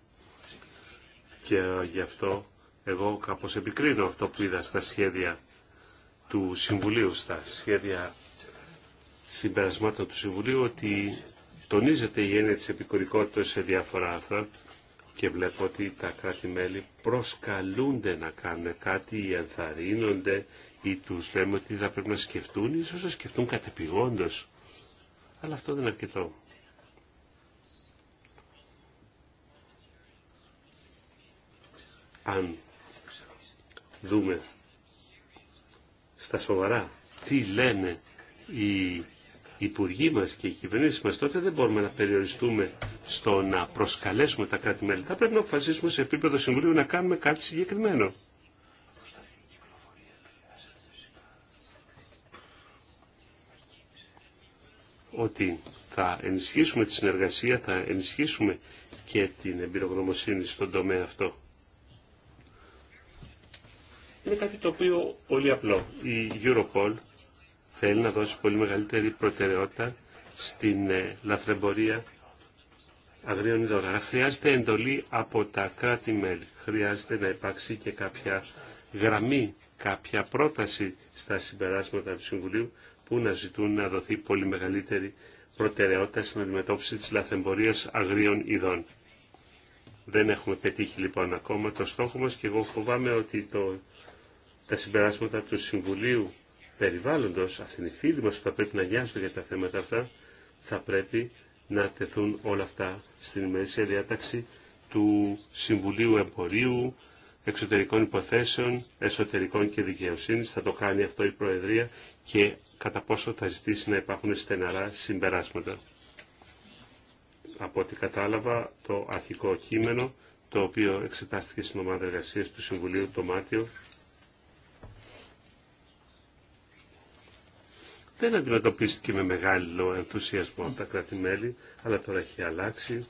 S2: Και γι' αυτό εγώ κάπως επικρίνω αυτό που είδα στα σχέδια του Συμβουλίου, στα σχέδια συμπερασμάτων του Συμβουλίου, ότι τονίζεται η έννοια της επικουρικότητας σε διάφορα άρθρα και βλέπω ότι τα κράτη-μέλη προσκαλούνται να κάνουν κάτι ή ενθαρρύνονται ή τους λέμε ότι θα πρέπει να σκεφτούν, ίσως να σκεφτούν κατεπηγόντως αλλά αυτό δεν είναι αρκετό. Αν δούμε στα σοβαρά τι λένε οι υπουργοί μας και οι κυβερνήσεις μας, τότε δεν μπορούμε να περιοριστούμε στο να προσκαλέσουμε τα κράτη-μέλη. Θα πρέπει να αποφασίσουμε σε επίπεδο Συμβουλίου να κάνουμε κάτι συγκεκριμένο. ότι θα ενισχύσουμε τη συνεργασία, θα ενισχύσουμε και την εμπειρογνωμοσύνη στον τομέα αυτό. Είναι κάτι το οποίο πολύ απλό. Η Europol θέλει να δώσει πολύ μεγαλύτερη προτεραιότητα στην ε, λαθρεμπορία αγρίων ειδών. χρειάζεται εντολή από τα κράτη-μέλη. Χρειάζεται να υπάρξει και κάποια γραμμή, κάποια πρόταση στα συμπεράσματα του Συμβουλίου που να ζητούν να δοθεί πολύ μεγαλύτερη προτεραιότητα στην αντιμετώπιση της λαθεμπορίας αγρίων ειδών. Δεν έχουμε πετύχει λοιπόν ακόμα το στόχο μας και εγώ φοβάμαι ότι το, τα συμπεράσματα του Συμβουλίου Περιβάλλοντος, αυτήν η φίλη μας που θα πρέπει να νοιάζονται για τα θέματα αυτά, θα πρέπει να τεθούν όλα αυτά στην ημερήσια διάταξη του Συμβουλίου Εμπορίου, εξωτερικών υποθέσεων, εσωτερικών και δικαιοσύνης. Θα το κάνει αυτό η Προεδρία και κατά πόσο θα ζητήσει να υπάρχουν στεναρά συμπεράσματα. Από ό,τι κατάλαβα, το αρχικό κείμενο, το οποίο εξετάστηκε στην ομάδα εργασία του Συμβουλίου το Μάτιο, δεν αντιμετωπίστηκε με μεγάλο ενθουσιασμό από τα κράτη-μέλη, αλλά τώρα έχει αλλάξει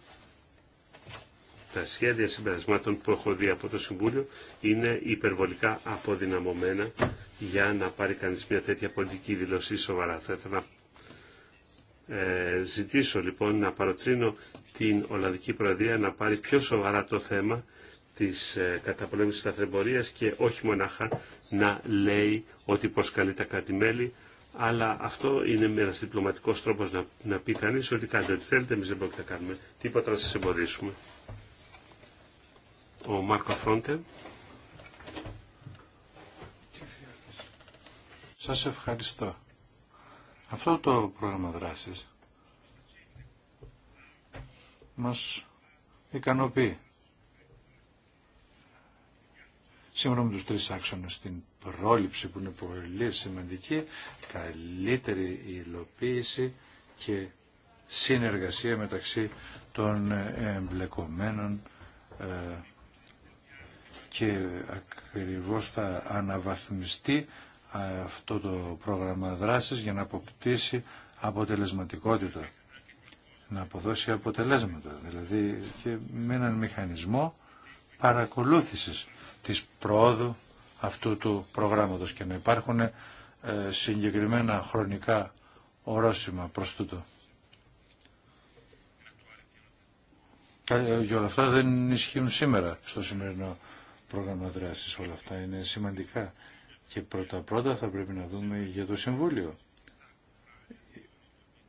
S2: τα σχέδια συμπερασμάτων που έχω δει από το Συμβούλιο είναι υπερβολικά αποδυναμωμένα για να πάρει κανείς μια τέτοια πολιτική δηλωσή σοβαρά. Θα ήθελα να ε, ζητήσω λοιπόν να παροτρύνω την Ολλανδική Προεδρία να πάρει πιο σοβαρά το θέμα της ε, καταπολέμησης λαθρεμπορίας και όχι μονάχα να λέει ότι προσκαλεί τα κράτη-μέλη αλλά αυτό είναι ένα διπλωματικό τρόπο να, να πει κανεί ότι κάνετε ό,τι θέλετε, εμεί δεν πρόκειται να κάνουμε τίποτα να σα εμποδίσουμε ο Μάρκο Φρόντε.
S1: Σας ευχαριστώ. Αυτό το πρόγραμμα δράσης μας ικανοποιεί. Σύμφωνα με τους τρεις άξονες, την πρόληψη που είναι πολύ σημαντική, καλύτερη υλοποίηση και συνεργασία μεταξύ των εμπλεκομένων ε, και ακριβώς θα αναβαθμιστεί αυτό το πρόγραμμα δράσης για να αποκτήσει αποτελεσματικότητα, να αποδώσει αποτελέσματα, δηλαδή και με έναν μηχανισμό παρακολούθησης της πρόοδου αυτού του προγράμματος και να υπάρχουν ε, συγκεκριμένα χρονικά ορόσημα προς τούτο. Και ε, όλα αυτά δεν ισχύουν σήμερα στο σημερινό πρόγραμμα δράσης. Όλα αυτά είναι σημαντικά και πρώτα-πρώτα θα πρέπει να δούμε για το Συμβούλιο.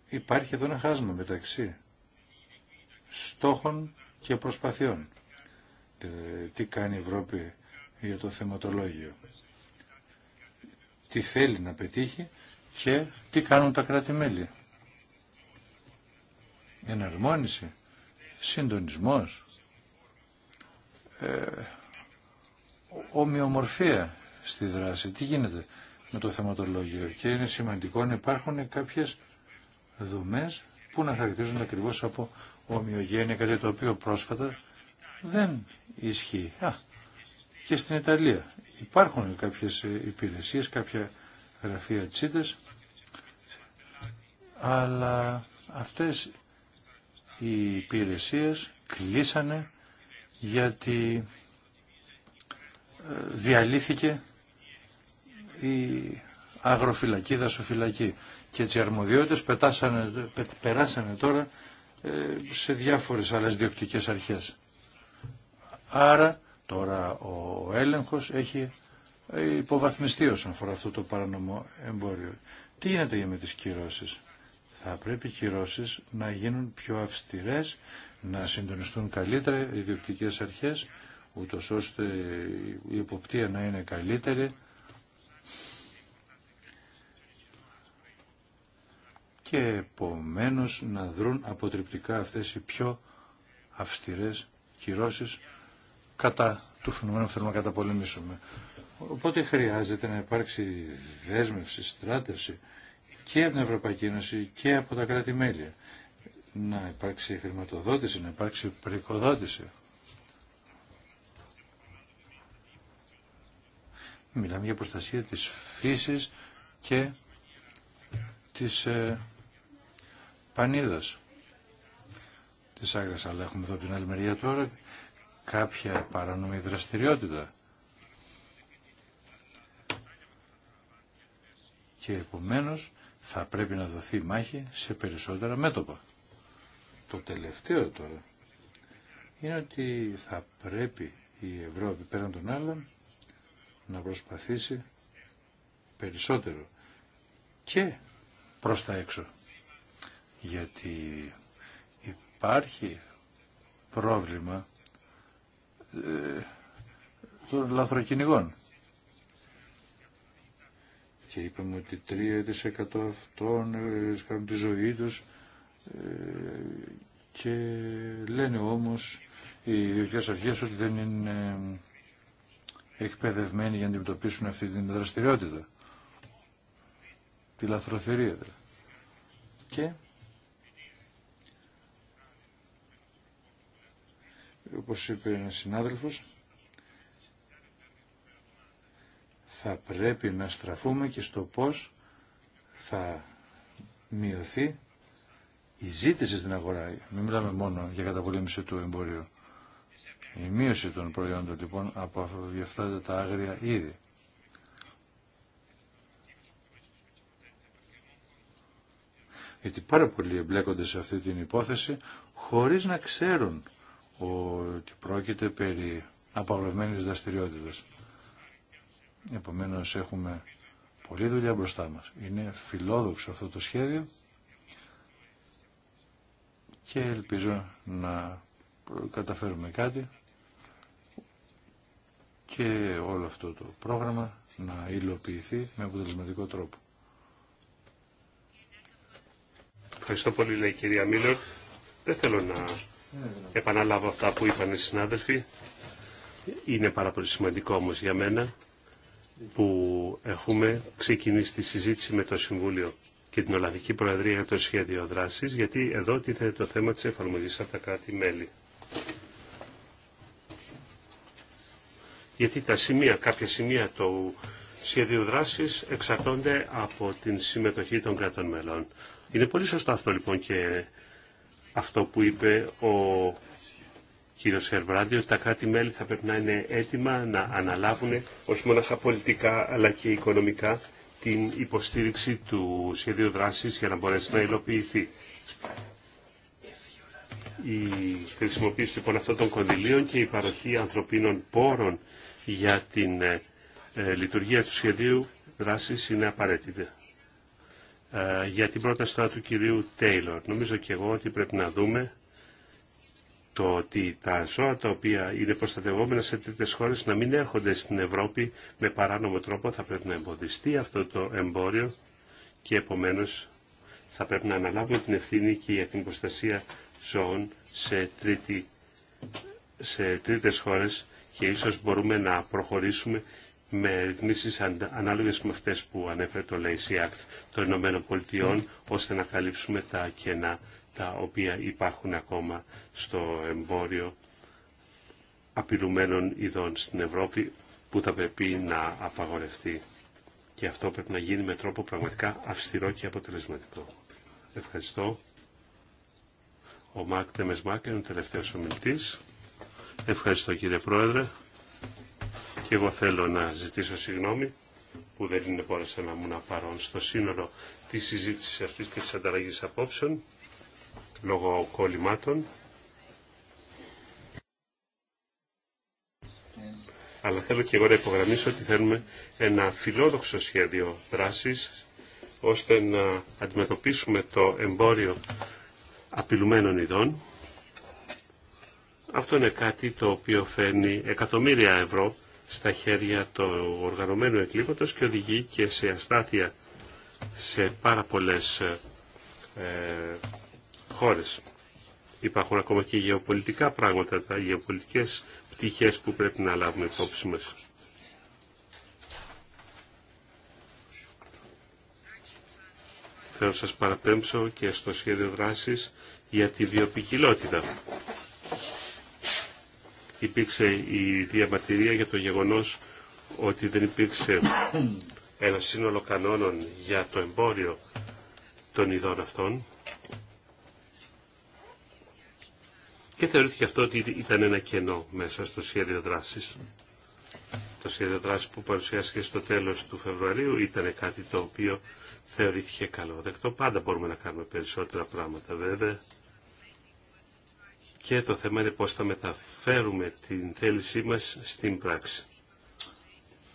S1: Υπάρχει εδώ ένα χάσμα μεταξύ στόχων και προσπαθειών. Ε, τι κάνει η Ευρώπη για το θεματολόγιο. Τι θέλει να πετύχει και τι κάνουν τα κράτη-μέλη. Εναρμόνιση, συντονισμός, ε, ομοιομορφία στη δράση. Τι γίνεται με το θεματολόγιο και είναι σημαντικό να υπάρχουν κάποιες δομές που να χαρακτηρίζονται ακριβώς από ομοιογένεια, κάτι το οποίο πρόσφατα δεν ισχύει. Α, και στην Ιταλία υπάρχουν κάποιες υπηρεσίες, κάποια γραφεία τσίτες, αλλά αυτές οι υπηρεσίες κλείσανε γιατί διαλύθηκε η αγροφυλακή, η δασοφυλακή και έτσι οι αρμοδιότητες περάσανε τώρα ε, σε διάφορες άλλες διοκτικές αρχές. Άρα τώρα ο έλεγχος έχει ε, υποβαθμιστεί όσον αφορά αυτό το παρανομό εμπόριο. Τι γίνεται με τις κυρώσεις. Θα πρέπει οι κυρώσεις να γίνουν πιο αυστηρές, να συντονιστούν καλύτερα οι διοκτικές αρχές ούτως ώστε η υποπτία να είναι καλύτερη και επομένως να δρουν αποτριπτικά αυτές οι πιο αυστηρές κυρώσεις κατά του φαινομένου που θέλουμε να καταπολεμήσουμε. Οπότε χρειάζεται να υπάρξει δέσμευση, στράτευση και από την Ευρωπαϊκή Ένωση και από τα κράτη-μέλη. Να υπάρξει χρηματοδότηση, να υπάρξει προοικοδότηση. Μιλάμε για προστασία της φύσης και της ε, πανίδας της άγρας. Αλλά έχουμε εδώ την άλλη μεριά τώρα κάποια παρανομή δραστηριότητα. Και επομένως θα πρέπει να δοθεί μάχη σε περισσότερα μέτωπα. Το τελευταίο τώρα είναι ότι θα πρέπει η Ευρώπη πέραν των άλλων να προσπαθήσει περισσότερο και προς τα έξω. Γιατί υπάρχει πρόβλημα ε, των λαθροκυνηγών. Και είπαμε ότι 3% αυτών ε, κάνουν τη ζωή τους ε, και λένε όμως οι ιδιωτικές αρχές ότι δεν είναι εκπαιδευμένοι για να αντιμετωπίσουν αυτή την δραστηριότητα. Τη λαθροθυρία δηλαδή. Και όπως είπε ένας συνάδελφος, θα πρέπει να στραφούμε και στο πώς θα μειωθεί η ζήτηση στην αγορά. Μην μιλάμε μόνο για καταπολέμηση του εμπορίου η μείωση των προϊόντων λοιπόν από αυτά τα άγρια είδη. Γιατί πάρα πολλοί εμπλέκονται σε αυτή την υπόθεση χωρίς να ξέρουν ότι πρόκειται περί απαγορευμένης δραστηριότητας. Επομένως έχουμε πολλή δουλειά μπροστά μας. Είναι φιλόδοξο αυτό το σχέδιο και ελπίζω να καταφέρουμε κάτι και όλο αυτό το πρόγραμμα να υλοποιηθεί με αποτελεσματικό τρόπο.
S2: Ευχαριστώ πολύ, λέει η κυρία Μίλλερ. Δεν θέλω να επαναλάβω αυτά που είπαν οι συνάδελφοι. Είναι πάρα πολύ σημαντικό όμω για μένα που έχουμε ξεκινήσει τη συζήτηση με το Συμβούλιο και την Ολλανδική Προεδρία για το σχέδιο δράση γιατί εδώ τίθεται το θέμα τη εφαρμογή από τα κράτη-μέλη. γιατί τα σημεία, κάποια σημεία του σχεδίου δράση εξαρτώνται από την συμμετοχή των κρατών μελών. Είναι πολύ σωστό αυτό λοιπόν και αυτό που είπε ο κύριο Σερβράντι, ότι τα κράτη-μέλη θα πρέπει να είναι έτοιμα να αναλάβουν όχι μόνο πολιτικά αλλά και οικονομικά την υποστήριξη του σχεδίου δράσης για να μπορέσει να υλοποιηθεί. Η χρησιμοποίηση λοιπόν αυτών των κονδυλίων και η παροχή ανθρωπίνων πόρων για την ε, ε, λειτουργία του σχεδίου δράσης είναι απαραίτητη. Ε, για την πρόταση τώρα του κυρίου Τέιλορ, νομίζω και εγώ ότι πρέπει να δούμε το ότι τα ζώα τα οποία είναι προστατευόμενα σε τρίτες χώρες να μην έρχονται στην Ευρώπη με παράνομο τρόπο θα πρέπει να εμποδιστεί αυτό το εμπόριο και επομένως θα πρέπει να αναλάβουν την ευθύνη και για την προστασία ζώων σε, τρίτη, σε τρίτες χώρες και ίσως μπορούμε να προχωρήσουμε με ρυθμίσεις ανάλογες με αυτές που ανέφερε το Lacey Act των Ηνωμένων Πολιτειών, ώστε να καλύψουμε τα κενά τα οποία υπάρχουν ακόμα στο εμπόριο απειλουμένων ειδών στην Ευρώπη που θα πρέπει να απαγορευτεί. Και αυτό πρέπει να γίνει με τρόπο πραγματικά αυστηρό και αποτελεσματικό. Ευχαριστώ. Ο Μάκ είναι ο τελευταίος ομιλητής. Ευχαριστώ κύριε Πρόεδρε. Και εγώ θέλω να ζητήσω συγγνώμη που δεν είναι μπόρεσα να μου να στο σύνολο τη συζήτησης αυτής και της ανταλλαγής απόψεων λόγω κόλλημάτων. αλλά θέλω και εγώ να υπογραμμίσω ότι θέλουμε ένα φιλόδοξο σχέδιο δράσης ώστε να αντιμετωπίσουμε το εμπόριο απειλουμένων ειδών. Αυτό είναι κάτι το οποίο φέρνει εκατομμύρια ευρώ στα χέρια του οργανωμένου εγκλήματος και οδηγεί και σε αστάθεια σε πάρα πολλές ε, χώρες. Υπάρχουν ακόμα και γεωπολιτικά πράγματα, τα γεωπολιτικές πτυχές που πρέπει να λάβουμε υπόψη μας. Θέλω να σας παραπέμψω και στο σχέδιο δράσης για τη βιοπικιλότητα. Υπήρξε η διαμαρτυρία για το γεγονός ότι δεν υπήρξε ένα σύνολο κανόνων για το εμπόριο των ειδών αυτών και θεωρήθηκε αυτό ότι ήταν ένα κενό μέσα στο σχέδιο δράσης. Το σχέδιο δράσης που παρουσιάστηκε στο τέλος του Φεβρουαρίου ήταν κάτι το οποίο θεωρήθηκε καλό δεκτό. Πάντα μπορούμε να κάνουμε περισσότερα πράγματα βέβαια. Και το θέμα είναι πώς θα μεταφέρουμε την θέλησή μας στην πράξη.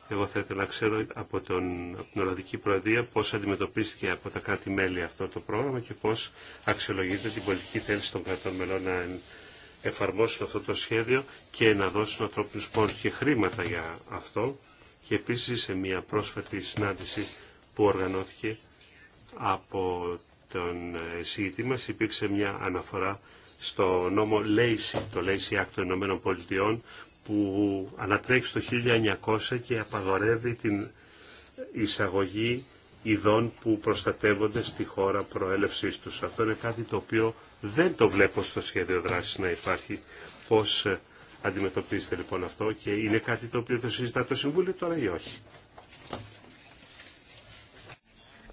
S2: Εγώ θα ήθελα να ξέρω από, τον, από την Ολλανδική Προεδρία πώς αντιμετωπίστηκε από τα κράτη-μέλη αυτό το πρόγραμμα και πώς αξιολογείται την πολιτική θέληση των κρατών μελών να εφαρμόσουν αυτό το σχέδιο και να δώσουν ανθρώπινους πόρους και χρήματα για αυτό. Και επίσης σε μια πρόσφατη συνάντηση που οργανώθηκε από τον εισηγητή μας. Υπήρξε μια αναφορά στο νόμο Lacey, το Lacey Act των Ηνωμένων Πολιτειών, που ανατρέχει στο 1900 και απαγορεύει την εισαγωγή ειδών που προστατεύονται στη χώρα προέλευσής τους. Αυτό είναι κάτι το οποίο δεν το βλέπω στο σχέδιο δράσης να υπάρχει. Πώς αντιμετωπίζετε λοιπόν αυτό και είναι κάτι το οποίο το συζητά το Συμβούλιο τώρα ή όχι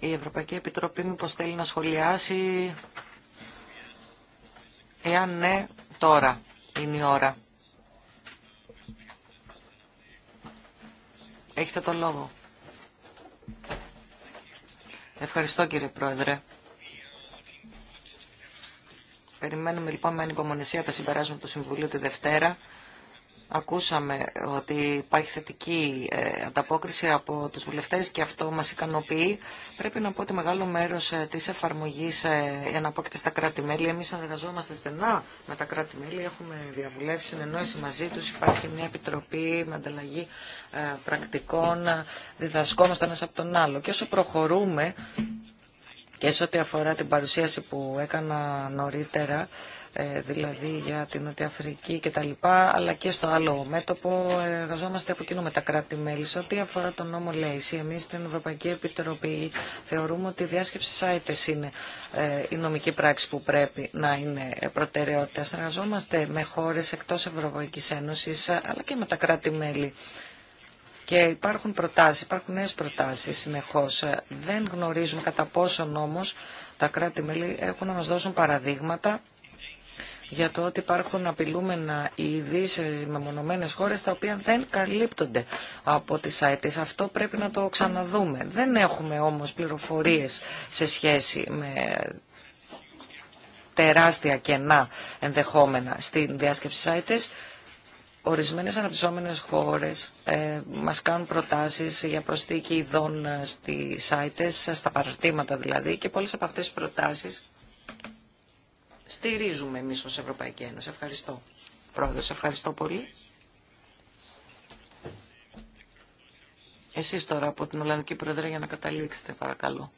S3: η Ευρωπαϊκή Επιτροπή μήπως θέλει να σχολιάσει. Εάν ναι, τώρα είναι η ώρα. Έχετε το λόγο. Ευχαριστώ κύριε Πρόεδρε. Περιμένουμε λοιπόν με ανυπομονησία τα συμπεράσματα του Συμβουλίου τη Δευτέρα Ακούσαμε ότι υπάρχει θετική ε, ανταπόκριση από τους βουλευτές και αυτό μας ικανοποιεί. Πρέπει να πω ότι μεγάλο μέρος ε, της εφαρμογής εναπόκειται στα κράτη-μέλη. Εμείς συνεργαζόμαστε στενά με τα κράτη-μέλη, έχουμε διαβουλεύσει συνεννόηση μαζί τους. Υπάρχει μια επιτροπή με ανταλλαγή ε, πρακτικών, διδασκόμαστε ένας από τον άλλο. Και όσο προχωρούμε και σε ό,τι αφορά την παρουσίαση που έκανα νωρίτερα, ε, δηλαδή για την Νότια Αφρική κτλ. Αλλά και στο άλλο μέτωπο εργαζόμαστε από κοινού με τα κράτη-μέλη. Σε ό,τι αφορά τον νόμο λέει, εμεί στην Ευρωπαϊκή Επιτροπή θεωρούμε ότι η διάσκεψη σάιτε είναι ε, η νομική πράξη που πρέπει να είναι προτεραιότητα. Εργαζόμαστε με χώρε εκτό Ευρωπαϊκή Ένωση, αλλά και με τα κράτη-μέλη. Και υπάρχουν προτάσεις, υπάρχουν νέες προτάσεις συνεχώς. Δεν γνωρίζουμε κατά πόσο όμως τα κράτη-μέλη έχουν να μας δώσουν παραδείγματα για το ότι υπάρχουν απειλούμενα είδη με μονομένες χώρες τα οποία δεν καλύπτονται από τις σάιτες. Αυτό πρέπει να το ξαναδούμε. Δεν έχουμε όμως πληροφορίες σε σχέση με τεράστια κενά ενδεχόμενα στην διάσκεψη ΣΑΙΤΕΣ. Ορισμένες αναπτυσσόμενες χώρες ε, μας κάνουν προτάσεις για προσθήκη ειδών ε, στις ΣΑΙΤΕΣ, στα παραρτήματα δηλαδή, και πολλές από αυτές τις προτάσεις στηρίζουμε εμεί ω Ευρωπαϊκή Ένωση. Ευχαριστώ. πρόεδρε. ευχαριστώ πολύ. Εσείς τώρα από την Ολλανδική Πρόεδρε για να καταλήξετε παρακαλώ.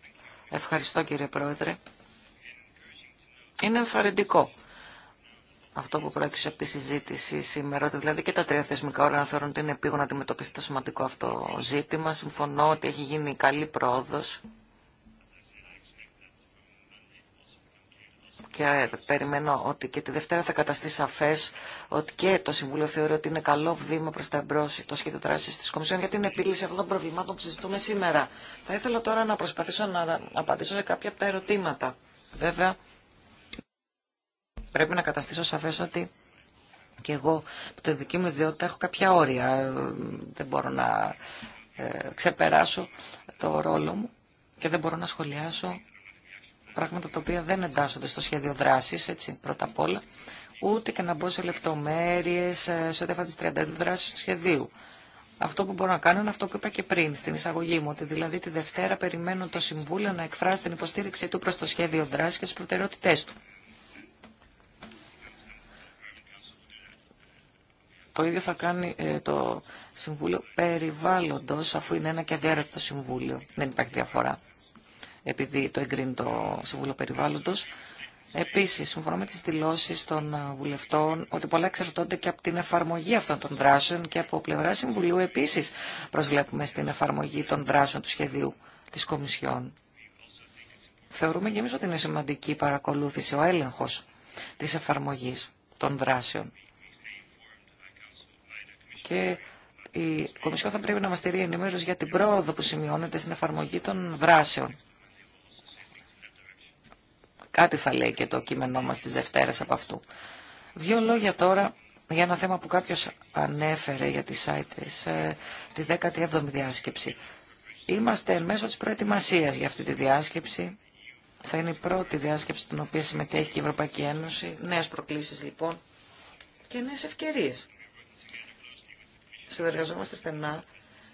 S3: Ευχαριστώ κύριε Πρόεδρε. Είναι ενθαρρυντικό αυτό που πρόκειται από τη συζήτηση σήμερα, ότι δηλαδή και τα τρία θεσμικά όργανα θεωρούν ότι είναι επίγον να αντιμετωπίσει το σημαντικό αυτό ζήτημα. Συμφωνώ ότι έχει γίνει καλή πρόοδος και περιμένω ότι και τη Δευτέρα θα καταστεί σαφέ ότι και το Συμβούλιο θεωρεί ότι είναι καλό βήμα προ τα εμπρό το σχέδιο δράση τη Κομισιόν για την επίλυση αυτών των προβλημάτων που συζητούμε σήμερα. Θα ήθελα τώρα να προσπαθήσω να απαντήσω σε κάποια από τα ερωτήματα. Βέβαια, πρέπει να καταστήσω σαφέ ότι και εγώ από τη δική μου ιδιότητα έχω κάποια όρια. Δεν μπορώ να ε, ξεπεράσω το ρόλο μου και δεν μπορώ να σχολιάσω πράγματα τα οποία δεν εντάσσονται στο σχέδιο δράση έτσι, πρώτα απ' όλα, ούτε και να μπω σε λεπτομέρειε ε, σε ό,τι αφορά τι 32 δράσει του σχεδίου. Αυτό που μπορώ να κάνω είναι αυτό που είπα και πριν στην εισαγωγή μου, ότι δηλαδή τη Δευτέρα περιμένω το Συμβούλιο να εκφράσει την υποστήριξή του προ το σχέδιο δράση και τι προτεραιότητε του. Το ίδιο θα κάνει ε, το Συμβούλιο Περιβάλλοντος, αφού είναι ένα και αδιαρρεύτο Συμβούλιο. Δεν υπάρχει διαφορά επειδή το εγκρίνει το Συμβούλιο περιβάλλοντο. Επίση, συμφωνώ με τι δηλώσει των βουλευτών ότι πολλά εξαρτώνται και από την εφαρμογή αυτών των δράσεων και από πλευρά Συμβουλίου επίση προσβλέπουμε στην εφαρμογή των δράσεων του σχεδίου τη Κομισιόν. Θεωρούμε και εμεί ότι είναι σημαντική η παρακολούθηση, ο έλεγχο τη εφαρμογή των δράσεων. Και η Κομισιόν θα πρέπει να μα τηρεί ενημέρωση για την πρόοδο που σημειώνεται στην εφαρμογή των δράσεων. Κάτι θα λέει και το κείμενό μας της Δευτέρες από αυτού. Δύο λόγια τώρα για ένα θέμα που κάποιος ανέφερε για τις σάιτες, ε, τη 17η διάσκεψη. Είμαστε εν μέσω της προετοιμασίας για αυτή τη διάσκεψη. Θα είναι η πρώτη διάσκεψη στην οποία συμμετέχει και η Ευρωπαϊκή Ένωση. Νέες προκλήσεις λοιπόν και νέες ευκαιρίες. Συνεργαζόμαστε στενά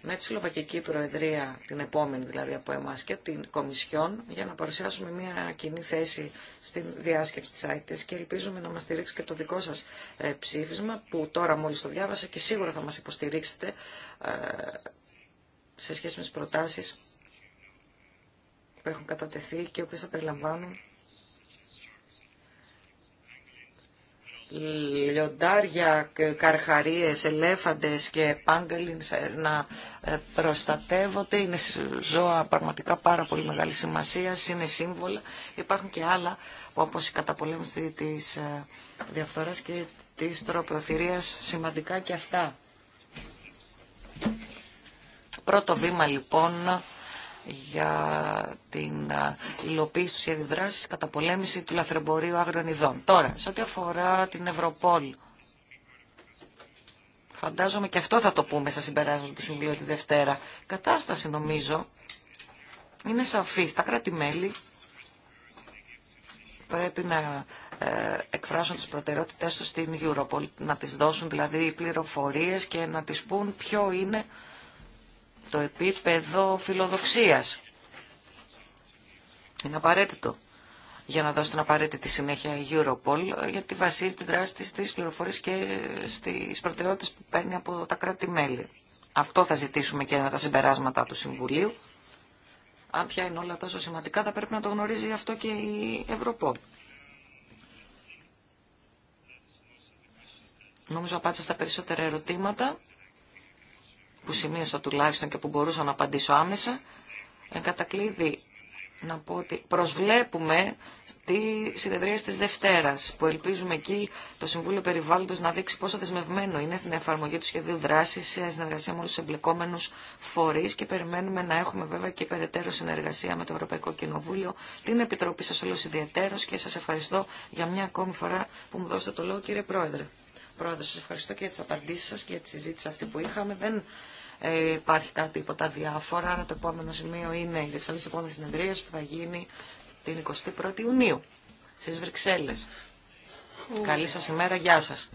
S3: με τη Σλοβακική Προεδρία, την επόμενη δηλαδή από εμάς και την Κομισιόν, για να παρουσιάσουμε μια κοινή θέση στην διάσκεψη της ΆΙΤΕΣ και ελπίζουμε να μας στηρίξει και το δικό σας ε, ψήφισμα, που τώρα μόλις το διάβασα και σίγουρα θα μας υποστηρίξετε ε, σε σχέση με τις προτάσεις που έχουν κατατεθεί και οποίες θα περιλαμβάνουν λιοντάρια, καρχαρίες, ελέφαντες και πάγκαλινς να ε, προστατεύονται. Είναι ζώα πραγματικά πάρα πολύ μεγάλη σημασία, είναι σύμβολα. Υπάρχουν και άλλα όπως η καταπολέμηση της ε, διαφθοράς και της τροπιοθυρίας σημαντικά και αυτά. Πρώτο βήμα λοιπόν για την υλοποίηση του σχέδιου δράση κατά πολέμηση του λαθρεμπορίου άγριων ειδών. Τώρα, σε ό,τι αφορά την Ευρωπόλ, φαντάζομαι και αυτό θα το πούμε στα συμπεράσματα του Συμβουλίου τη Δευτέρα, κατάσταση νομίζω είναι σαφή. Τα κράτη-μέλη πρέπει να ε, εκφράσουν τις προτεραιότητές τους στην Europol, να τις δώσουν δηλαδή πληροφορίες και να τις πούν ποιο είναι το επίπεδο φιλοδοξίας. Είναι απαραίτητο για να δώσει την απαραίτητη συνέχεια η Europol, γιατί βασίζει την δράση της στις πληροφορίες και στις προτεραιότητες που παίρνει από τα κράτη-μέλη. Αυτό θα ζητήσουμε και με τα συμπεράσματα του Συμβουλίου. Αν πια είναι όλα τόσο σημαντικά, θα πρέπει να το γνωρίζει αυτό και η Ευρωπόλ. Νομίζω απάντησα στα περισσότερα ερωτήματα που σημείωσα τουλάχιστον και που μπορούσα να απαντήσω άμεσα. Εν κατακλείδη, να πω ότι προσβλέπουμε στη συνεδρία της Δευτέρας, που ελπίζουμε εκεί το Συμβούλιο Περιβάλλοντος να δείξει πόσο δεσμευμένο είναι στην εφαρμογή του σχεδίου δράσης σε συνεργασία με όλους τους εμπλεκόμενους φορείς και περιμένουμε να έχουμε βέβαια και περαιτέρω συνεργασία με το Ευρωπαϊκό Κοινοβούλιο, την Επιτροπή σας όλους ιδιαίτερος και σας ευχαριστώ για μια ακόμη φορά που μου δώσετε το λόγο κύριε Πρόεδρε. Πρόεδρε, σας ευχαριστώ και για τις απαντήσεις και τη συζήτηση αυτή που είχαμε. Ε, υπάρχει κάτι τα διάφορα. Άρα το επόμενο σημείο είναι η δεξαμενή επόμενη συνεδρία που θα γίνει την 21η Ιουνίου στι Βρυξέλλε. Καλή σα ημέρα, γεια σας.